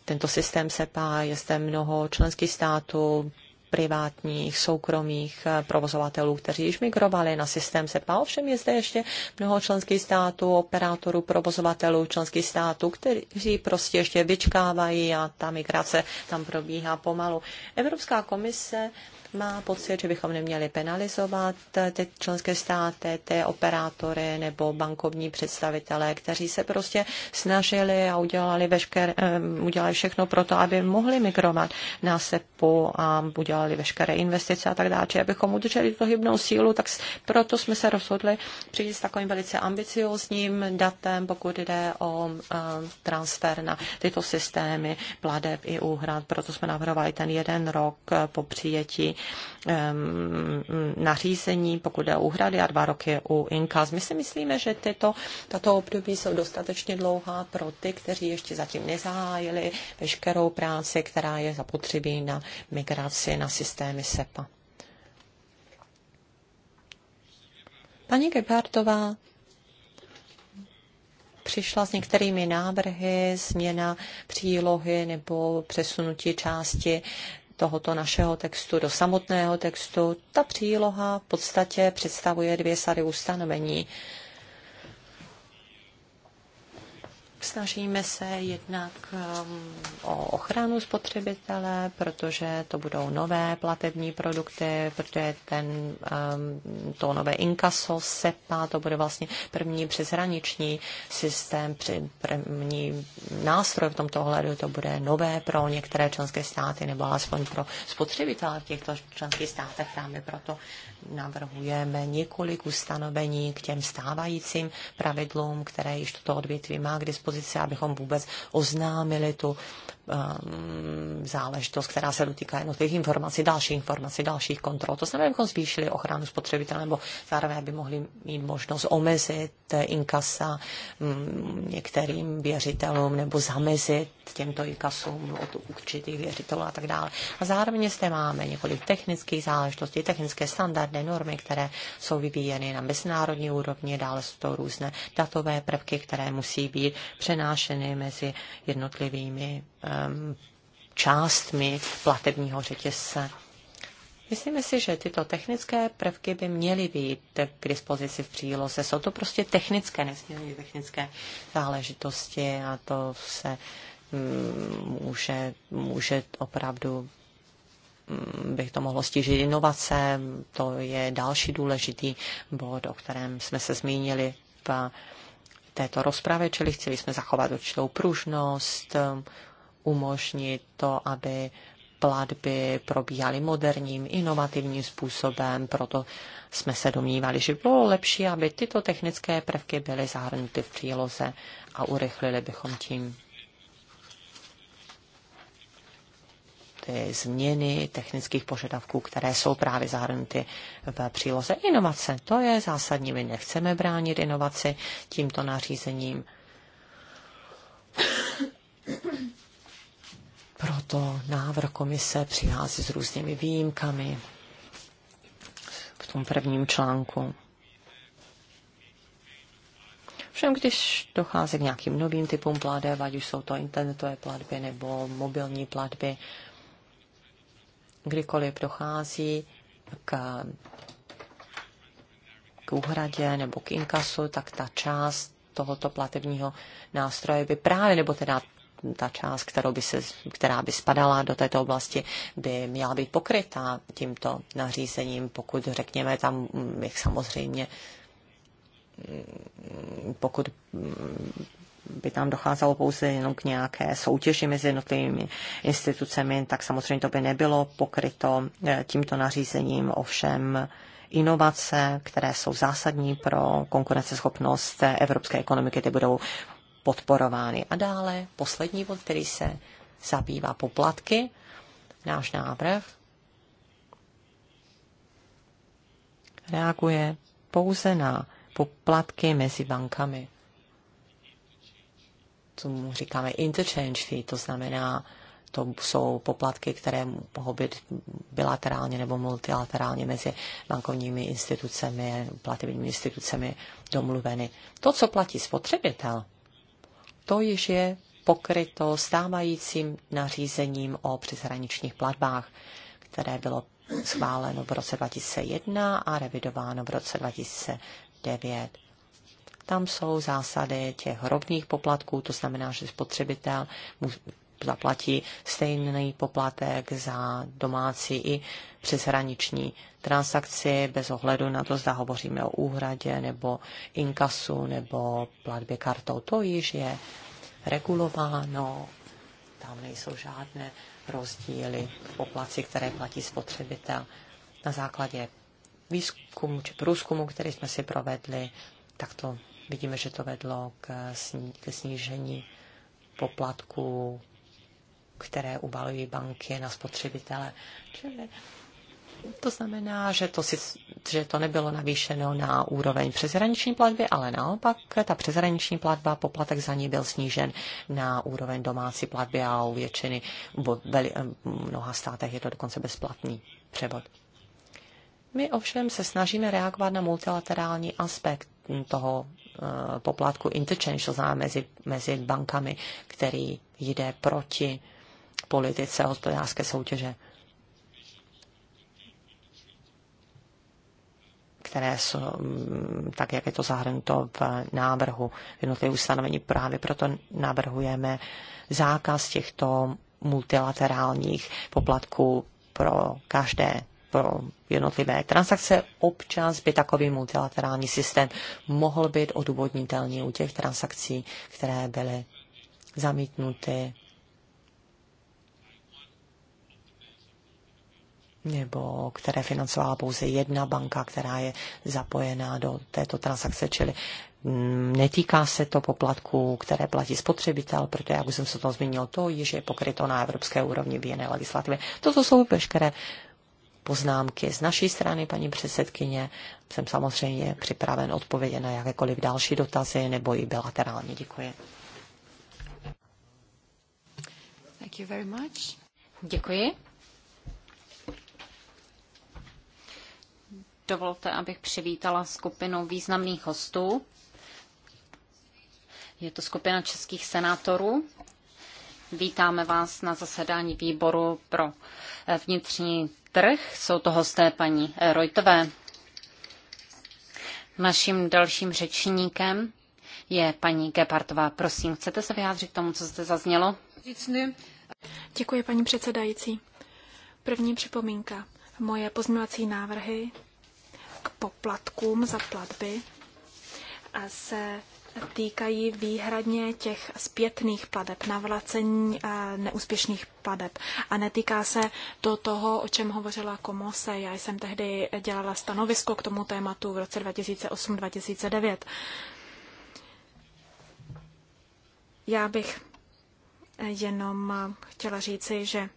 Speaker 3: Tento systém SEPA je zde mnoho členských států, privátních, soukromých eh, provozovatelů, kteří již migrovali na systém SEPA. Ovšem je zde ještě mnoho členských států, operátorů, provozovatelů členských států, kteří prostě ještě vyčkávají a ta migrace tam probíhá pomalu. Evropská komise má pocit, že bychom neměli penalizovat ty členské státy, ty operátory nebo bankovní představitelé, kteří se prostě snažili a udělali, vešker, udělali všechno pro to, aby mohli migrovat na SEPu a udělali veškeré investice a tak dále. Či abychom udrželi tu hybnou sílu, tak proto jsme se rozhodli přijít s takovým velice ambiciózním datem, pokud jde o transfer na tyto systémy pladeb i úhrad. Proto jsme navrhovali ten jeden rok po přijetí Ehm, nařízení, pokud je o úhrady a dva roky u inkas. My si myslíme, že tyto, tato období jsou
Speaker 1: dostatečně
Speaker 3: dlouhá pro ty, kteří ještě zatím nezahájili veškerou práci, která je zapotřebí na migraci na systémy SEPA. Paní Gebhardová přišla s některými návrhy, změna přílohy nebo přesunutí části tohoto našeho textu do samotného textu. Ta příloha v podstatě představuje dvě sady ustanovení. Snažíme se jednak um, o ochranu spotřebitele, protože to budou nové platební produkty, protože ten, um, to nové inkaso, SEPA, to bude vlastně první přeshraniční systém, první nástroj v tomto ohledu, to bude nové pro některé členské státy, nebo alespoň pro spotřebitele v těchto členských státech. právě proto navrhujeme několik ustanovení k těm stávajícím pravidlům, které již toto odvětví má k dispozici, abychom vůbec oznámili tu um, záležitost, která se dotýká jednotlivých informací, další informací, dalších kontrol. To znamená, abychom zvýšili ochranu spotřebitele, nebo zároveň by mohli mít možnost omezit eh, inkasa um, některým věřitelům nebo zamezit těmto inkasům od určitých věřitelů a tak dále. A zároveň zde máme několik technických záležitostí, technické standardy, normy, které jsou vyvíjeny na mezinárodní úrovni, dále jsou to různé datové prvky, které musí být přenášeny mezi jednotlivými Ehm, částmi platebního řetězce. Myslíme si, že tyto technické prvky by měly být k dispozici v příloze. Jsou to prostě technické, nesmírně technické záležitosti a to se mm, může, může opravdu mm, bych to mohlo stížit inovace, to je další důležitý bod, o kterém jsme se zmínili v této rozpravě, čili chtěli jsme zachovat určitou pružnost, umožnit to, aby platby probíhaly moderním, inovativním způsobem, proto jsme se domnívali, že bylo lepší, aby tyto technické prvky byly zahrnuty v příloze a urychlili bychom tím ty změny technických požadavků, které jsou právě zahrnuty v příloze inovace. To je zásadní. My nechceme bránit inovaci tímto nařízením. Proto návrh komise přichází s různými výjimkami v tom prvním článku. Všem, když dochází k nějakým novým typům plateb, ať už jsou to internetové platby nebo mobilní platby, kdykoliv dochází k, k úhradě nebo k inkasu, tak ta část tohoto platebního nástroje by právě, nebo teda ta část, kterou by se, která by spadala do této oblasti, by měla být pokrytá tímto nařízením, pokud řekněme tam, mm, jak samozřejmě, mm, pokud mm, by tam docházelo pouze jenom k nějaké soutěži mezi jednotlivými institucemi, tak samozřejmě to by nebylo pokryto e, tímto nařízením, ovšem inovace, které jsou zásadní pro konkurenceschopnost evropské ekonomiky, ty budou podporovány. A dále poslední bod, který se zabývá poplatky, náš návrh reaguje pouze na poplatky mezi bankami. mu říkáme interchange fee, to znamená, to jsou poplatky, které mohou být bilaterálně nebo multilaterálně mezi bankovními institucemi, platebními institucemi domluveny. To, co platí spotřebitel, to již je pokryto stávajícím nařízením o přeshraničních platbách, které bylo schváleno v roce 2001 a revidováno v roce 2009. Tam jsou zásady těch rovných poplatků, to znamená, že spotřebitel zaplatí stejný poplatek za domácí i přeshraniční transakci bez ohledu na to, zda hovoříme o úhradě nebo inkasu nebo platbě kartou. To již je regulováno, tam nejsou žádné rozdíly v poplaci, které platí spotřebitel. Na základě výzkumu či průzkumu, který jsme si provedli, tak to vidíme, že to vedlo k, snížení poplatků které ubalují banky na spotřebitele. Čili to znamená, že to, si, že to nebylo navýšeno na úroveň přeshraniční platby, ale naopak ta přeshraniční platba, poplatek za ní byl snížen na úroveň domácí platby a u většiny, eh, v mnoha státech je to dokonce bezplatný převod. My ovšem se snažíme reagovat na multilaterální aspekt toho eh, poplatku interchange, to znamená mezi, mezi bankami, který jde proti politice hospodářské soutěže, které jsou, mm, tak jak je to zahrnuto v návrhu jednotlivých ustanovení, právě proto navrhujeme zákaz těchto multilaterálních poplatků pro každé pro jednotlivé transakce. Občas by takový multilaterální systém mohl být odůvodnitelný u těch transakcí, které byly zamítnuty nebo které financovala pouze jedna banka, která je zapojená do této transakce, čili mm, netýká se to poplatků, které platí spotřebitel, protože, jak už jsem se to zmínil, to již je pokryto na evropské úrovni v jiné legislativě. Toto jsou veškeré poznámky z naší strany, paní předsedkyně. Jsem samozřejmě připraven odpovědět na jakékoliv další dotazy nebo i bilaterálně. Děkuji.
Speaker 4: Thank you very much. Děkuji. Dovolte, abych přivítala skupinu významných hostů. Je to skupina českých senátorů. Vítáme vás na zasedání výboru pro eh, vnitřní trh. Jsou to hosté paní eh, Rojtové. Naším dalším řečníkem je paní Gepartová. Prosím, chcete se vyjádřit k tomu, co zde zaznělo?
Speaker 2: Děkuji, paní předsedající. První připomínka. Moje pozměňovací návrhy k poplatkům za platby se týkají výhradně těch zpětných pladeb, navracení eh, neúspěšných pladeb A netýká se to toho, o čem hovořila Komose. Já jsem tehdy dělala stanovisko k tomu tématu v roce 2008-2009. Já bych jenom chtěla říci, že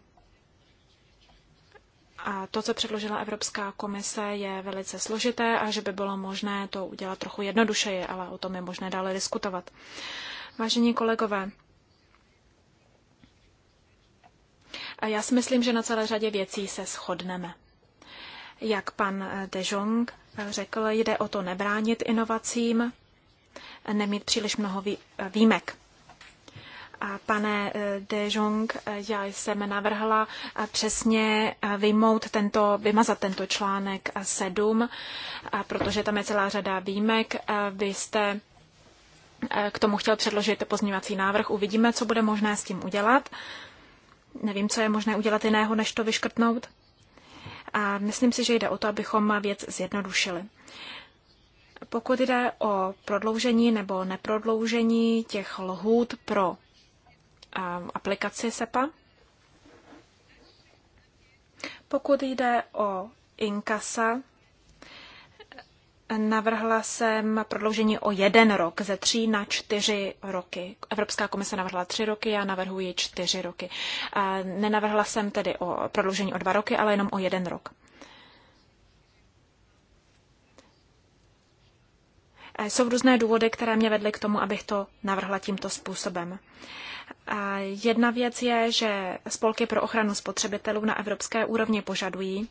Speaker 2: a to, co předložila Evropská komise, je velice složité a že by bylo možné to udělat trochu jednodušeji, ale o tom je možné dále diskutovat. Vážení kolegové, a já si myslím, že na celé řadě věcí se shodneme. Jak pan De Jong řekl, jde o to nebránit inovacím, nemít příliš mnoho výjimek. Pane eh, De Jong, eh, já jsem navrhla eh, přesně vyjmout tento, vymazat tento článek 7, protože tam je celá řada výjimek. Vy jste k tomu chtěl předložit pozměňovací návrh. Uvidíme, co bude možné s tím udělat. Nevím, co je možné udělat jiného, než to vyškrtnout. A myslím si, že jde o to, abychom věc zjednodušili. Pokud jde o prodloužení nebo neprodloužení těch lhůt pro aplikaci SEPA. Pokud jde o inkasa, navrhla jsem prodloužení o jeden rok, ze tří na čtyři roky. Evropská komise navrhla tři roky, já navrhuji čtyři roky. Nenavrhla jsem tedy o prodloužení o dva roky, ale jenom o jeden rok. Jsou různé důvody, které mě vedly k tomu, abych to navrhla tímto způsobem. Jedna věc je, že spolky pro ochranu spotřebitelů na evropské úrovni požadují,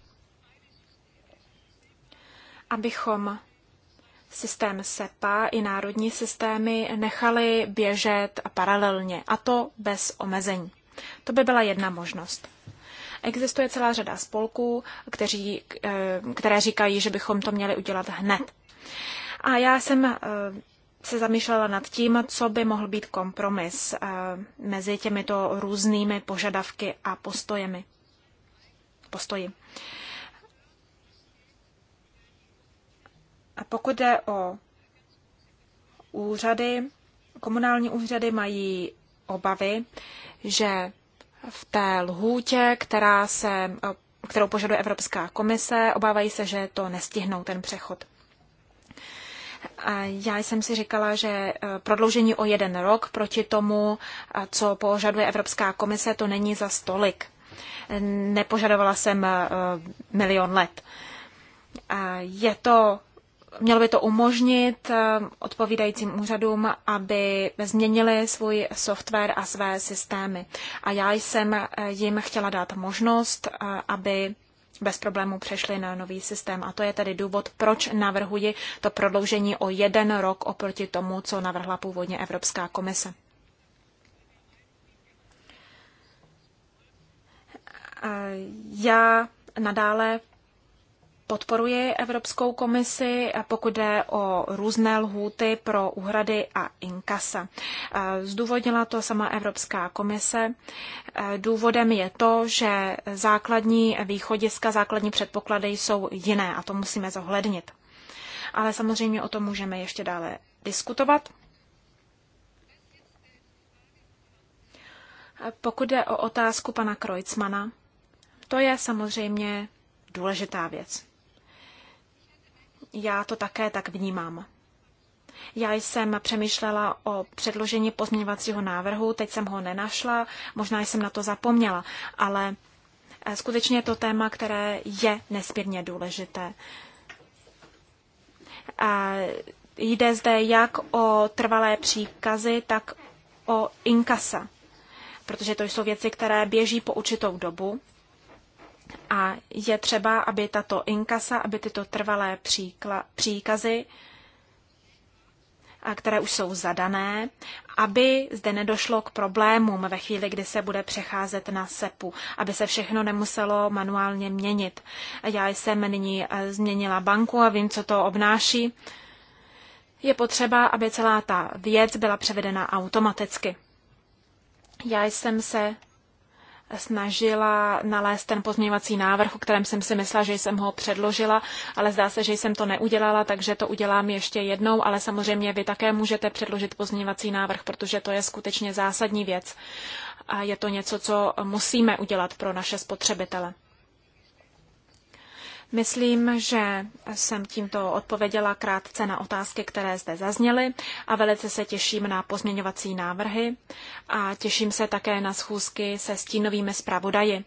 Speaker 2: abychom systém SEPA i národní systémy nechali běžet paralelně, a to bez omezení. To by byla jedna možnost. Existuje celá řada spolků, kteří, eh, které říkají, že bychom to měli udělat hned. A já jsem eh, se zamýšlela nad tím, co by mohl být kompromis eh, mezi těmito různými požadavky a postojemi. Postoji. A pokud jde o úřady, komunální úřady mají obavy, že v té lhůtě, která se, eh, kterou požaduje Evropská komise, obávají se, že to nestihnou ten přechod. Já jsem si říkala, že e, prodloužení o jeden rok proti tomu, co požaduje Evropská komise, to není za stolik. Nepožadovala jsem e, milion let. Je to mělo by to umožnit e, odpovídajícím úřadům, aby změnili svůj software a své systémy. A já jsem jim chtěla dát možnost, aby bez problémů přešli na nový systém. A to je tedy důvod, proč navrhuji to prodloužení o jeden rok oproti tomu, co navrhla původně Evropská komise. Já nadále podporuji Evropskou komisi, pokud jde o různé lhůty pro úhrady a inkasa. Zdůvodnila to sama Evropská komise. Důvodem je to, že základní východiska, základní předpoklady jsou jiné a to musíme zohlednit. Ale samozřejmě o tom můžeme ještě dále diskutovat. Pokud jde o otázku pana Kreutzmana, to je samozřejmě důležitá věc já to také tak vnímám. Já jsem přemýšlela o předložení pozměňovacího návrhu, teď jsem ho nenašla, možná jsem na to zapomněla, ale eh, skutečně je to téma, které je nesmírně důležité. A eh, jde zde jak o trvalé příkazy, tak o inkasa, protože to jsou věci, které běží po určitou dobu a je třeba, aby tato inkasa, aby tyto trvalé příkla, příkazy, které už jsou zadané, aby zde nedošlo k problémům ve chvíli, kdy se bude přecházet na SEPu, aby se všechno nemuselo manuálně měnit. Já jsem nyní eh, změnila banku a vím, co to obnáší. Je potřeba, aby celá ta věc byla převedena automaticky. Já jsem se snažila nalézt ten pozměňovací návrh, o kterém jsem si myslela, že jsem ho předložila, ale zdá se, že jsem to neudělala, takže to udělám ještě jednou, ale samozřejmě vy také můžete předložit pozměňovací návrh, protože to je skutečně zásadní věc a je to něco, co musíme udělat pro naše spotřebitele. Myslím, že jsem tímto odpověděla krátce na otázky, které zde zazněly a velice se těším na pozměňovací návrhy a těším se také na schůzky se stínovými zpravodaji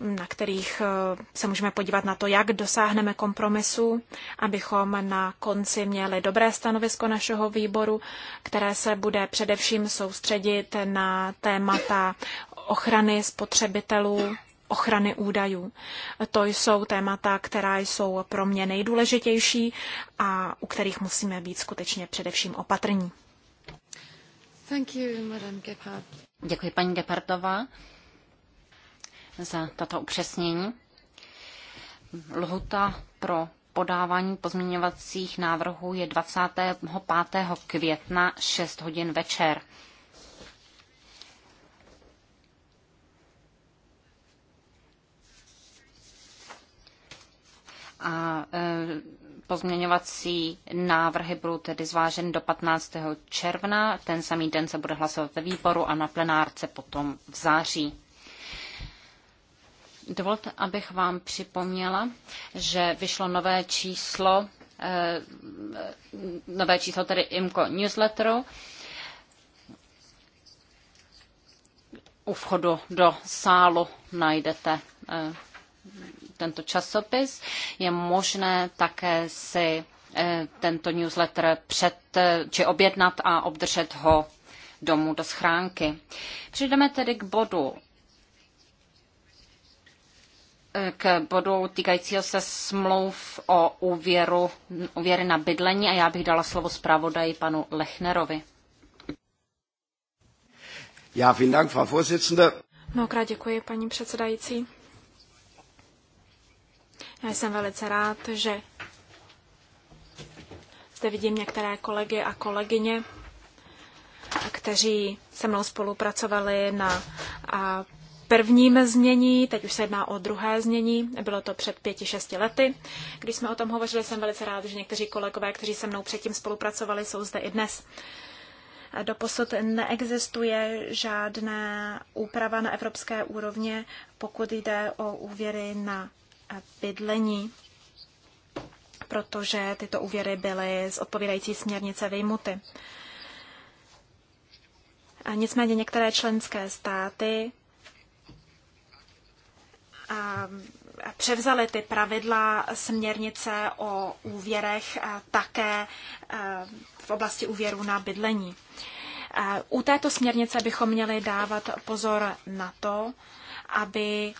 Speaker 2: na kterých eh, se můžeme podívat na to, jak dosáhneme kompromisu, abychom na konci měli dobré stanovisko našeho výboru, které se bude především soustředit na témata ochrany spotřebitelů ochrany údajů. To jsou témata, která jsou pro mě nejdůležitější a u kterých musíme být skutečně především opatrní.
Speaker 1: Thank you, Madame
Speaker 2: Děkuji paní Gepardová
Speaker 4: za tato upřesnění. Lhuta pro podávání pozměňovacích návrhů je 25. května 6 hodin večer. a e, pozměňovací návrhy budou tedy zváženy do 15. června. Ten samý den se bude hlasovat ve výboru a na plenárce potom v září. Dovolte, abych vám připomněla, že vyšlo nové číslo, e, nové číslo tedy IMCO newsletteru. U vchodu do sálu najdete e, tento časopis. Je možné také si eh, tento newsletter před, eh, či objednat a obdržet ho domů do schránky. Přijdeme tedy k bodu eh, k bodu týkajícího se smlouv o úvěru, úvěry na bydlení a já bych dala slovo zpravodaji panu Lechnerovi.
Speaker 1: Já vielen Dank, Frau Vorsitzende.
Speaker 2: Mnohokrát děkuji, paní předsedající. Já jsem velice rád, že zde vidím některé kolegy a kolegyně, kteří se mnou spolupracovali na prvním znění, teď už se jedná o druhé znění, bylo to před pěti, šesti lety. Když jsme o tom hovořili, jsem velice rád, že někteří kolegové, kteří se mnou předtím spolupracovali, jsou zde i dnes. Doposud neexistuje žádná úprava na evropské úrovně, pokud jde o úvěry na bydlení, protože tyto úvěry byly z odpovídající směrnice vyjmuty. A nicméně některé členské státy a převzaly ty pravidla směrnice o úvěrech také v oblasti úvěru na bydlení. U této směrnice bychom měli dávat pozor na to, aby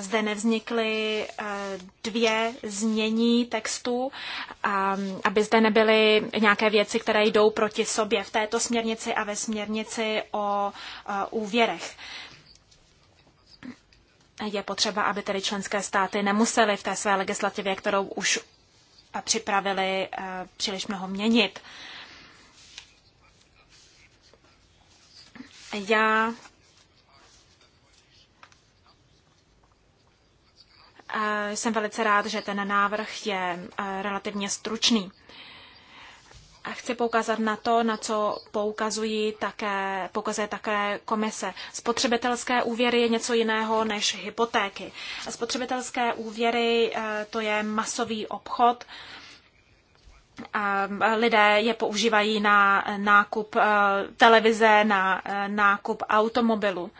Speaker 2: zde nevznikly eh, dvě změní textu, aby zde nebyly nějaké věci, které jdou proti sobě v této směrnici a ve směrnici o eh, úvěrech. Je potřeba, aby tedy členské státy nemusely v té své legislativě, kterou už eh, připravili, příliš mnoho měnit. Já jsem velice rád, že ten návrh je eh, relativně stručný. A chci poukázat na to, na co poukazují také, poukazuje také komise. Spotřebitelské úvěry je něco jiného než hypotéky. Spotřebitelské úvěry eh, to je masový obchod. A eh, lidé je používají na nákup televize, na nákup automobilu.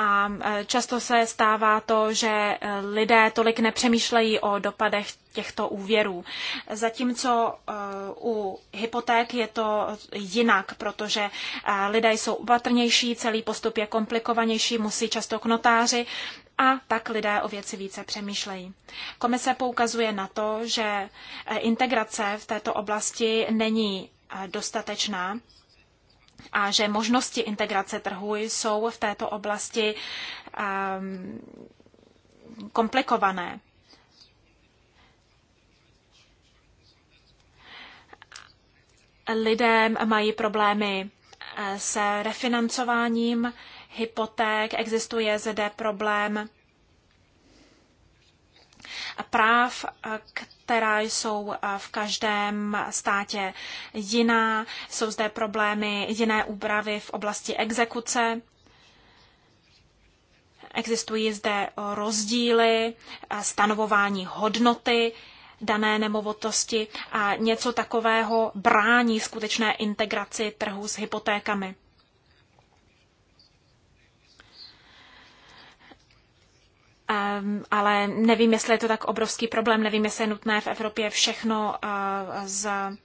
Speaker 2: A e, často se stává to, že e, lidé tolik nepřemýšlejí o dopadech těchto úvěrů. Zatímco e, u hypoték je to jinak, protože lidé jsou opatrnější, celý postup je komplikovanější, musí často k notáři a tak lidé o věci více přemýšlejí. Komise poukazuje na to, že integrace v této oblasti není dostatečná a že možnosti integrace trhu jsou v této oblasti um, komplikované. Lidé mají problémy eh, se refinancováním hypoték, existuje zde problém práv, která jsou eh, v každém státě jiná. Jsou zde problémy jiné úpravy v oblasti exekuce. Existují zde rozdíly, eh, stanovování hodnoty dané nemovotosti a něco takového brání skutečné integraci trhu s hypotékami. Ehm, ale nevím, jestli je to tak obrovský problém, nevím, jestli je nutné v Evropě všechno eh, eh,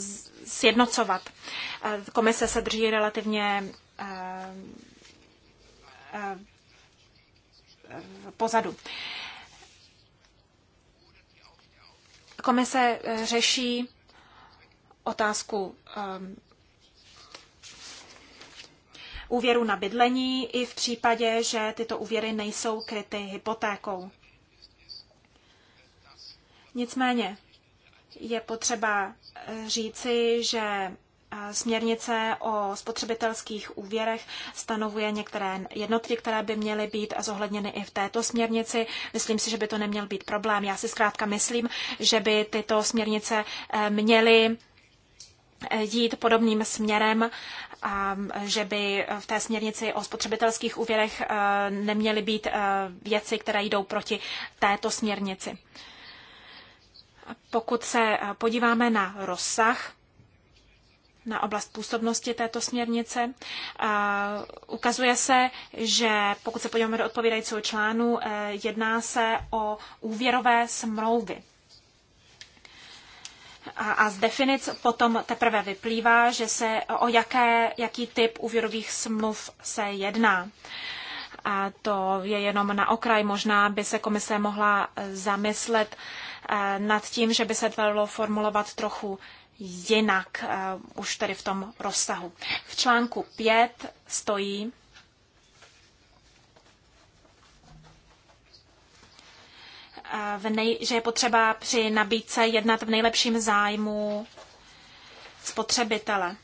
Speaker 2: z sjednocovat. Eh, komise se drží relativně pozadu. Komise řeší otázku ehm, úvěru na bydlení i v případě, že tyto úvěry nejsou kryty hypotékou. Nicméně je potřeba eh, říci, že eh, Směrnice o spotřebitelských úvěrech stanovuje některé jednotky, které by měly být zohledněny i v této směrnici. Myslím si, že by to neměl být problém. Já si zkrátka myslím, že by tyto směrnice eh, měly jít podobným směrem, že by v té směrnici o spotřebitelských úvěrech e, neměly být e, věci, které jdou proti této směrnici. Pokud se e, podíváme na rozsah, na oblast působnosti této směrnice. Ukazuje se, že pokud se podíváme do odpovídajícího článu, jedná se o úvěrové smlouvy. A, a z definic potom teprve vyplývá, že se o jaké, jaký typ úvěrových smluv se jedná. A to je jenom na okraj. Možná by se komise mohla zamyslet e, nad tím, že by se dalo formulovat trochu jinak, e, už tedy v tom rozsahu. V článku 5 stojí, v nej, že je potřeba při nabídce jednat v nejlepším zájmu spotřebitele.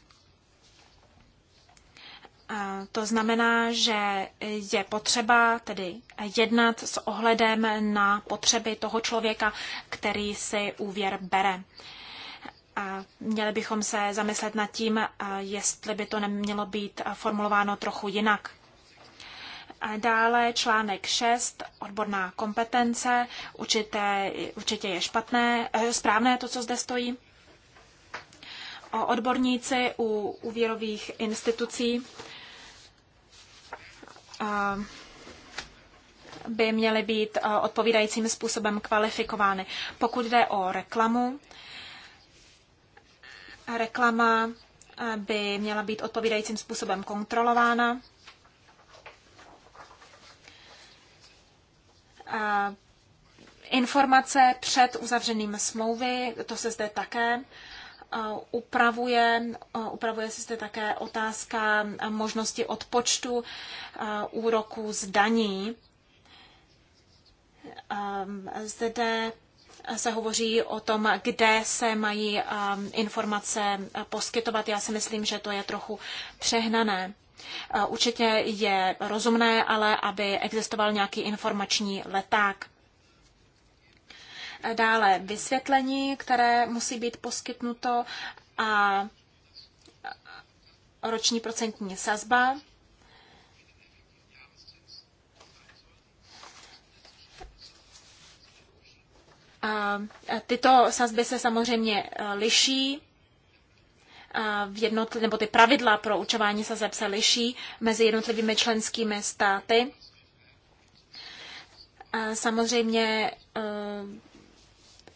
Speaker 2: To znamená, že je potřeba tedy jednat s ohledem na potřeby toho člověka, který si úvěr bere. A měli bychom se zamyslet nad tím, jestli by to nemělo být formulováno trochu jinak. Dále článek 6, odborná kompetence, určitě, určitě je špatné, eh, správné to, co zde stojí. O odborníci u úvěrových institucí eh, by měly být eh, odpovídajícím způsobem kvalifikovány. Pokud jde o reklamu, reklama by měla být odpovídajícím způsobem kontrolována. informace před uzavřeným smlouvy, to se zde také upravuje. Upravuje se zde také otázka možnosti odpočtu úroku z daní. Zde se hovoří o tom, kde se mají informace poskytovat. Já si myslím, že to je trochu přehnané. Eh, určitě je rozumné, ale aby existoval nějaký informační leták. Eh, dále vysvětlení, které musí být poskytnuto a eh, roční procentní sazba. A tyto sazby se samozřejmě liší v jednotl- nebo ty pravidla pro učování sazeb se liší mezi jednotlivými členskými státy. Samozřejmě eh,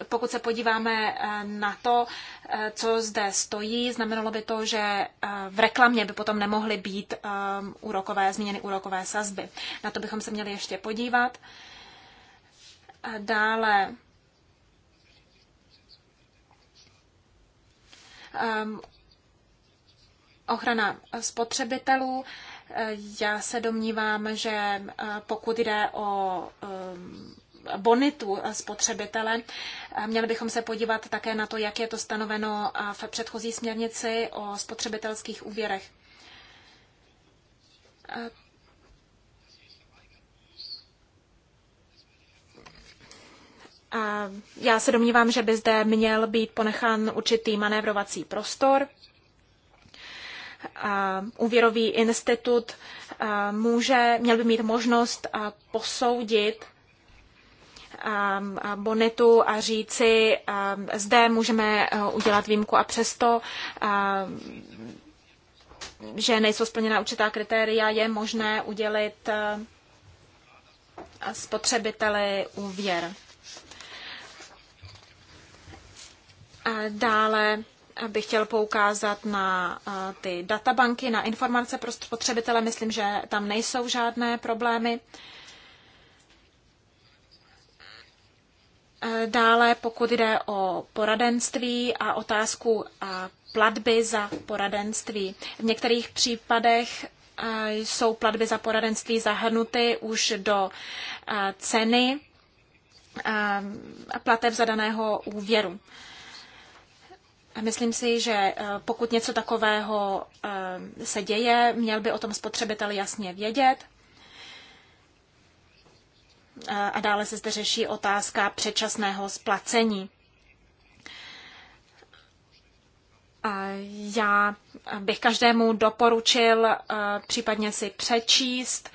Speaker 2: pokud se podíváme eh, na to, eh, co zde stojí, znamenalo by to, že v reklamě by potom nemohly být úrokové, změněny úrokové sazby. Na to bychom se měli ještě podívat. Dále um, ochrana spotřebitelů. Já se domnívám, že eh, pokud jde o eh, bonitu spotřebitele. Eh, měli bychom se podívat také na to, jak je to stanoveno v předchozí směrnici o spotřebitelských úvěrech. A já se domnívám, že by zde měl být ponechán určitý manévrovací prostor úvěrový institut může, měl by mít možnost posoudit bonitu a říci, zde můžeme udělat výjimku a přesto, že nejsou splněna určitá kritéria, je možné udělit spotřebiteli úvěr. A dále bych chtěl poukázat na eh, ty databanky, na informace pro spotřebitele. Myslím, že tam nejsou žádné problémy. Eh, dále, pokud jde o poradenství a otázku eh, platby za poradenství. V některých případech jsou platby za poradenství zahrnuty už do ceny plateb zadaného úvěru. Myslím si, že eh, pokud něco takového eh, se děje, měl by o tom spotřebitel jasně vědět. Eh, a dále se zde řeší otázka předčasného splacení. A já bych každému doporučil případně si přečíst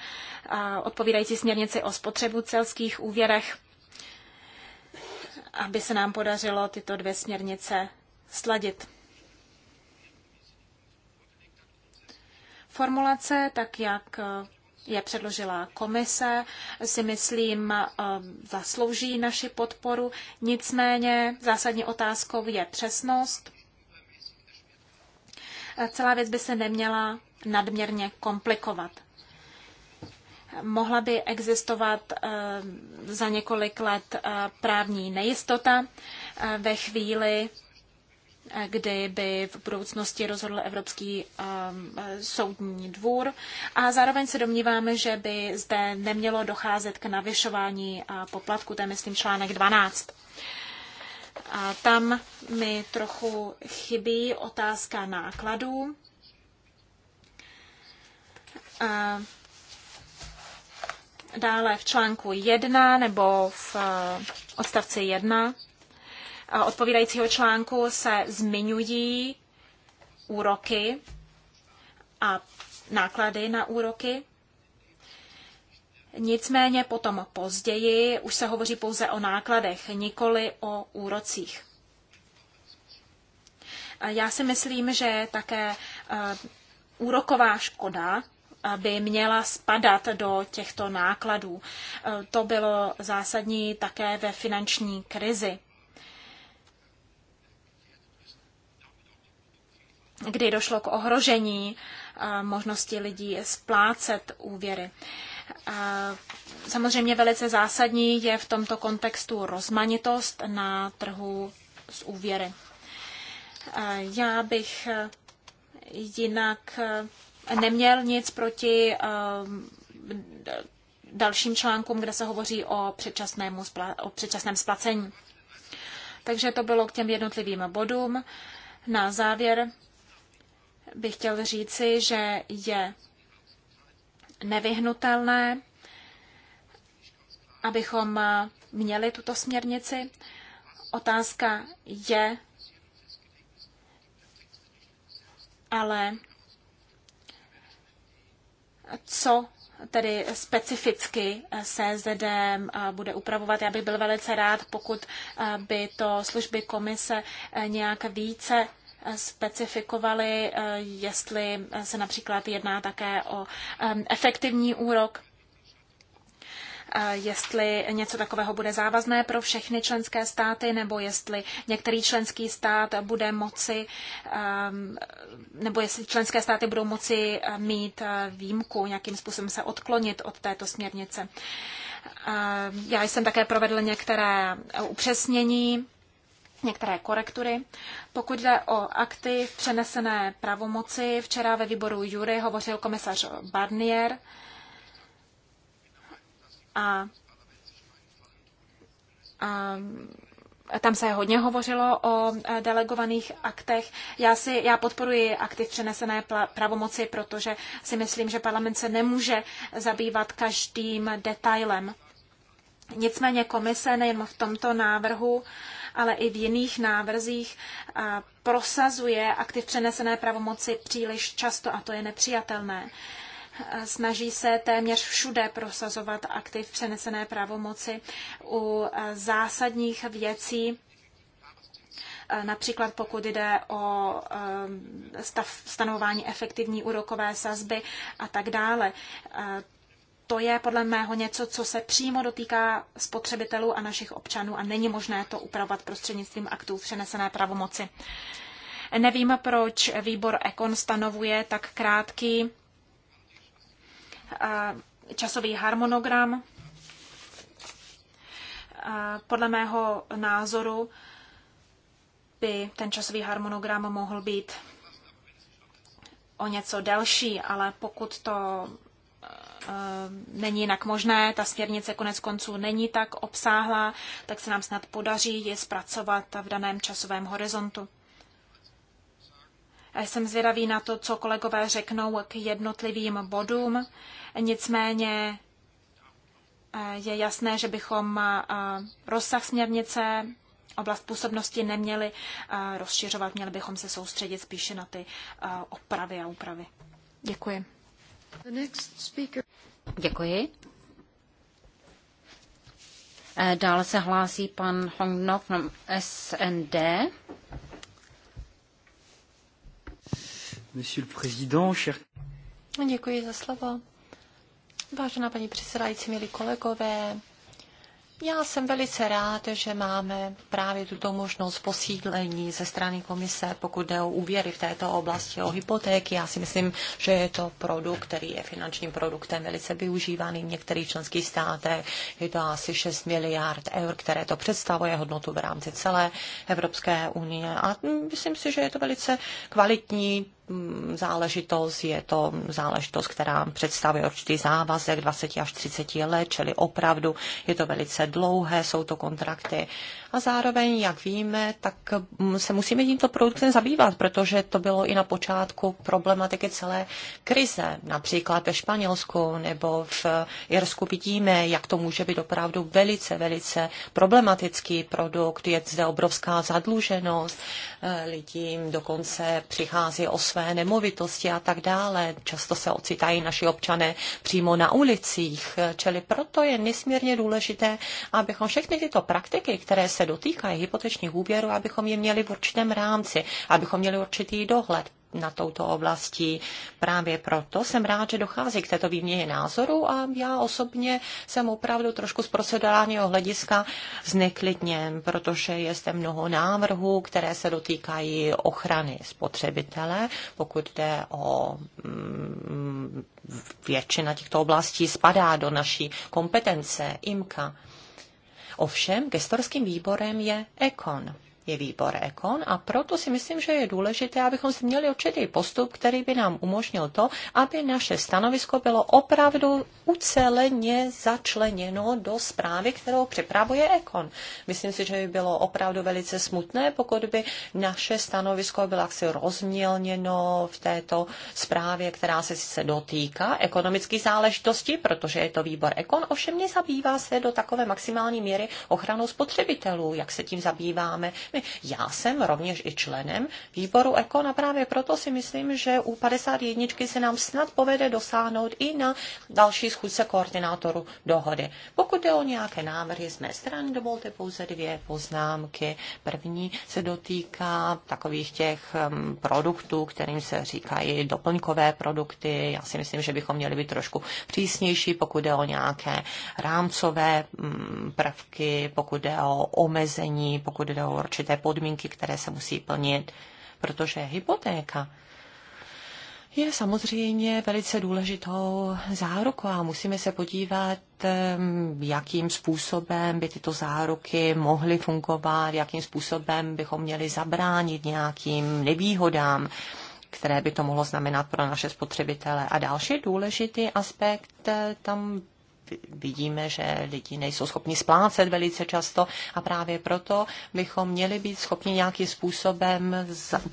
Speaker 2: odpovídající směrnici o spotřebu celských úvěrech, aby se nám podařilo tyto dvě směrnice sladit. Formulace, tak jak eh, je předložila komise, si myslím, eh, zaslouží naši podporu. Nicméně zásadní otázkou je přesnost. Eh, celá věc by se neměla nadměrně komplikovat. Mohla by existovat za několik let právní nejistota ve chvíli, kdy by v budoucnosti rozhodl Evropský um, soudní dvůr. A zároveň se domníváme, že by zde nemělo docházet k navyšování poplatku, to je myslím článek 12. A tam mi trochu chybí otázka nákladů. A dále v článku 1 nebo v uh, odstavci 1 odpovídajícího článku se zmiňují úroky a náklady na úroky. Nicméně potom později už se hovoří pouze o nákladech, nikoli o úrocích. Já si myslím, že také eh, úroková škoda eh, by měla spadat do těchto nákladů. Eh, to bylo zásadní také ve finanční krizi. kdy došlo k ohrožení eh, možnosti lidí splácet úvěry. Eh, samozřejmě velice zásadní je v tomto kontextu rozmanitost na trhu s úvěry. Eh, já bych jinak neměl nic proti dalším článkům, kde se hovoří o, předčasnému, o předčasném splacení. Takže to bylo k těm jednotlivým bodům. Na závěr bych chtěl říci, že je nevyhnutelné, abychom měli tuto směrnici. Otázka je, ale co tedy specificky se zde eh, bude upravovat. Já bych byl velice rád, pokud eh, by to služby komise eh, nějak více specifikovali, eh, jestli se například jedná také o efektivní úrok, jestli něco takového bude závazné pro všechny členské státy, nebo jestli některý členský stát bude moci, nebo jestli členské státy budou moci eh, mít eh, výjimku, nějakým způsobem se odklonit od této směrnice. Já jsem také provedl některé upřesnění některé korektury. Pokud jde o akty v přenesené pravomoci, včera ve výboru Jury hovořil komisař Barnier a, a tam se hodně hovořilo o e, delegovaných aktech. Já, si, já podporuji akty v přenesené pravomoci, protože si myslím, že parlament se nemůže zabývat každým detailem. Nicméně komise nejen v tomto návrhu ale i v jiných návrzích prosazuje aktiv přenesené pravomoci příliš často a to je nepřijatelné. Snaží se téměř všude prosazovat aktiv přenesené pravomoci u zásadních věcí, například pokud jde o eh, stav, stanovování efektivní úrokové sazby a tak dále. Eh, to je podle mého něco, co se přímo dotýká spotřebitelů a našich občanů a není možné to upravovat prostřednictvím aktů přenesené pravomoci. Nevím, proč výbor Ekon stanovuje tak krátký eh, časový harmonogram. Eh, podle mého názoru by ten časový harmonogram mohl být o něco delší, ale pokud to Eh, není jinak možné, ta směrnice konec konců není tak obsáhlá, tak se nám snad podaří je zpracovat v daném časovém horizontu. Jsem zvědavý na to, co kolegové řeknou k jednotlivým bodům, nicméně eh, je jasné, že bychom eh, rozsah směrnice, oblast působnosti neměli rozšiřovat, měli bychom se soustředit spíše na ty opravy a úpravy. Děkuji.
Speaker 4: Děkuji. Eh, dále se hlásí pan Hong Nok SND.
Speaker 1: Monsieur le Président, cher...
Speaker 3: Děkuji za slovo. Vážená paní předsedající, milí kolegové, já jsem velice rád, že máme právě tuto možnost posídlení ze strany komise, pokud jde o úvěry v této oblasti, o hypotéky. Já si myslím, že je to produkt, který je finančním produktem velice využívaný v některých členských státech. Je to asi 6 miliard eur, které to představuje hodnotu v rámci celé Evropské unie. A myslím si, že je to velice kvalitní Mm, záležitost, je to záležitost, která představuje určitý závazek 20 až 30 let, čili opravdu je to velice dlouhé, jsou to kontrakty a zároveň, jak víme, tak se musíme tímto produktem zabývat, protože to bylo i na počátku problematiky celé krize. Například ve Španělsku nebo v Irsku vidíme, jak to může být opravdu velice, velice problematický produkt. Je zde obrovská zadluženost eh, lidí, dokonce přichází o své nemovitosti a tak dále. Často se ocitají naši občané přímo na ulicích, čili proto je nesmírně důležité, abychom všechny tyto praktiky, které se dotýkají hypotečních úvěrů, abychom je měli v určitém rámci, abychom měli určitý dohled na touto oblasti. Právě proto jsem rád, že dochází k této výměně názorů a já osobně jsem opravdu trošku z procedurálního hlediska zneklidněn, protože je zde mnoho návrhů, které se dotýkají ochrany spotřebitele, pokud jde o mm, většina těchto oblastí spadá do naší kompetence IMKA. Ovšem, gestorským výborem je ECON je výbor Ekon a proto si myslím, že je důležité, abychom si měli určitý postup, který by nám umožnil to, aby naše stanovisko bylo opravdu uceleně začleněno do zprávy, kterou připravuje Ekon. Myslím si, že by bylo opravdu velice smutné, pokud by naše stanovisko bylo jaksi rozmělněno v této zprávě, která se sice dotýká ekonomických záležitostí, protože je to výbor Ekon, ovšem nezabývá se do takové maximální míry ochranou spotřebitelů, jak se tím zabýváme problémy. Já jsem rovněž i členem výboru ECO a právě proto si myslím, že u 51 se nám snad povede dosáhnout i na další schůzce koordinátoru dohody. Pokud jde o nějaké návrhy z mé strany, dovolte pouze dvě poznámky. První se dotýká takových těch um, produktů, kterým se říkají doplňkové produkty. Já si myslím, že bychom měli být trošku přísnější, pokud jde o nějaké rámcové mm, prvky, pokud jde o omezení, pokud jde o určitě určité podmínky, které se musí plnit, protože hypotéka je samozřejmě velice důležitou zárukou a musíme se podívat, jakým způsobem by tyto záruky mohly fungovat, jakým způsobem bychom měli zabránit nějakým nevýhodám, které by to mohlo znamenat pro naše spotřebitele. A další důležitý aspekt eh, tam vidíme, že lidi nejsou schopni splácet velice často a právě proto bychom měli být schopni nějakým způsobem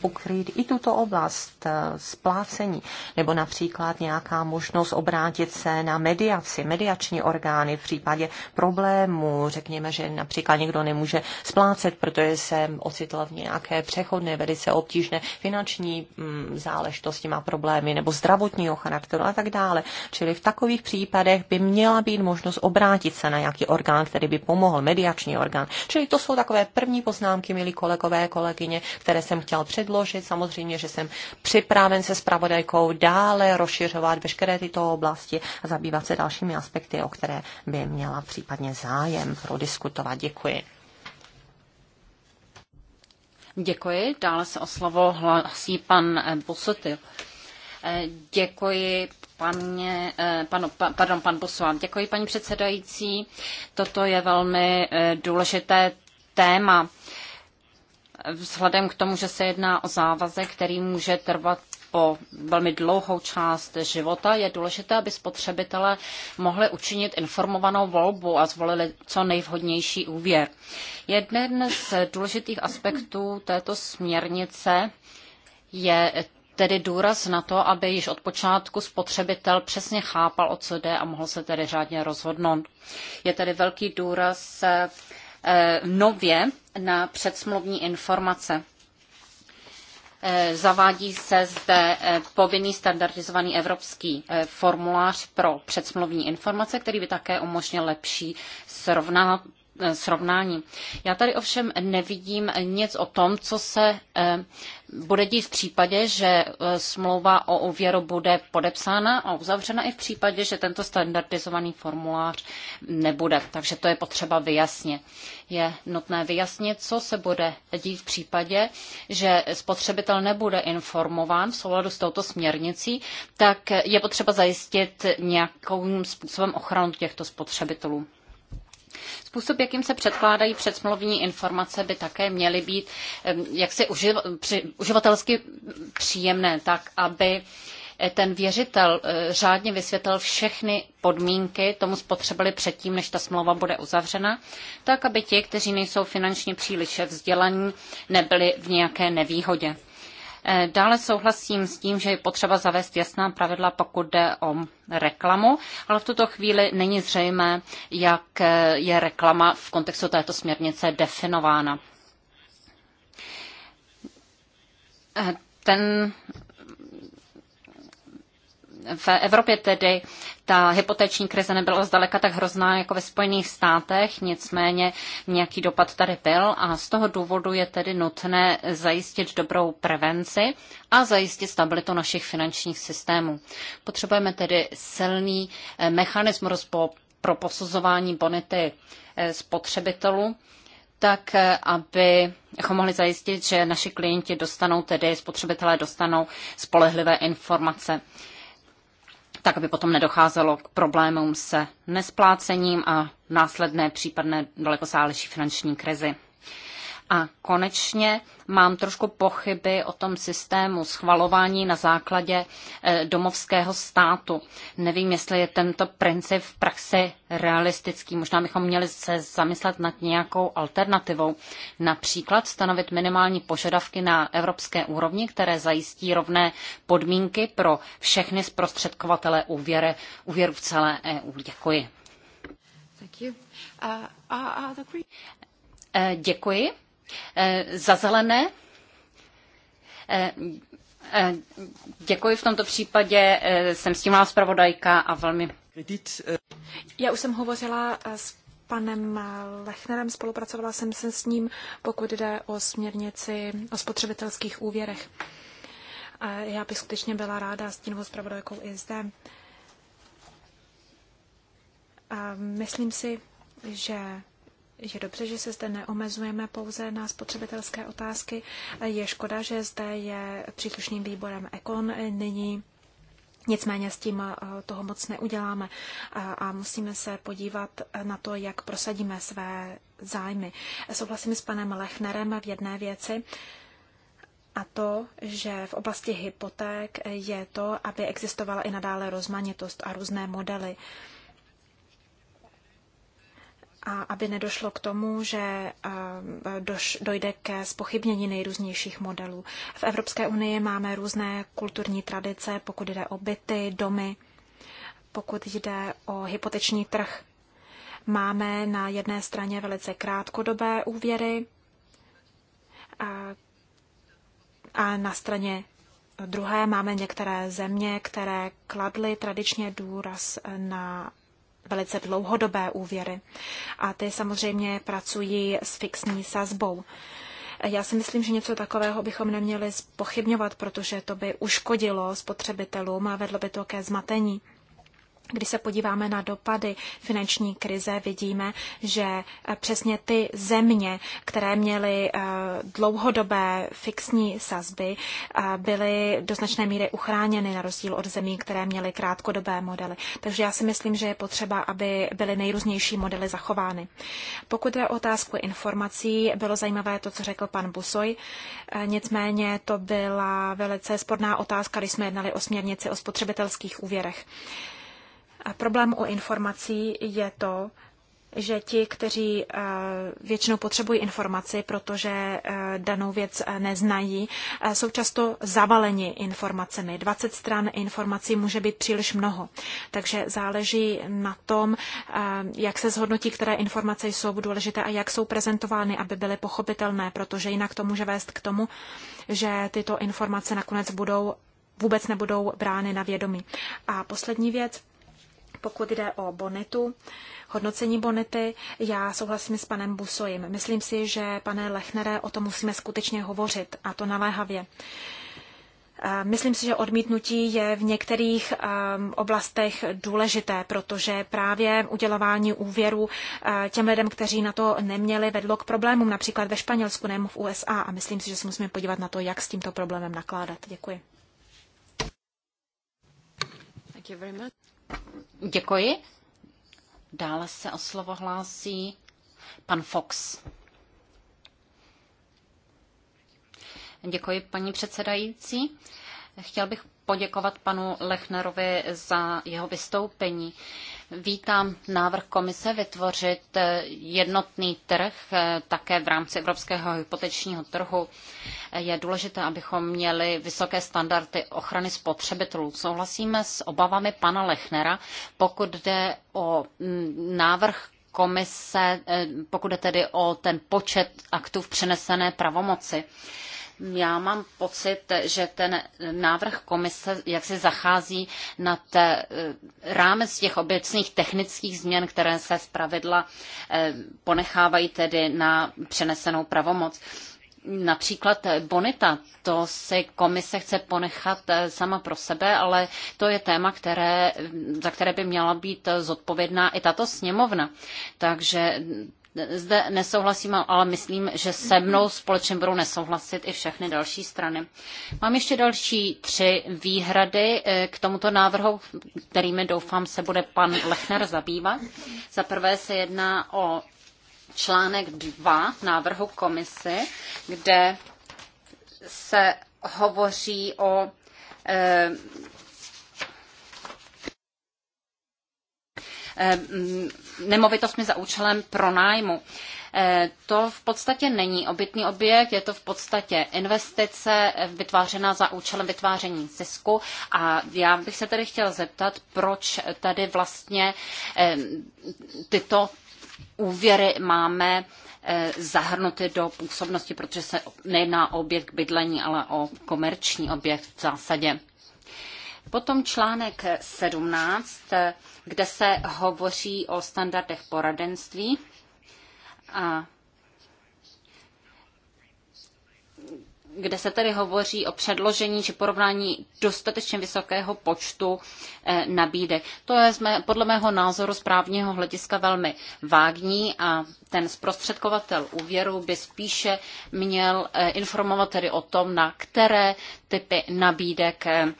Speaker 3: pokrýt i tuto oblast eh, splácení nebo například nějaká možnost obrátit se na mediaci, mediační orgány v případě problému. Řekněme, že například někdo nemůže splácet, protože se ocitl v nějaké přechodné, velice obtížné finanční mm, záležitosti, má problémy nebo zdravotního charakteru a tak dále. Čili v takových případech by měla být možnost obrátit se na nějaký orgán, který by pomohl, mediační orgán. Čili to jsou takové první poznámky, milí kolegové, kolegyně, které jsem chtěl předložit. Samozřejmě, že jsem připraven se spravodajkou dále rozšiřovat veškeré tyto oblasti a zabývat se dalšími aspekty, o které by měla případně zájem prodiskutovat. Děkuji.
Speaker 4: Děkuji. Dále se o slovo hlasí pan Bosotil. Děkuji, Paně, eh, panu, pardon, pan Bosuán. Děkuji, paní předsedající. Toto je velmi eh, důležité téma. Vzhledem k tomu, že se jedná o závazek, který může trvat po velmi dlouhou část života, je důležité, aby spotřebitelé mohli učinit informovanou volbu a zvolili co nejvhodnější úvěr. Jeden z důležitých aspektů této směrnice je tedy důraz na to, aby již od počátku spotřebitel přesně chápal, o co jde a mohl se tedy řádně rozhodnout. Je tedy velký důraz eh, eh, nově na předsmluvní informace. Eh, zavádí se zde povinný standardizovaný evropský formulář pro předsmluvní informace, který by také umožnil lepší srovnat Eh, srovnání. Já tady ovšem nevidím nic o tom, co se eh, bude dít v případě, že eh, smlouva o úvěru bude podepsána a uzavřena i v případě, že tento standardizovaný formulář nebude. Takže to je potřeba vyjasnit. Je nutné vyjasnit, co se bude dít v případě, že spotřebitel nebude informován v souladu s touto směrnicí, tak je potřeba zajistit nějakým způsobem ochranu těchto spotřebitelů. Způsob, jakým se předkládají předsmluvní informace, by také měly být jaksi uživ, při, uživatelsky příjemné, tak aby eh, ten věřitel eh, řádně vysvětlil všechny podmínky tomu spotřebili předtím, než ta smlouva bude uzavřena, tak aby ti, kteří nejsou finančně příliš vzdělaní, nebyli v nějaké nevýhodě. Eh, dále souhlasím s tím, že je potřeba zavést jasná pravidla, pokud jde o reklamu, ale v tuto chvíli není zřejmé, jak eh, je reklama v kontextu této směrnice definována. Eh, ten v Evropě tedy ta hypoteční krize nebyla zdaleka tak hrozná jako ve Spojených státech, nicméně nějaký dopad tady byl a z toho důvodu je tedy nutné zajistit dobrou prevenci a zajistit stabilitu našich finančních systémů. Potřebujeme tedy silný eh, mechanismus pro posuzování bonity eh, spotřebitelů, tak eh, abychom mohli zajistit, že naši klienti dostanou, tedy spotřebitelé dostanou spolehlivé informace tak aby potom nedocházelo k problémům se nesplácením a následné případné dalekosáhlejší finanční krizi. A konečně mám trošku pochyby o tom systému schvalování na základě eh, domovského státu. Nevím, jestli je tento princip v praxi realistický. Možná bychom měli se zamyslet nad nějakou alternativou. Například stanovit minimální požadavky na evropské úrovni, které zajistí rovné podmínky pro všechny zprostředkovatele úvěre, úvěru v celé EU. Děkuji.
Speaker 2: Uh,
Speaker 4: eh, děkuji. Eh, za zelené eh, eh, Děkuji, v tomto případě jsem s tím vás zpravodajka a velmi...
Speaker 2: Já už jsem hovořila s panem Lechnerem, spolupracovala jsem se s ním, pokud jde o směrnici o spotřebitelských úvěrech. já bych skutečně byla ráda s tím zpravodajkou i zde. myslím si, že je dobře, že se zde neomezujeme pouze na spotřebitelské otázky. Je škoda, že zde je příslušným výborem Ekon nyní. Nicméně s tím eh, toho moc neuděláme a musíme se podívat na to, jak prosadíme své zájmy. Souhlasím s panem Lechnerem v jedné věci a to, že v oblasti hypoték je to, aby existovala i nadále rozmanitost a různé modely a aby nedošlo k tomu, že eh, dojde ke spochybnění nejrůznějších modelů. V Evropské unii máme různé kulturní tradice, pokud jde o byty, domy, pokud jde o hypoteční trh. Máme na jedné straně velice krátkodobé úvěry a, a na straně druhé máme některé země, které kladly tradičně důraz na velice dlouhodobé úvěry. A ty samozřejmě pracují s fixní sazbou. Já si myslím, že něco takového bychom neměli pochybňovat, protože to by uškodilo spotřebitelům a vedlo by to ke zmatení. Když se podíváme na dopady finanční krize, vidíme, že eh, přesně ty země, které měly eh, dlouhodobé fixní sazby, eh, byly do značné míry uchráněny na rozdíl od zemí, které měly krátkodobé modely. Takže já si myslím, že je potřeba, aby byly nejrůznější modely zachovány. Pokud je o otázku informací, bylo zajímavé to, co řekl pan Busoj. Nicméně to byla velice sporná otázka, když jsme jednali o směrnici o spotřebitelských úvěrech. Problém u informací je to, že ti, kteří eh, většinou potřebují informaci, protože eh, danou věc eh, neznají, jsou často zavaleni informacemi. 20 stran informací může být příliš mnoho. Takže záleží na tom, jak se zhodnotí, které informace jsou důležité a jak jsou prezentovány, aby byly pochopitelné, protože jinak to může vést k tomu, že tyto informace nakonec budou vůbec nebudou brány na vědomí. A poslední věc, pokud jde o bonitu, hodnocení bonity, já souhlasím s panem Busojem. Myslím si, že, pane Lechnere, o tom musíme skutečně hovořit a to naléhavě. Myslím si, že odmítnutí je v některých oblastech důležité, protože právě udělování úvěru těm lidem, kteří na to neměli, vedlo k problémům, například ve Španělsku nebo v USA. A myslím si, že se musíme podívat na to, jak s tímto problémem nakládat. Děkuji.
Speaker 4: Děkuji. Dále se o slovo hlásí pan Fox. Děkuji, paní předsedající. Chtěl bych poděkovat panu Lechnerovi za jeho vystoupení. Vítám návrh komise vytvořit eh, jednotný trh eh, také v rámci evropského hypotečního trhu. Eh, je důležité, abychom měli vysoké standardy ochrany spotřebitelů. Souhlasíme s obavami pana Lechnera, pokud jde o mm, návrh komise, pokud jde tedy o ten počet aktů v přenesené pravomoci. Já mám pocit, že ten návrh komise jak se zachází na té eh, rámec těch obecných technických změn, které se z pravidla eh, ponechávají tedy na přenesenou pravomoc. Například bonita, to si komise chce ponechat eh, sama pro sebe, ale to je téma, které, za které by měla být zodpovědná i tato sněmovna. Takže zde nesouhlasím, ale myslím, že se mnou společně budou nesouhlasit i všechny další strany. Mám ještě další tři výhrady eh, k tomuto návrhu, kterými doufám se bude pan Lechner zabývat. Za prvé se jedná o článek 2 návrhu komisy, kde se hovoří o eh, Eh, mm, nemovitostmi za účelem pronájmu. Eh, to v podstatě není obytný objekt, je to v podstatě investice eh, vytvářená za účelem vytváření zisku a já bych se tedy chtěla zeptat, proč tady vlastně tyto úvěry máme zahrnuty do působnosti, protože se nejedná o objekt bydlení, ale o komerční objekt v zásadě. Potom článek 17, kde se hovoří o standardech poradenství a kde se tedy hovoří o předložení či porovnání dostatečně vysokého počtu eh, nabídek. To je podle mého názoru z právního hlediska velmi vágní a ten zprostředkovatel úvěru by spíše měl eh, informovat tedy o tom, na které typy nabídek eh,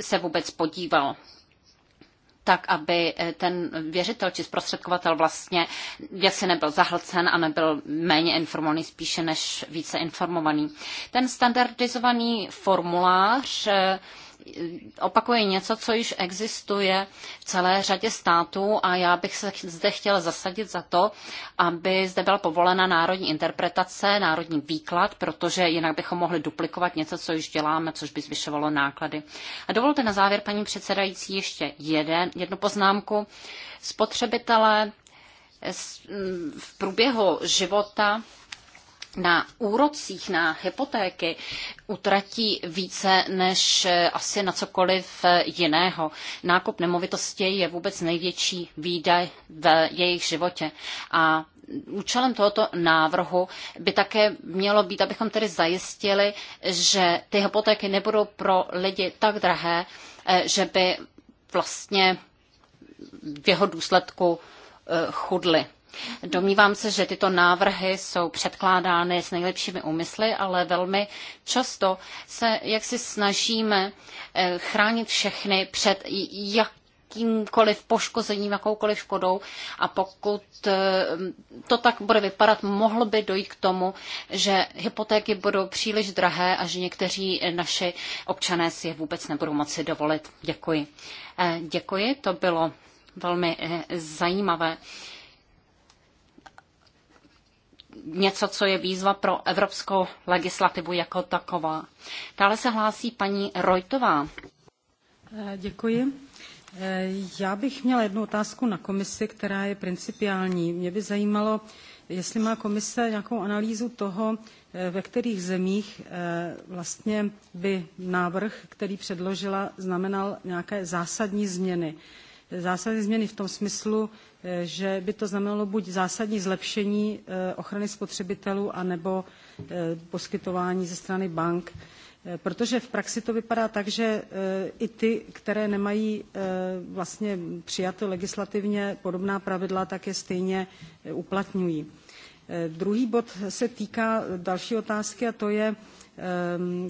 Speaker 4: se vůbec podíval tak, aby eh, ten věřitel či zprostředkovatel vlastně jaksi nebyl zahlcen a nebyl méně informovaný, spíše než více informovaný. Ten standardizovaný formulář eh, opakuje něco, co již existuje v celé řadě států a já bych se zde chtěla zasadit za to, aby zde byla povolena národní interpretace, národní výklad, protože jinak bychom mohli duplikovat něco, co již děláme, což by zvyšovalo náklady. A dovolte na závěr, paní předsedající, ještě jeden, jednu poznámku. Spotřebitelé v průběhu života na úrocích na hypotéky utratí více než eh, asi na cokoliv eh, jiného. Nákup nemovitosti je vůbec největší výdaj v jejich životě. A účelem tohoto návrhu by také mělo být, abychom tedy zajistili, že ty hypotéky nebudou pro lidi tak drahé, eh, že by vlastně v jeho důsledku chudli. Domnívám se, že tyto návrhy jsou předkládány s nejlepšími úmysly, ale velmi často se jak si snažíme eh, chránit všechny před jak jakýmkoliv poškozením, jakoukoliv škodou a pokud eh, to tak bude vypadat, mohlo by dojít k tomu, že hypotéky budou příliš drahé a že někteří naši občané si je vůbec nebudou moci dovolit. Děkuji. Eh, děkuji, to bylo velmi zajímavé něco, co je výzva pro evropskou legislativu jako taková. Dále se hlásí
Speaker 1: paní Rojtová. Eh, děkuji. Eh, já bych měla jednu otázku na komisi, která je principiální. Mě by zajímalo, jestli má komise nějakou analýzu toho, eh, ve kterých zemích vlastně by návrh, který předložila, znamenal nějaké zásadní změny. Zásadní změny v tom smyslu, že by to znamenalo buď zásadní zlepšení eh, ochrany spotřebitelů, anebo eh, poskytování ze strany bank. Eh, protože v praxi to vypadá tak, že i ty, které nemají vlastně přijato legislativně podobná pravidla, tak je stejně uplatňují. Druhý bod se týká další otázky a to je,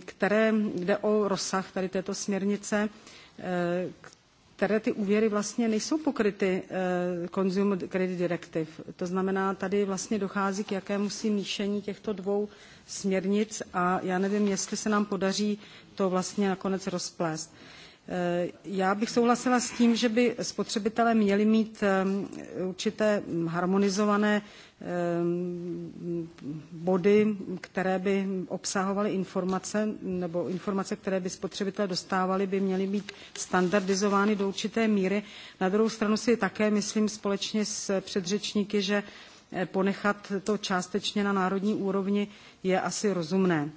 Speaker 1: které jde o rozsah tady této směrnice, které ty úvěry vlastně nejsou pokryty eh, Consumer Credit Directive. To znamená, tady vlastně dochází k si míšení těchto dvou směrnic a já nevím, jestli se nám podaří to vlastně nakonec rozplést. Eh, já bych souhlasila s tím, že by spotřebitelé měli mít ehm, určité harmonizované ehm, body, které by obsahovaly informace, nebo informace, které by spotřebitelé dostávali, by měly být standardizovány do určité míry. Na druhou stranu si také myslím společně s předřečníky, že eh, ponechat to částečně na národní úrovni je asi rozumné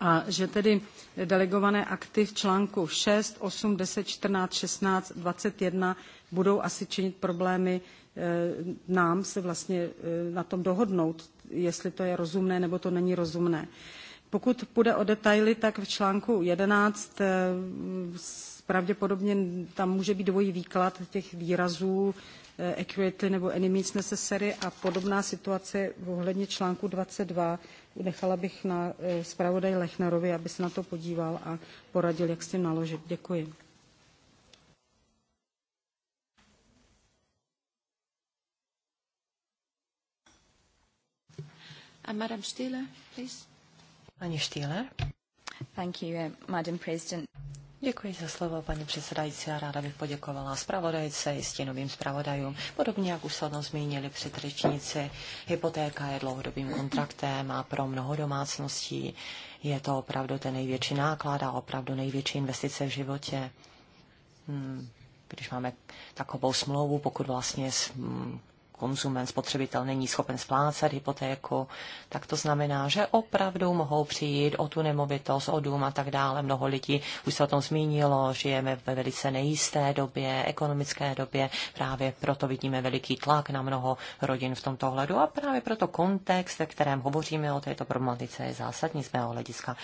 Speaker 1: a že tedy delegované akty v článku 6, 8, 10, 14, 16, 21 budou asi činit problémy eh, nám se vlastně eh, na tom dohodnout, jestli to je rozumné nebo to není rozumné. Pokud půjde o detaily, tak v článku 11 eh, pravděpodobně tam může být dvojí výklad těch výrazů accurately nebo enemies necessary a podobná situace ohledně článku 22 nechala bych na eh, zpravodaj Lechnerovi, aby se na to podíval a poradil, jak s tím naložit. Děkuji. And uh, Madam Stieler, please. Pani Stieler. Thank you, uh,
Speaker 3: Madam President. Děkuji za slovo, paní předsedající. a ráda bych poděkovala zpravodajce i stěnovým zpravodajům. Podobně, jak už se zmínili předřečníci, hypotéka je dlouhodobým kontraktem a pro mnoho domácností je to opravdu ten největší náklad a opravdu největší investice v životě. Hmm když máme takovou smlouvu, pokud vlastně konzument, spotřebitel není schopen splácet hypotéku, tak to znamená, že opravdu mohou přijít o tu nemovitost, o dům a tak dále. Mnoho lidí už se o tom zmínilo, žijeme ve velice nejisté době, ekonomické době, právě proto vidíme veliký tlak na mnoho rodin v tomto hledu a právě proto kontext, ve kterém hovoříme o této problematice, je zásadní z mého hlediska.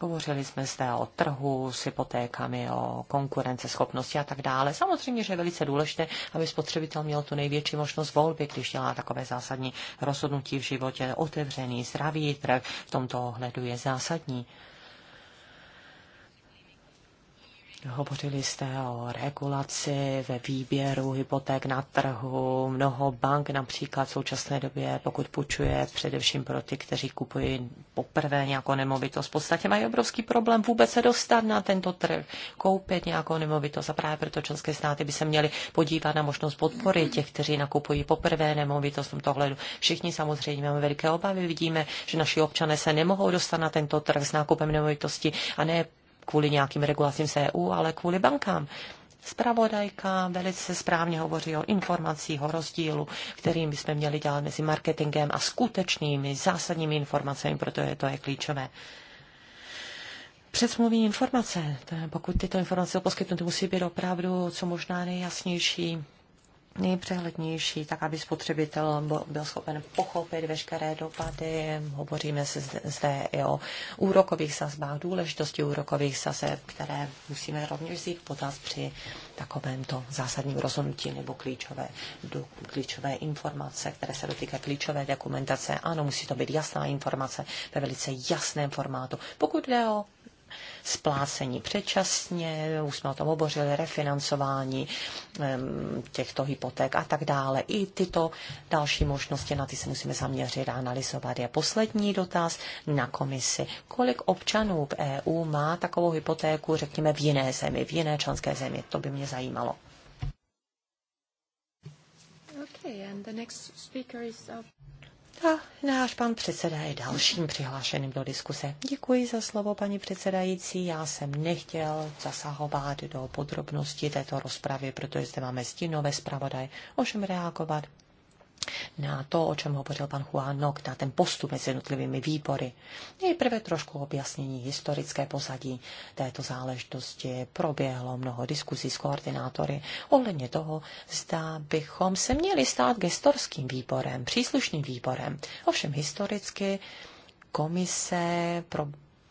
Speaker 3: Hovořili jsme zde o trhu s hypotékami, o konkurenceschopnosti a tak dále. Samozřejmě, že je velice důležité, aby spotřebitel měl tu největší možnost volby Evropy, když dělá takové zásadní rozhodnutí v životě. Otevřený, zdravý trh v tomto ohledu je zásadní. Hovořili jste o regulaci ve výběru hypoték na trhu. Mnoho bank například v současné době, pokud půjčuje především pro ty, kteří kupují poprvé nějakou nemovitost, v podstatě mají obrovský problém vůbec se dostat na tento trh, koupit nějakou nemovitost. A právě proto členské státy by se měly podívat na možnost podpory těch, kteří nakupují poprvé nemovitost v tomto hledu Všichni samozřejmě máme velké obavy. Vidíme, že naši občané se nemohou dostat na tento trh s nákupem nemovitosti a ne kvůli nějakým regulacím z EU, ale kvůli bankám. Spravodajka velice správně hovoří o informacích, o rozdílu, kterým bychom měli dělat mezi marketingem a skutečnými zásadními informacemi, protože to je klíčové. Předsmluvní informace, pokud tyto informace jsou poskytnuty, musí být opravdu co možná nejjasnější, nejpřehlednější, tak aby spotřebitel byl schopen pochopit veškeré dopady. Hovoříme se zde, i o úrokových sazbách, důležitosti úrokových sazeb, které musíme rovněž vzít v potaz při takovémto zásadním rozhodnutí nebo klíčové, do, klíčové informace, které se dotýkají klíčové dokumentace. Ano, musí to být jasná informace ve velice jasném formátu. Pokud jde o splácení předčasně, už jsme o tom obořili, refinancování těchto hypoték a tak dále. I tyto další možnosti, na ty se musíme zaměřit a analyzovat. Je poslední dotaz na komisi. Kolik občanů v EU má takovou hypotéku, řekněme, v jiné zemi, v jiné členské zemi? To by mě zajímalo.
Speaker 2: Okay, and the next speaker is... A náš
Speaker 3: pan předseda je dalším přihlášeným do diskuse. Děkuji za slovo, paní předsedající. Já jsem nechtěl zasahovat do podrobností této rozpravy, protože zde máme stínové zpravodaj. Můžeme reagovat na to, o čem hovořil pan Nock, na ten postup mezi jednotlivými výbory. Nejprve trošku objasnění historické pozadí této záležitosti. Proběhlo mnoho diskuzí s koordinátory ohledně toho, zda bychom se měli stát gestorským výborem, příslušným výborem. Ovšem historicky komise pro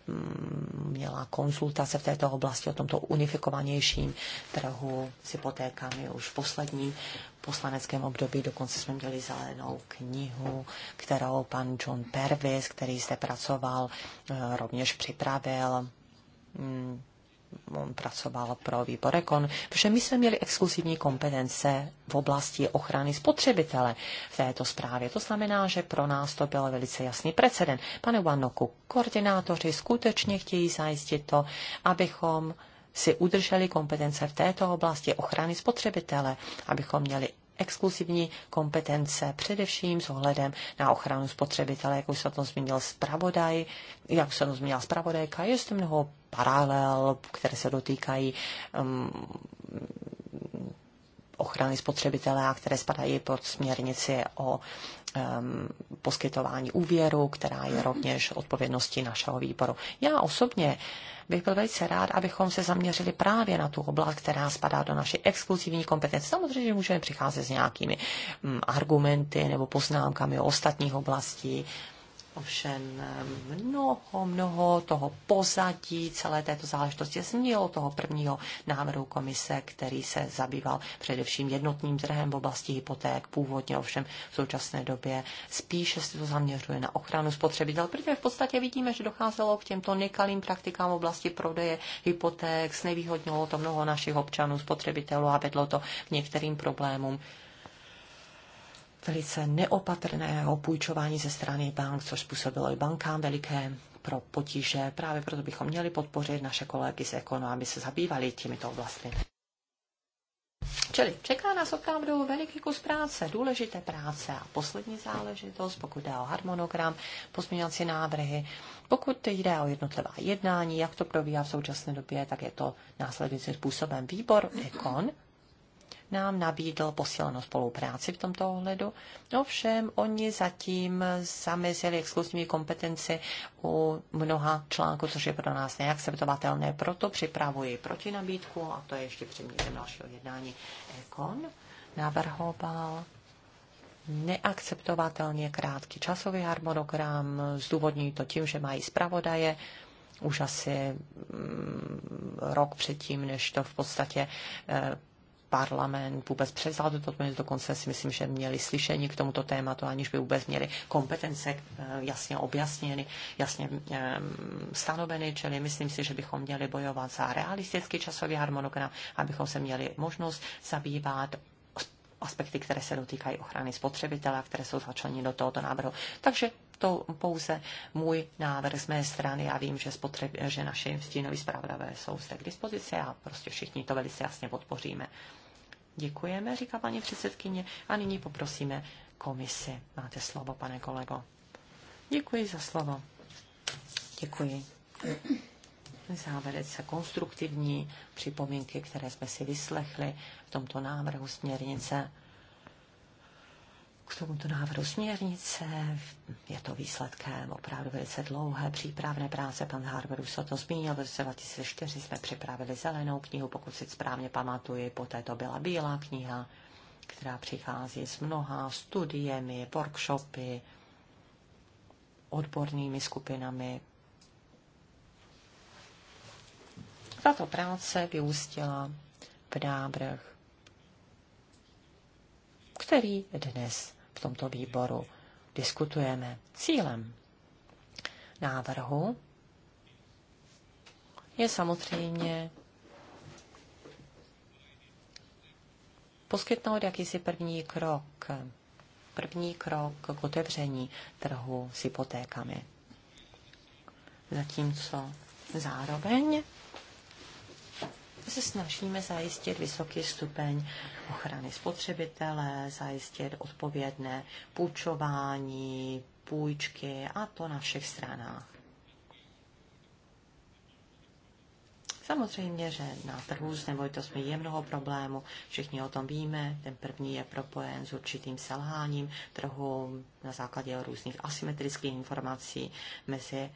Speaker 3: Mm, měla konzultace v této oblasti o tomto unifikovanějším trhu s hypotékami už v poslední poslaneckém období. Dokonce jsme měli zelenou knihu, kterou pan John Pervis, který zde pracoval, eh, rovněž připravil. Mm, on pracoval pro výbor Ekon, protože my jsme měli exkluzivní kompetence v oblasti ochrany spotřebitele v této zprávě. To znamená, že pro nás to byl velice jasný precedent. Pane Wanoku, koordinátoři skutečně chtějí zajistit to, abychom si udrželi kompetence v této oblasti ochrany spotřebitele, abychom měli exkluzivní kompetence, především s ohledem na ochranu spotřebitele, jak už se to zmínil zpravodaj, jak se to zmínila zpravodajka, je to mnoho paralel, které se dotýkají um, ochrany spotřebitele a které spadají pod směrnici o um, poskytování úvěru, která je rovněž odpovědností našeho výboru. Já osobně uh, bych byl velice rád, abychom se zaměřili právě na tu oblast, která spadá do naší exkluzivní kompetence. Samozřejmě, že můžeme přicházet s nějakými mm, argumenty nebo poznámkami o ostatních oblastí, Ovšem mnoho, mnoho toho pozadí celé této záležitosti změnilo toho prvního návrhu komise, který se zabýval především jednotným trhem v oblasti hypoték. Původně ovšem v současné době spíše se to zaměřuje na ochranu spotřebitel, protože v podstatě vidíme, že docházelo k těmto nekalým praktikám v oblasti prodeje hypoték, znevýhodnilo to mnoho našich občanů, spotřebitelů a vedlo to k některým problémům velice neopatrného půjčování ze strany bank, což způsobilo i bankám veliké pro potíže. Právě proto bychom měli podpořit naše kolegy z Ekonu, aby se zabývali těmito oblastmi. Čili čeká nás opravdu veliký kus práce, důležité práce a poslední záležitost, pokud jde o harmonogram, pozměňovací návrhy. Pokud jde o jednotlivá jednání, jak to probíhá v současné době, tak je to následujícím způsobem výbor EKON nám nabídl posílenou spolupráci v tomto ohledu. Ovšem, oni zatím zamezili exkluzivní kompetenci u mnoha článků, což je pro nás neakceptovatelné. Proto připravuji protinabídku a to je ještě předmětem dalšího jednání. Ekon navrhoval neakceptovatelně krátký časový harmonogram, zdůvodní to tím, že mají zpravodaje, už asi mm, rok předtím, než to v podstatě eh, parlament vůbec převzal tuto odpovědnost, dokonce si myslím, že měli slyšení k tomuto tématu, aniž by vůbec měli kompetence eh, jasně objasněny, jasně ehm, stanoveny, čili myslím si, že bychom měli bojovat za realistický časový harmonogram, abychom se měli možnost zabývat aspekty, které se dotýkají ochrany spotřebitele které jsou začleněny do tohoto návrhu. Takže to pouze můj návrh z mé strany. Já vím, že, spotřeb, že naše stínové zpravodavé jsou zde k dispozici a prostě všichni to velice jasně podpoříme. Děkujeme, říká paní předsedkyně. A nyní poprosíme komisi. Máte slovo, pane kolego. Děkuji za slovo. Děkuji za se konstruktivní připomínky, které jsme si vyslechli v tomto návrhu směrnice k tomuto návrhu směrnice. Je to výsledkem opravdu velice dlouhé přípravné práce. Pan Harber už se to zmínil. V roce 2004 jsme připravili zelenou knihu, pokud si správně pamatuji. Poté to byla bílá kniha, která přichází s mnoha studiemi, workshopy, odbornými skupinami. Tato práce vyústila v návrh který dnes v tomto výboru diskutujeme. Cílem návrhu je samozřejmě poskytnout jakýsi první krok, první krok k otevření trhu s hypotékami. Zatímco zároveň se snažíme zajistit vysoký stupeň ochrany spotřebitele, zajistit odpovědné půjčování, půjčky a to na všech stranách. Samozřejmě, že na trhu s nemovitostmi je mnoho problémů, všichni o tom víme. Ten první je propojen s určitým selháním trhu na základě různých asymetrických informací mezi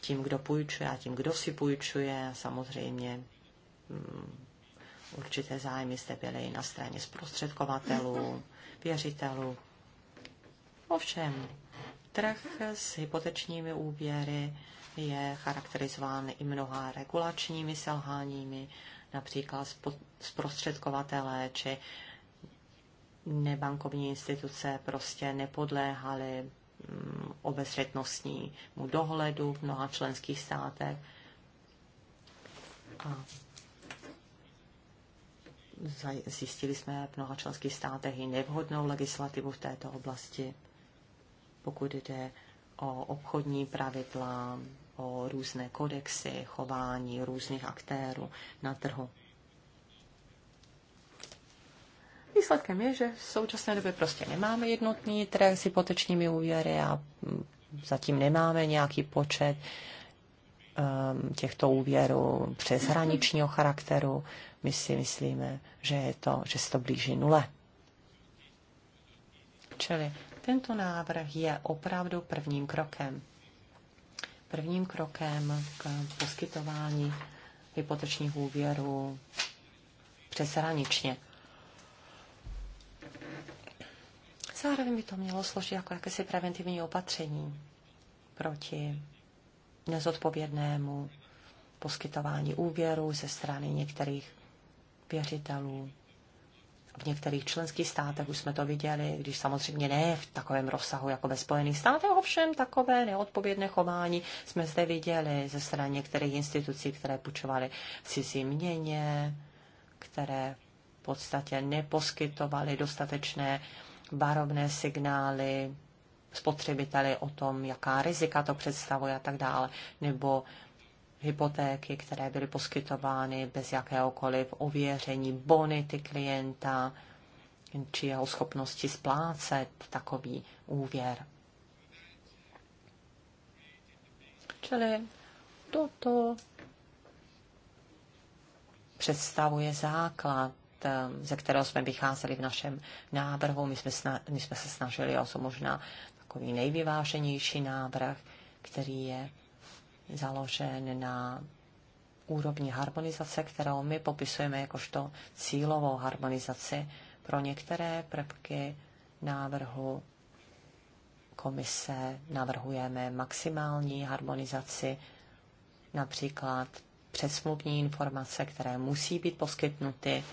Speaker 3: tím, kdo půjčuje a tím, kdo si půjčuje. Samozřejmě Mm, určité zájmy jste byli na straně zprostředkovatelů, věřitelů. Ovšem, trh s hypotečními úvěry je charakterizován i mnoha regulačními selháními, například zprostředkovatelé či nebankovní instituce prostě nepodléhaly mm, obezřetnostnímu dohledu v mnoha členských státech. A Zjistili jsme v mnoha členských státech i nevhodnou legislativu v této oblasti, pokud jde o obchodní pravidla, o různé kodexy, chování různých aktérů na trhu. Výsledkem je, že v současné době prostě nemáme jednotný trh s hypotečními úvěry a zatím nemáme nějaký počet uh, Um, těchto úvěrů přeshraničního charakteru. My si myslíme, že, je to, že se to blíží nule. Čili tento návrh je opravdu prvním krokem. Prvním krokem k poskytování hypotečních úvěrů přeshraničně. Zároveň by to mělo složit jako jakési preventivní opatření proti nezodpovědnému poskytování úvěru ze strany některých věřitelů. V některých členských státech už jsme to viděli, když samozřejmě ne v takovém rozsahu jako ve Spojených státech, ovšem takové neodpovědné chování jsme zde viděli ze strany některých institucí, které půjčovaly v cizí měně, které v podstatě neposkytovaly dostatečné barovné signály spotřebiteli o tom, jaká rizika to představuje a tak dále, nebo hypotéky, které byly poskytovány bez jakéhokoliv ověření bonity klienta či jeho schopnosti splácet takový úvěr. Čili toto představuje základ, ze kterého jsme vycházeli v našem návrhu. My jsme, snažili, my jsme se snažili o co možná takový nejvyváženější návrh, který je založen na úrovni harmonizace, kterou my popisujeme jakožto cílovou harmonizaci pro některé prvky návrhu komise navrhujeme maximální harmonizaci, například předsmluvní informace, které musí být poskytnuty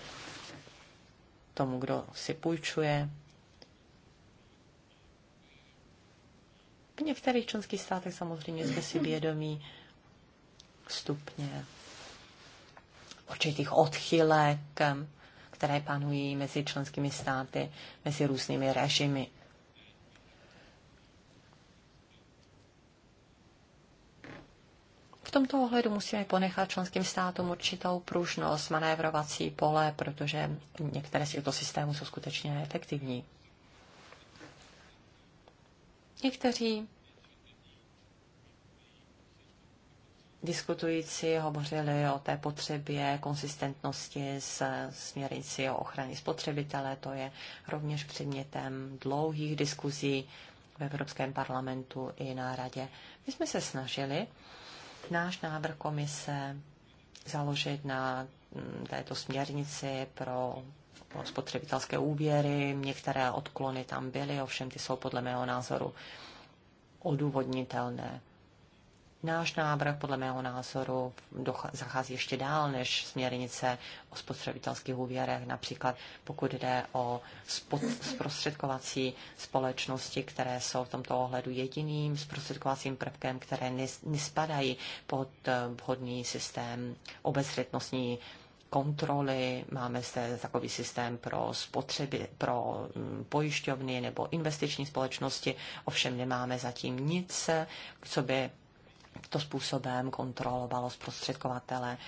Speaker 3: tomu, kdo si půjčuje V některých členských státech samozřejmě jsme si vědomí stupně určitých odchylek, které panují mezi členskými státy, mezi různými režimy. V tomto ohledu musíme ponechat členským státům určitou pružnost, manévrovací pole, protože některé z těchto systémů jsou skutečně efektivní. Někteří diskutující hovořili o té potřebě konsistentnosti s směrnicí o ochraně spotřebitele. To je rovněž předmětem dlouhých diskuzí v Evropském parlamentu i na radě. My jsme se snažili náš návrh komise založit na této směrnici pro spotřebitelské úvěry, některé odklony tam byly, ovšem ty jsou podle mého názoru odůvodnitelné. Náš návrh podle mého názoru zachází ještě dál než směrnice o spotřebitelských úvěrech, například pokud jde o spod, zprostředkovací společnosti, které jsou v tomto ohledu jediným zprostředkovacím prvkem, které nespadají pod eh, vhodný systém obezřetnostní kontroly, máme zde takový systém pro spotřeby, pro mm, pojišťovny nebo investiční společnosti, ovšem nemáme zatím nic, co by to způsobem kontrolovalo zprostředkovatele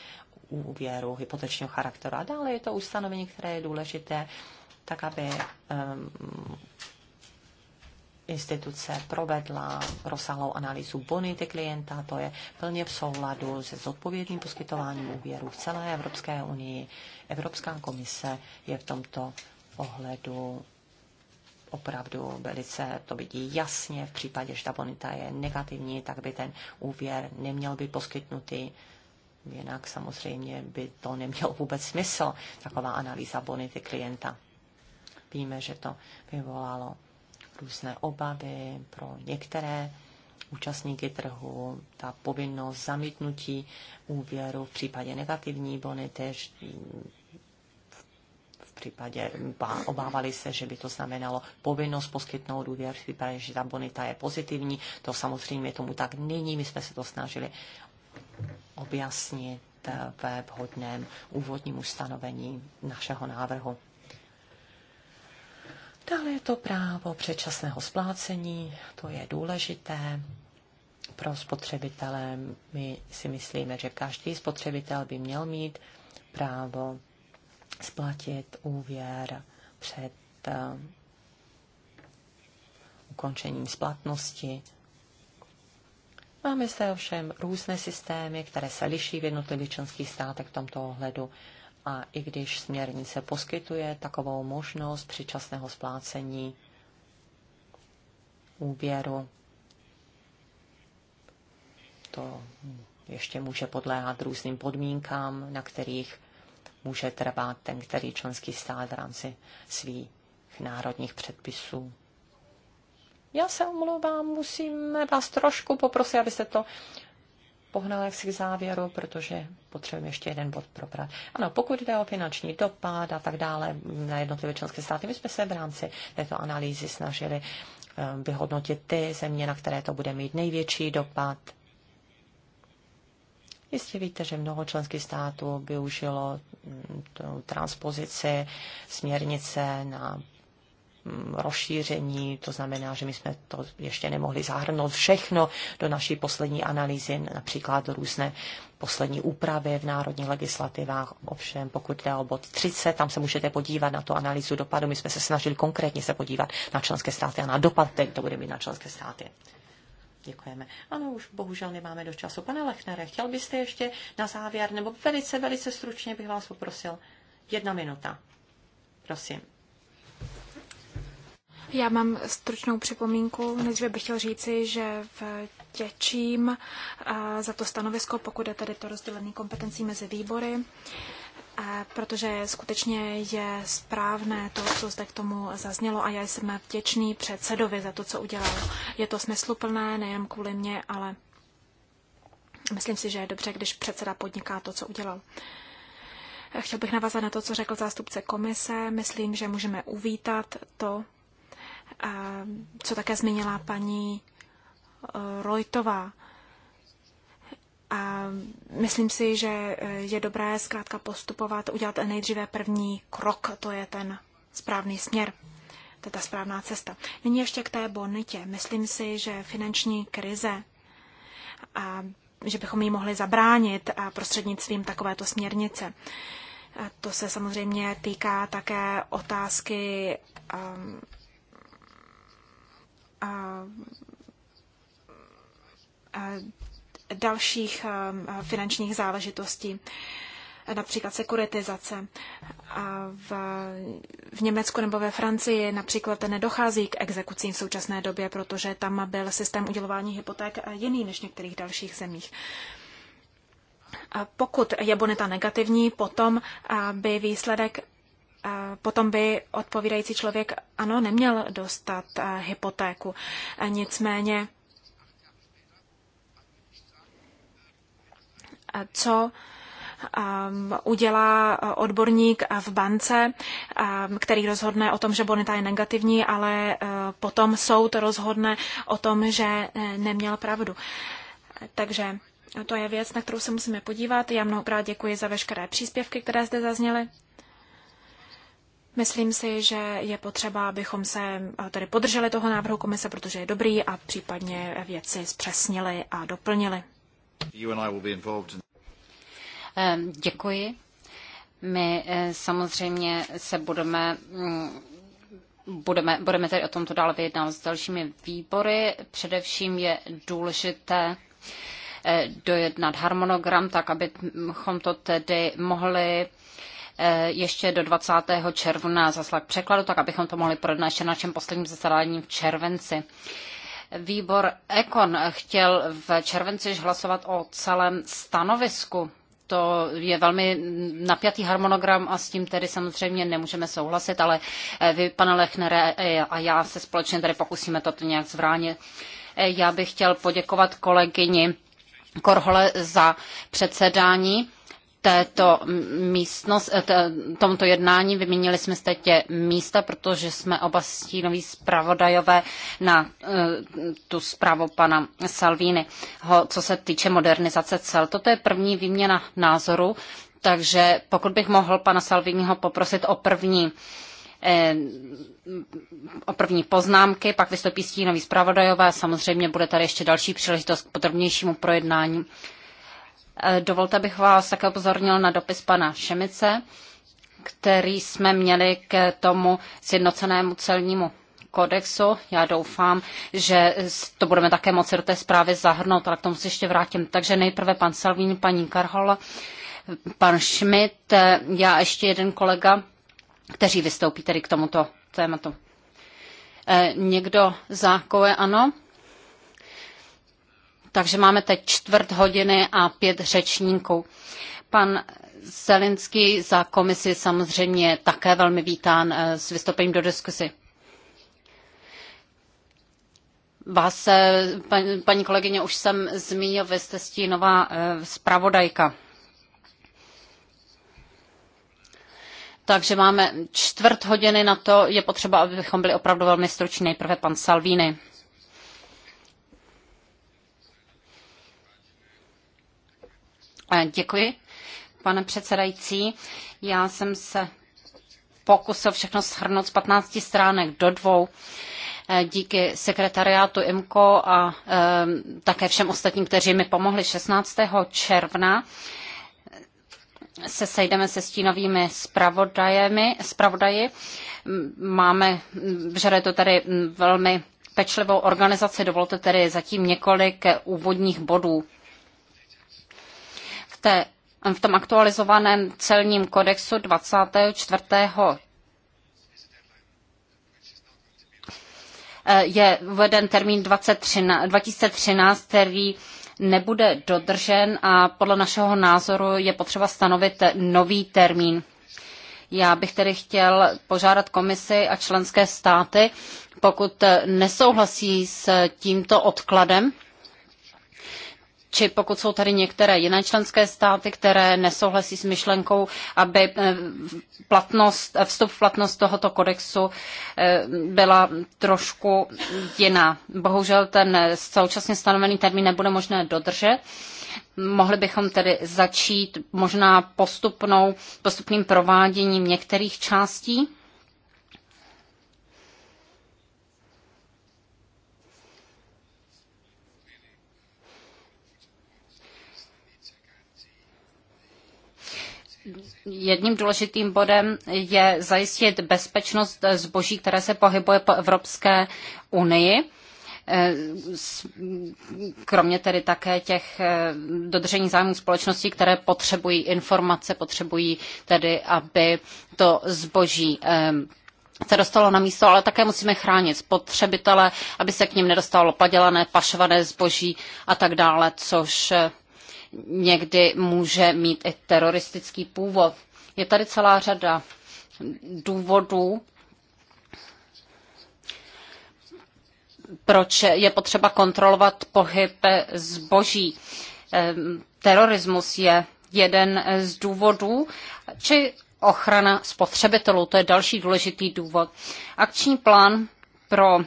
Speaker 3: úvěru hypotečního charakteru. A dále je to ustanovení, které je důležité, tak aby um, instituce provedla rozsáhlou analýzu bonity klienta, to je plně v souladu se zodpovědným poskytováním úvěru v celé Evropské unii. Evropská komise je v tomto ohledu opravdu velice, to vidí jasně, v případě, že ta bonita je negativní, tak by ten úvěr neměl být poskytnutý. Jinak samozřejmě by to nemělo vůbec smysl, taková analýza bonity klienta. Víme, že to vyvolalo různé obavy pro některé účastníky trhu, ta povinnost zamítnutí úvěru v případě negativní tež v případě obávali se, že by to znamenalo povinnost poskytnout úvěr v případě, že ta bonita je pozitivní. To samozřejmě tomu tak není. My jsme se to snažili objasnit ve vhodném úvodním ustanovení našeho návrhu. Dále je to právo předčasného splácení, to je důležité pro spotřebitele. My si myslíme, že každý spotřebitel by měl mít právo splatit úvěr před eh, ukončením splatnosti. Máme zde ovšem různé systémy, které se liší v jednotlivých členských státech v tomto ohledu a i když směrnice poskytuje takovou možnost přičasného splácení úvěru, to ještě může podléhat různým podmínkám, na kterých může trvat ten, který členský stát v rámci svých národních předpisů. Já se omlouvám, musím, vás trošku poprosit, abyste to pohnal jaksi k závěru, protože potřebujeme ještě jeden bod probrat. Ano, pokud jde o finanční dopad a tak dále na jednotlivé členské státy, my jsme se v rámci této analýzy snažili eh, vyhodnotit ty země, na které to bude mít největší dopad. Jistě víte, že mnoho členských států využilo mm, transpozici směrnice na Mm, rozšíření, to znamená, že my jsme to ještě nemohli zahrnout všechno do naší poslední analýzy, například různé poslední úpravy v národních legislativách. Ovšem, pokud jde o bod 30, tam se můžete podívat na tu analýzu dopadu. My jsme se snažili konkrétně se podívat na členské státy a na dopad, který to bude mít na členské státy. Děkujeme. Ano, už bohužel nemáme do času. Pane Lechnere, chtěl byste ještě na závěr, nebo velice, velice stručně bych vás poprosil. Jedna minuta. Prosím.
Speaker 2: Já mám stručnou připomínku. Nejdříve bych chtěl říci, že v těčím za to stanovisko, pokud je tedy to rozdělení kompetencí mezi výbory, protože skutečně je správné to, co zde k tomu zaznělo a já jsem vděčný předsedovi za to, co udělal. Je to smysluplné, nejen kvůli mě, ale myslím si, že je dobře, když předseda podniká to, co udělal. Chtěl bych navázat na to, co řekl zástupce komise. Myslím, že můžeme uvítat to, co také zmínila paní eh, Rojtová. A myslím si, že eh, je dobré zkrátka postupovat, udělat nejdříve první krok, to je ten správný směr, to je ta správná cesta. Nyní ještě k té bonitě. Myslím si, že finanční krize a že bychom ji mohli zabránit a prostřednictvím takovéto směrnice. A to se samozřejmě týká také otázky um, a, a dalších finančních záležitostí, například sekuritizace. A v, v Německu nebo ve Francii například nedochází k exekucím v současné době, protože tam byl systém udělování hypoték jiný než v některých dalších zemích. A pokud je boneta negativní, potom by výsledek potom by odpovídající člověk, ano, neměl dostat eh, hypotéku. Nicméně, co ehm, udělá eh, odborník eh, v bance, ehm, který rozhodne o tom, že bonita je negativní, ale potom soud rozhodne o tom, že neměl pravdu. Takže to je věc, na kterou se musíme podívat. Já mnohokrát děkuji za veškeré příspěvky, které zde zazněly. Myslím si, že je potřeba, abychom se eh, tedy podrželi toho návrhu komise, protože je dobrý a případně věci zpřesnili a doplnili.
Speaker 4: Děkuji. My eh, samozřejmě se budeme mm, budeme, budeme tedy o tomto dále vyjednávat s dalšími výbory. Především je důležité eh, dojednat harmonogram, tak abychom to tedy mohli Eh, ještě do 20. června zaslat překladu, tak abychom to mohli prodnášet na našem posledním zasedání v červenci. Výbor Ekon chtěl v červenci hlasovat o celém stanovisku to je velmi napjatý harmonogram a s tím tedy samozřejmě nemůžeme souhlasit, ale eh, vy, pane Lechnere, eh, a já se společně tady pokusíme toto nějak zvránit. Já bych chtěl poděkovat kolegyni Korhole za předsedání této místnost, eh, tomto jednání. Vyměnili jsme se teď místa, protože jsme oba stínoví zpravodajové na eh, tu zprávu pana Salvíny, co se týče modernizace cel. Toto je první výměna názoru, takže pokud bych mohl pana Salviniho poprosit o první eh, o první poznámky, pak vystoupí stínový zpravodajové samozřejmě bude tady ještě další příležitost k podrobnějšímu projednání. Eh, dovolte, abych vás také upozornil na dopis pana Šemice, který jsme měli k tomu sjednocenému celnímu kodexu. Já doufám, že to budeme také moci do té zprávy zahrnout, ale k tomu se ještě vrátím. Takže nejprve pan Salvín, paní Karhol, pan Schmidt, eh, já ještě jeden kolega, kteří vystoupí tedy k tomuto tématu. Eh, někdo za koe ano? Takže máme teď čtvrt hodiny a pět řečníků. Pan Zelinský za komisi samozřejmě také velmi vítán eh, s vystoupením do diskusi. Vás, eh, paní kolegyně, už jsem zmínil, vy jste stínová eh, zpravodajka. Takže máme čtvrt hodiny na to, je potřeba, abychom byli opravdu velmi struční. Nejprve pan Salvini. Eh, děkuji, pane předsedající. Já jsem se pokusil všechno shrnout z 15 stránek do dvou eh, díky sekretariátu IMCO a eh, také všem ostatním, kteří mi pomohli 16. června se sejdeme se stínovými zpravodaji. spravodaji. Máme, žere to tady velmi pečlivou organizaci, dovolte tedy zatím několik úvodních bodů té, v tom aktualizovaném celním kodexu 24. Eh, je uveden termín 2013, který nebude dodržen a podle našeho názoru je potřeba stanovit nový termín. Já bych tedy chtěl požádat komisi a členské státy, pokud nesouhlasí s tímto odkladem, či pokud jsou tady některé jiné členské státy, které nesouhlasí s myšlenkou, aby eh, platnost, eh, vstup v platnost tohoto kodexu eh, byla trošku jiná. Bohužel ten současně stanovený termín nebude možné dodržet. Mohli bychom tedy začít možná postupnou, postupným prováděním některých částí jedním důležitým bodem je zajistit bezpečnost zboží, které se pohybuje po Evropské unii kromě tedy také těch eh, dodržení zájmů společností, které potřebují informace, potřebují tedy, aby to zboží eh, se dostalo na místo, ale také musíme chránit spotřebitele, aby se k ním nedostalo padělané, pašované zboží a tak dále, což eh, někdy může mít i teroristický původ. Je tady celá řada důvodů, proč je potřeba kontrolovat pohyb zboží. Ehm, terorismus je jeden z důvodů, či ochrana spotřebitelů, to je další důležitý důvod. Akční plán pro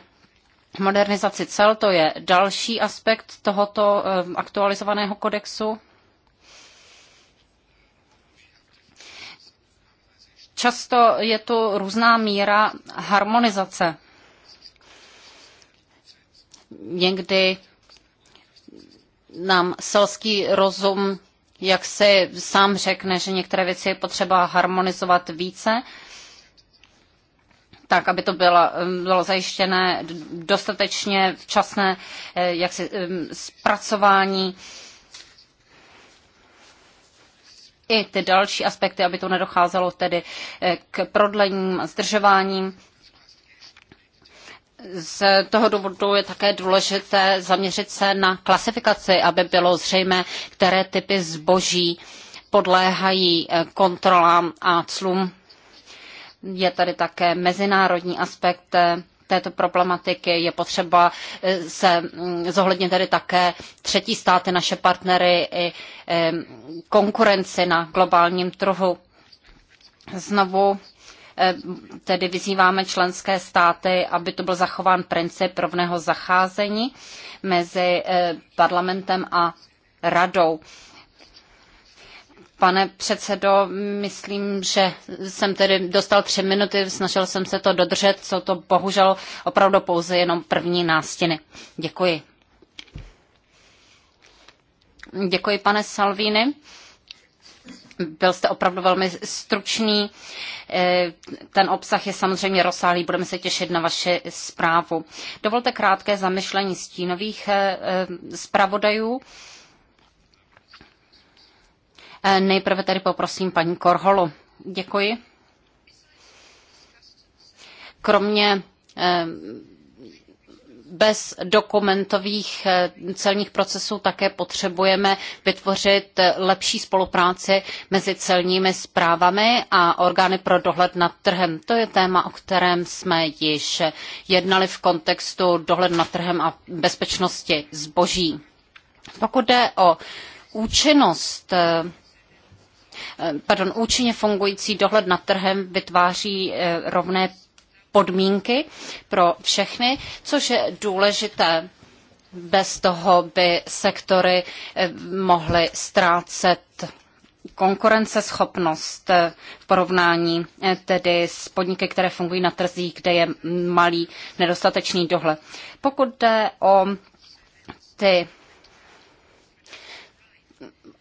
Speaker 4: modernizaci cel, to je další aspekt tohoto eh, aktualizovaného kodexu. Často je tu různá míra harmonizace. Někdy nám selský rozum jak si sám řekne, že některé věci je potřeba harmonizovat více, tak, aby to bylo, bylo zajištěné dostatečně včasné eh, jaksi, zpracování i ty další aspekty, aby to nedocházelo tedy eh, k prodlením a zdržováním. Z toho důvodu je také důležité zaměřit se na klasifikaci, aby bylo zřejmé, které typy zboží podléhají eh, kontrolám a clům je tady také mezinárodní aspekt eh, této problematiky. Je potřeba eh, se mm, zohlednit tedy také třetí státy, naše partnery i konkurenci na globálním trhu. Znovu eh, tedy vyzýváme členské státy, aby to byl zachován princip rovného zacházení mezi parlamentem a radou. Pane předsedo, myslím, že jsem tedy dostal tři minuty, snažil jsem se to dodržet, jsou to bohužel opravdu pouze jenom první nástěny. Děkuji. Děkuji, pane Salvini. Byl jste opravdu velmi stručný. Eh, ten obsah je samozřejmě rozsáhlý, budeme se těšit na vaši zprávu. Dovolte krátké zamyšlení stínových eh, eh, zpravodajů. Nejprve tedy poprosím paní Korholu. Děkuji. Kromě eh, bez dokumentových eh, celních procesů také potřebujeme vytvořit eh, lepší spolupráci mezi celními zprávami a orgány pro dohled nad trhem. To je téma, o kterém jsme již jednali v kontextu dohled nad trhem a bezpečnosti zboží. Pokud jde o účinnost Eh, pardon, účinně fungující dohled nad trhem vytváří eh, rovné podmínky pro všechny, což je důležité. Bez toho by sektory eh, mohly ztrácet konkurenceschopnost v porovnání tedy s podniky, které fungují na trzích, kde je malý nedostatečný dohled. Pokud jde o ty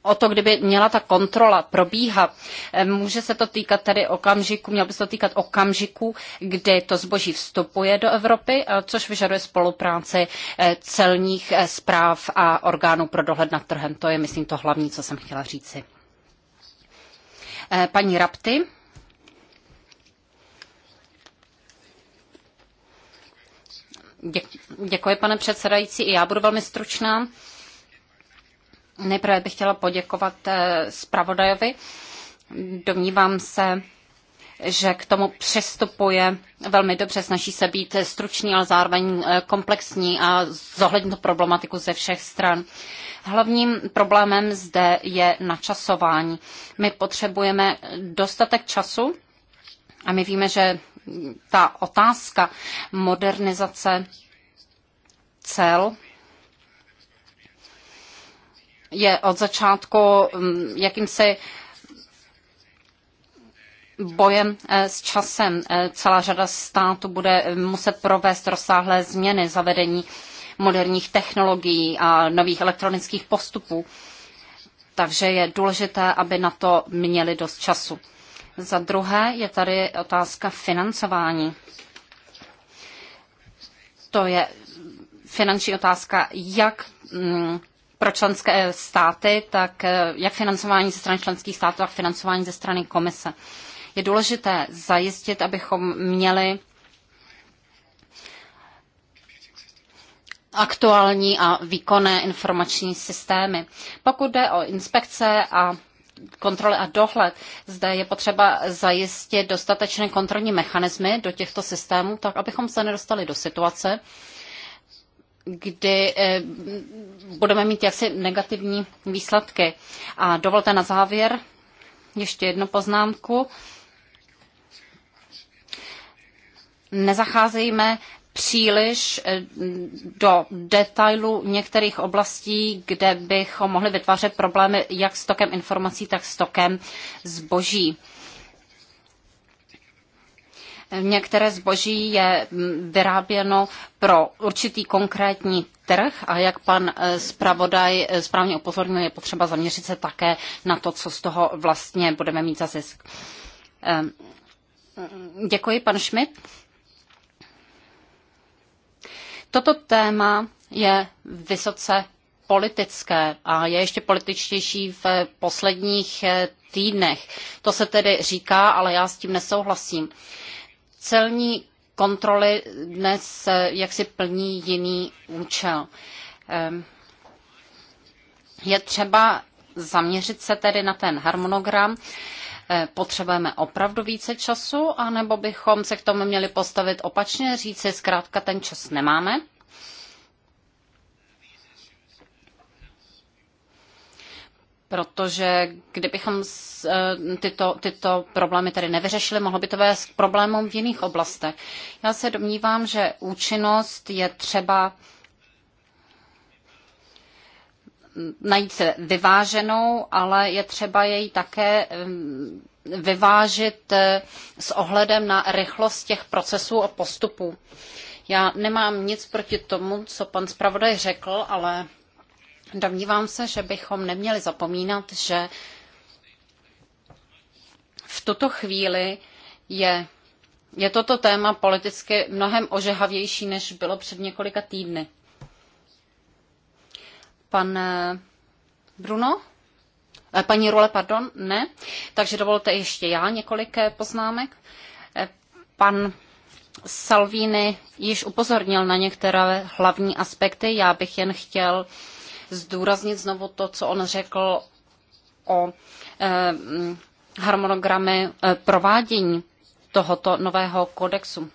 Speaker 4: o to, kdyby měla ta kontrola probíhat. Eh, může se to týkat tedy okamžiku, měl by se to týkat okamžiku, kdy to zboží vstupuje do Evropy, eh, což vyžaduje spolupráci eh, celních zpráv a orgánů pro dohled nad trhem. To je, myslím, to hlavní, co jsem chtěla říci. Paní Rapty. Děkuji, pane předsedající. I já budu velmi stručná. Nejprve bych chtěla poděkovat eh, zpravodajovi. Domnívám se, že k tomu přistupuje velmi dobře, snaží se být stručný, ale zároveň eh, komplexní a zohlednit problematiku ze všech stran. Hlavním problémem zde je načasování. My potřebujeme dostatek času a my víme, že ta otázka modernizace cel je od začátku mm, jakýmsi bojem eh, s časem. Eh, celá řada států bude muset provést rozsáhlé změny zavedení moderních technologií a nových elektronických postupů. Takže je důležité, aby na to měli dost času. Za druhé je tady otázka financování. To je finanční otázka, jak mm, pro členské státy, tak eh, jak financování ze strany členských států, tak financování ze strany komise. Je důležité zajistit, abychom měli aktuální a výkonné informační systémy. Pokud jde o inspekce a kontroly a dohled, zde je potřeba zajistit dostatečné kontrolní mechanismy do těchto systémů, tak abychom se nedostali do situace, kdy eh, budeme mít jaksi negativní výsledky. A dovolte na závěr ještě jednu poznámku. Nezacházejme příliš eh, do detailu některých oblastí, kde bychom mohli vytvářet problémy jak s tokem informací, tak s tokem zboží. Některé zboží je mm, vyráběno pro určitý konkrétní trh a jak pan eh, zpravodaj eh, správně upozornil, je potřeba zaměřit se také na to, co z toho vlastně budeme mít za zisk. Ehm, mm, děkuji, pan Schmidt. Toto téma je vysoce politické a je ještě političtější v posledních eh, týdnech. To se tedy říká, ale já s tím nesouhlasím celní kontroly dnes eh, jaksi plní jiný účel. Ehm, je třeba zaměřit se tedy na ten harmonogram. Eh, potřebujeme opravdu více času, anebo bychom se k tomu měli postavit opačně, říci zkrátka ten čas nemáme, protože kdybychom eh, tyto, tyto problémy tedy nevyřešili, mohlo by to vést k problémům v jiných oblastech. Já se domnívám, že účinnost je třeba najít se vyváženou, ale je třeba jej také vyvážit eh, s ohledem na rychlost těch procesů a postupů. Já nemám nic proti tomu, co pan zpravodaj řekl, ale Domnívám se, že bychom neměli zapomínat, že v tuto chvíli je, je toto téma politicky mnohem ožehavější, než bylo před několika týdny. Pan eh, Bruno? Eh, paní Rule, pardon, ne. Takže dovolte ještě já několik eh, poznámek. Pan Salvini již upozornil na některé hlavní aspekty. Já bych jen chtěl zdůraznit znovu to, co on řekl o eh, harmonogramy eh, provádění tohoto nového kodexu.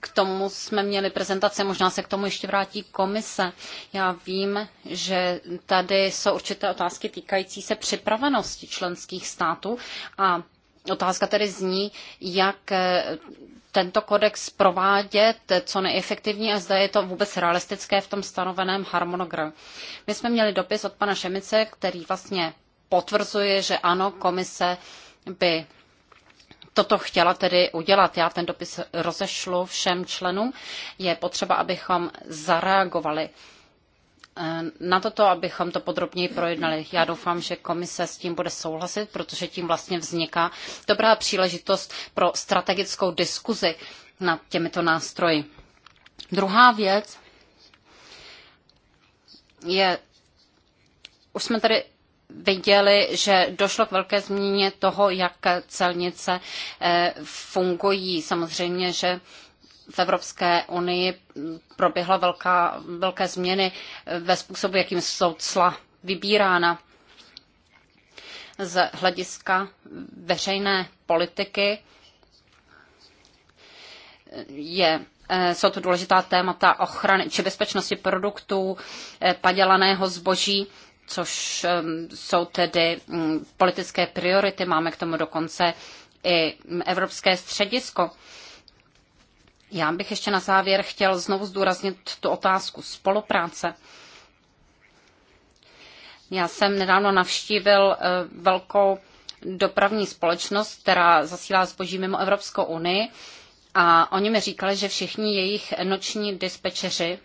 Speaker 4: K tomu jsme měli prezentace, možná se k tomu ještě vrátí komise. Já vím, že tady jsou určité otázky týkající se připravenosti členských států a otázka tedy zní, jak eh, tento kodex provádět co nejefektivní a zda je to vůbec realistické v tom stanoveném harmonogramu. My jsme měli dopis od pana Šemice, který vlastně potvrzuje, že ano, komise by toto chtěla tedy udělat. Já ten dopis rozešlu všem členům. Je potřeba, abychom zareagovali. Eh, na toto, abychom to podrobněji projednali. Já doufám, že komise s tím bude souhlasit, protože tím vlastně vzniká dobrá příležitost pro strategickou diskuzi nad těmito nástroji. Druhá věc je, už jsme tady viděli, že došlo k velké změně toho, jak celnice eh, fungují. Samozřejmě, že v Evropské unii proběhla velká, velké změny ve způsobu, jakým jsou cla vybírána. Z hlediska veřejné politiky je eh, jsou to důležitá témata ochrany či bezpečnosti produktů, eh, padělaného zboží, což ehm, jsou tedy mm, politické priority. Máme k tomu dokonce i mm, Evropské středisko. Já bych ještě na závěr chtěl znovu zdůraznit tu otázku spolupráce. Já jsem nedávno navštívil eh, velkou dopravní společnost, která zasílá zboží mimo Evropskou unii a oni mi říkali, že všichni jejich noční dispečeři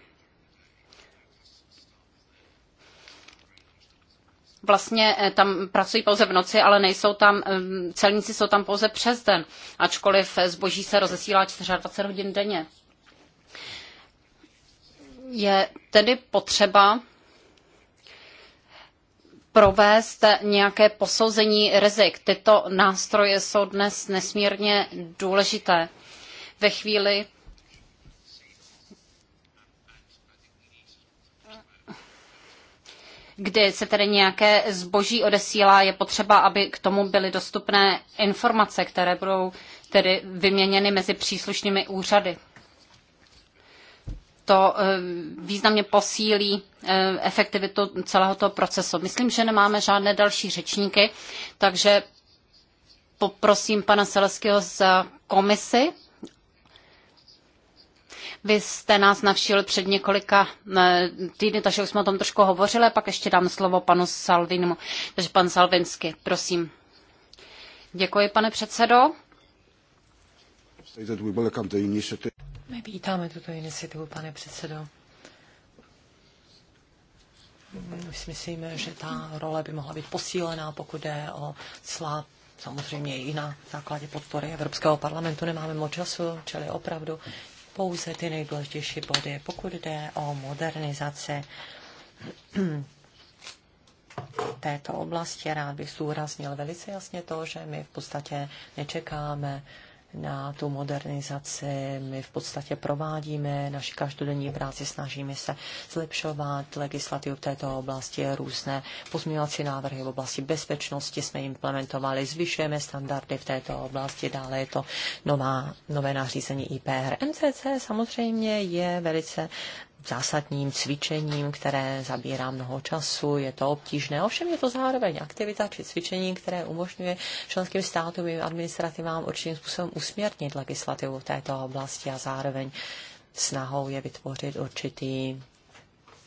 Speaker 4: vlastně eh, tam pracují pouze v noci, ale nejsou tam, eh, celníci jsou tam pouze přes den, ačkoliv eh, zboží se rozesílá 24 hodin denně. Je tedy potřeba provést nějaké posouzení rizik. Tyto nástroje jsou dnes nesmírně důležité. Ve chvíli, kdy se tedy nějaké zboží odesílá, je potřeba, aby k tomu byly dostupné informace, které budou tedy vyměněny mezi příslušnými úřady. To eh, významně posílí eh, efektivitu celého toho procesu. Myslím, že nemáme žádné další řečníky, takže poprosím pana Seleského za komisi vy jste nás navštívil před několika eh, týdny, takže už jsme o tom trošku hovořili, pak ještě dám slovo panu Salvinu, Takže pan Salvinsky, prosím. Děkuji, pane předsedo.
Speaker 3: My vítáme tuto iniciativu, pane předsedo. My si myslíme, že ta role by mohla být posílená, pokud je o slab samozřejmě i na základě podpory Evropského parlamentu nemáme moc času, čili opravdu pouze ty nejdůležitější body. Pokud jde o modernizaci této oblasti, rád bych zdůraznil velice jasně to, že my v podstatě nečekáme na tu modernizaci. My v podstatě provádíme naši každodenní práci, snažíme se zlepšovat legislativu v této oblasti, různé pozměňovací návrhy v oblasti bezpečnosti jsme implementovali, zvyšujeme standardy v této oblasti, dále je to nová, nové nařízení IPR. MCC samozřejmě je velice zásadním cvičením, které zabírá mnoho času, je to obtížné. Ovšem je to zároveň aktivita či cvičení, které umožňuje členským státům i administrativám určitým způsobem usměrnit legislativu v této oblasti a zároveň snahou je vytvořit určitý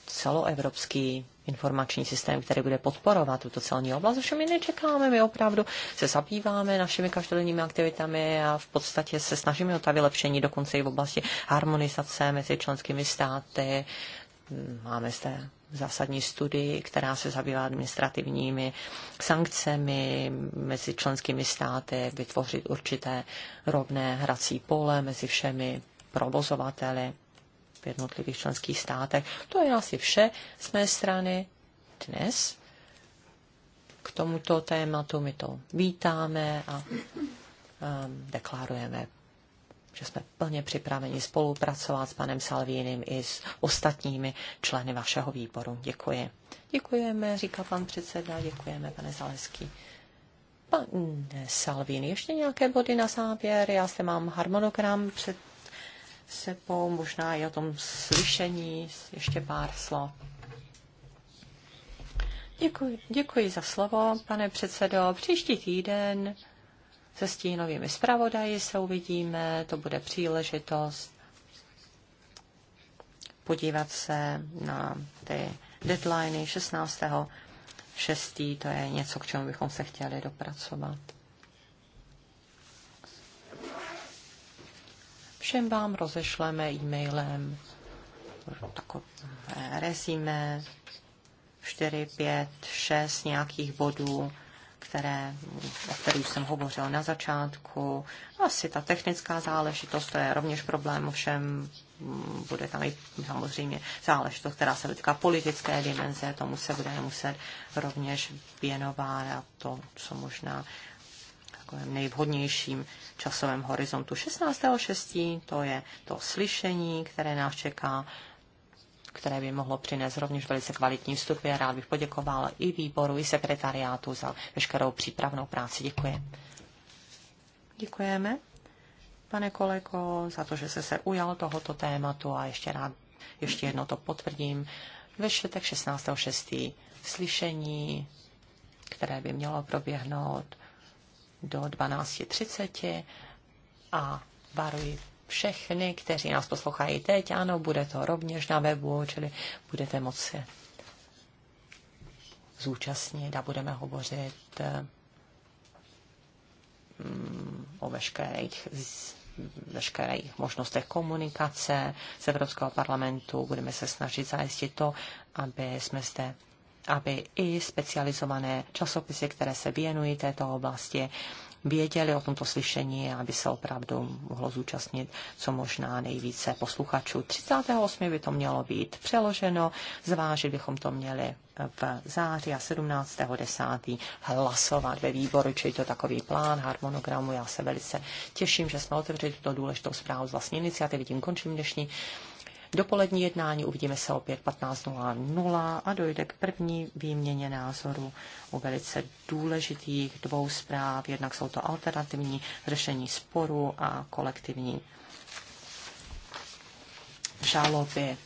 Speaker 3: celoevropský informační systém, který bude podporovat tuto celní oblast. Ovšem my nečekáme, my opravdu se zabýváme našimi každodenními aktivitami a v podstatě se snažíme o ta vylepšení dokonce i v oblasti harmonizace mezi členskými státy. Máme zde zásadní studii, která se zabývá administrativními sankcemi mezi členskými státy, vytvořit určité rovné hrací pole mezi všemi provozovateli v jednotlivých členských státech. To je asi vše z mé strany dnes k tomuto tématu. My to vítáme a um, deklarujeme, že jsme plně připraveni spolupracovat s panem Salvínem i s ostatními členy vašeho výboru. Děkuji. Děkujeme, říká pan předseda, děkujeme, pane Zaleský. Pan Salvín, ještě nějaké body na závěr? Já se mám harmonogram před sebou, možná i o tom slyšení, ještě pár slov. Děkuji, děkuji za slovo, pane předsedo. Příští týden se stínovými zpravodaji se uvidíme, to bude příležitost podívat se na ty deadliny 16. 6. to je něco, k čemu bychom se chtěli dopracovat. Všem vám rozešleme e-mailem takové rezime, 4, 5, 6 nějakých bodů, které, o kterých jsem hovořil na začátku. Asi ta technická záležitost, to je rovněž problém, ovšem bude tam i samozřejmě záležitost, která se týká politické dimenze, tomu se bude muset rovněž věnovat a to, co možná takovém nejvhodnějším časovém horizontu. 16.6. to je to slyšení, které nás čeká které by mohlo přinést rovněž velice kvalitní vstupy. A rád bych poděkoval i výboru, i sekretariátu za veškerou přípravnou práci. Děkuji. Děkujeme, pane kolego, za to, že jste se ujal tohoto tématu a ještě rád, ještě jedno to potvrdím. Ve čtvrtek 16.6. slyšení, které by mělo proběhnout do 12.30 a varuji všechny, kteří nás poslouchají teď, ano, bude to rovněž na webu, čili budete moci zúčastnit a budeme hovořit mm, o veškerých, veškerých možnostech komunikace z Evropského parlamentu. Budeme se snažit zajistit to, aby jsme zde aby i specializované časopisy, které se věnují této oblasti, věděli o tomto slyšení, aby se opravdu mohlo zúčastnit co možná nejvíce posluchačů. 38. by to mělo být přeloženo, zvážit bychom to měli v září a 17. 10. hlasovat ve výboru, čili to takový plán harmonogramu. Já se velice těším, že jsme otevřeli tuto důležitou zprávu z vlastní iniciativy. Tím končím dnešní dopolední jednání. Uvidíme se opět 15.00 a dojde k první výměně názoru o velice důležitých dvou zpráv. Jednak jsou to alternativní řešení sporu a kolektivní žaloby.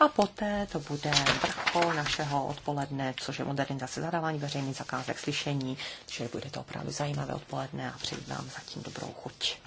Speaker 3: A poté to bude vrchol našeho odpoledne, což je modernizace zadávání veřejných zakázek, slyšení, že bude to opravdu zajímavé odpoledne a přeji vám zatím dobrou chuť.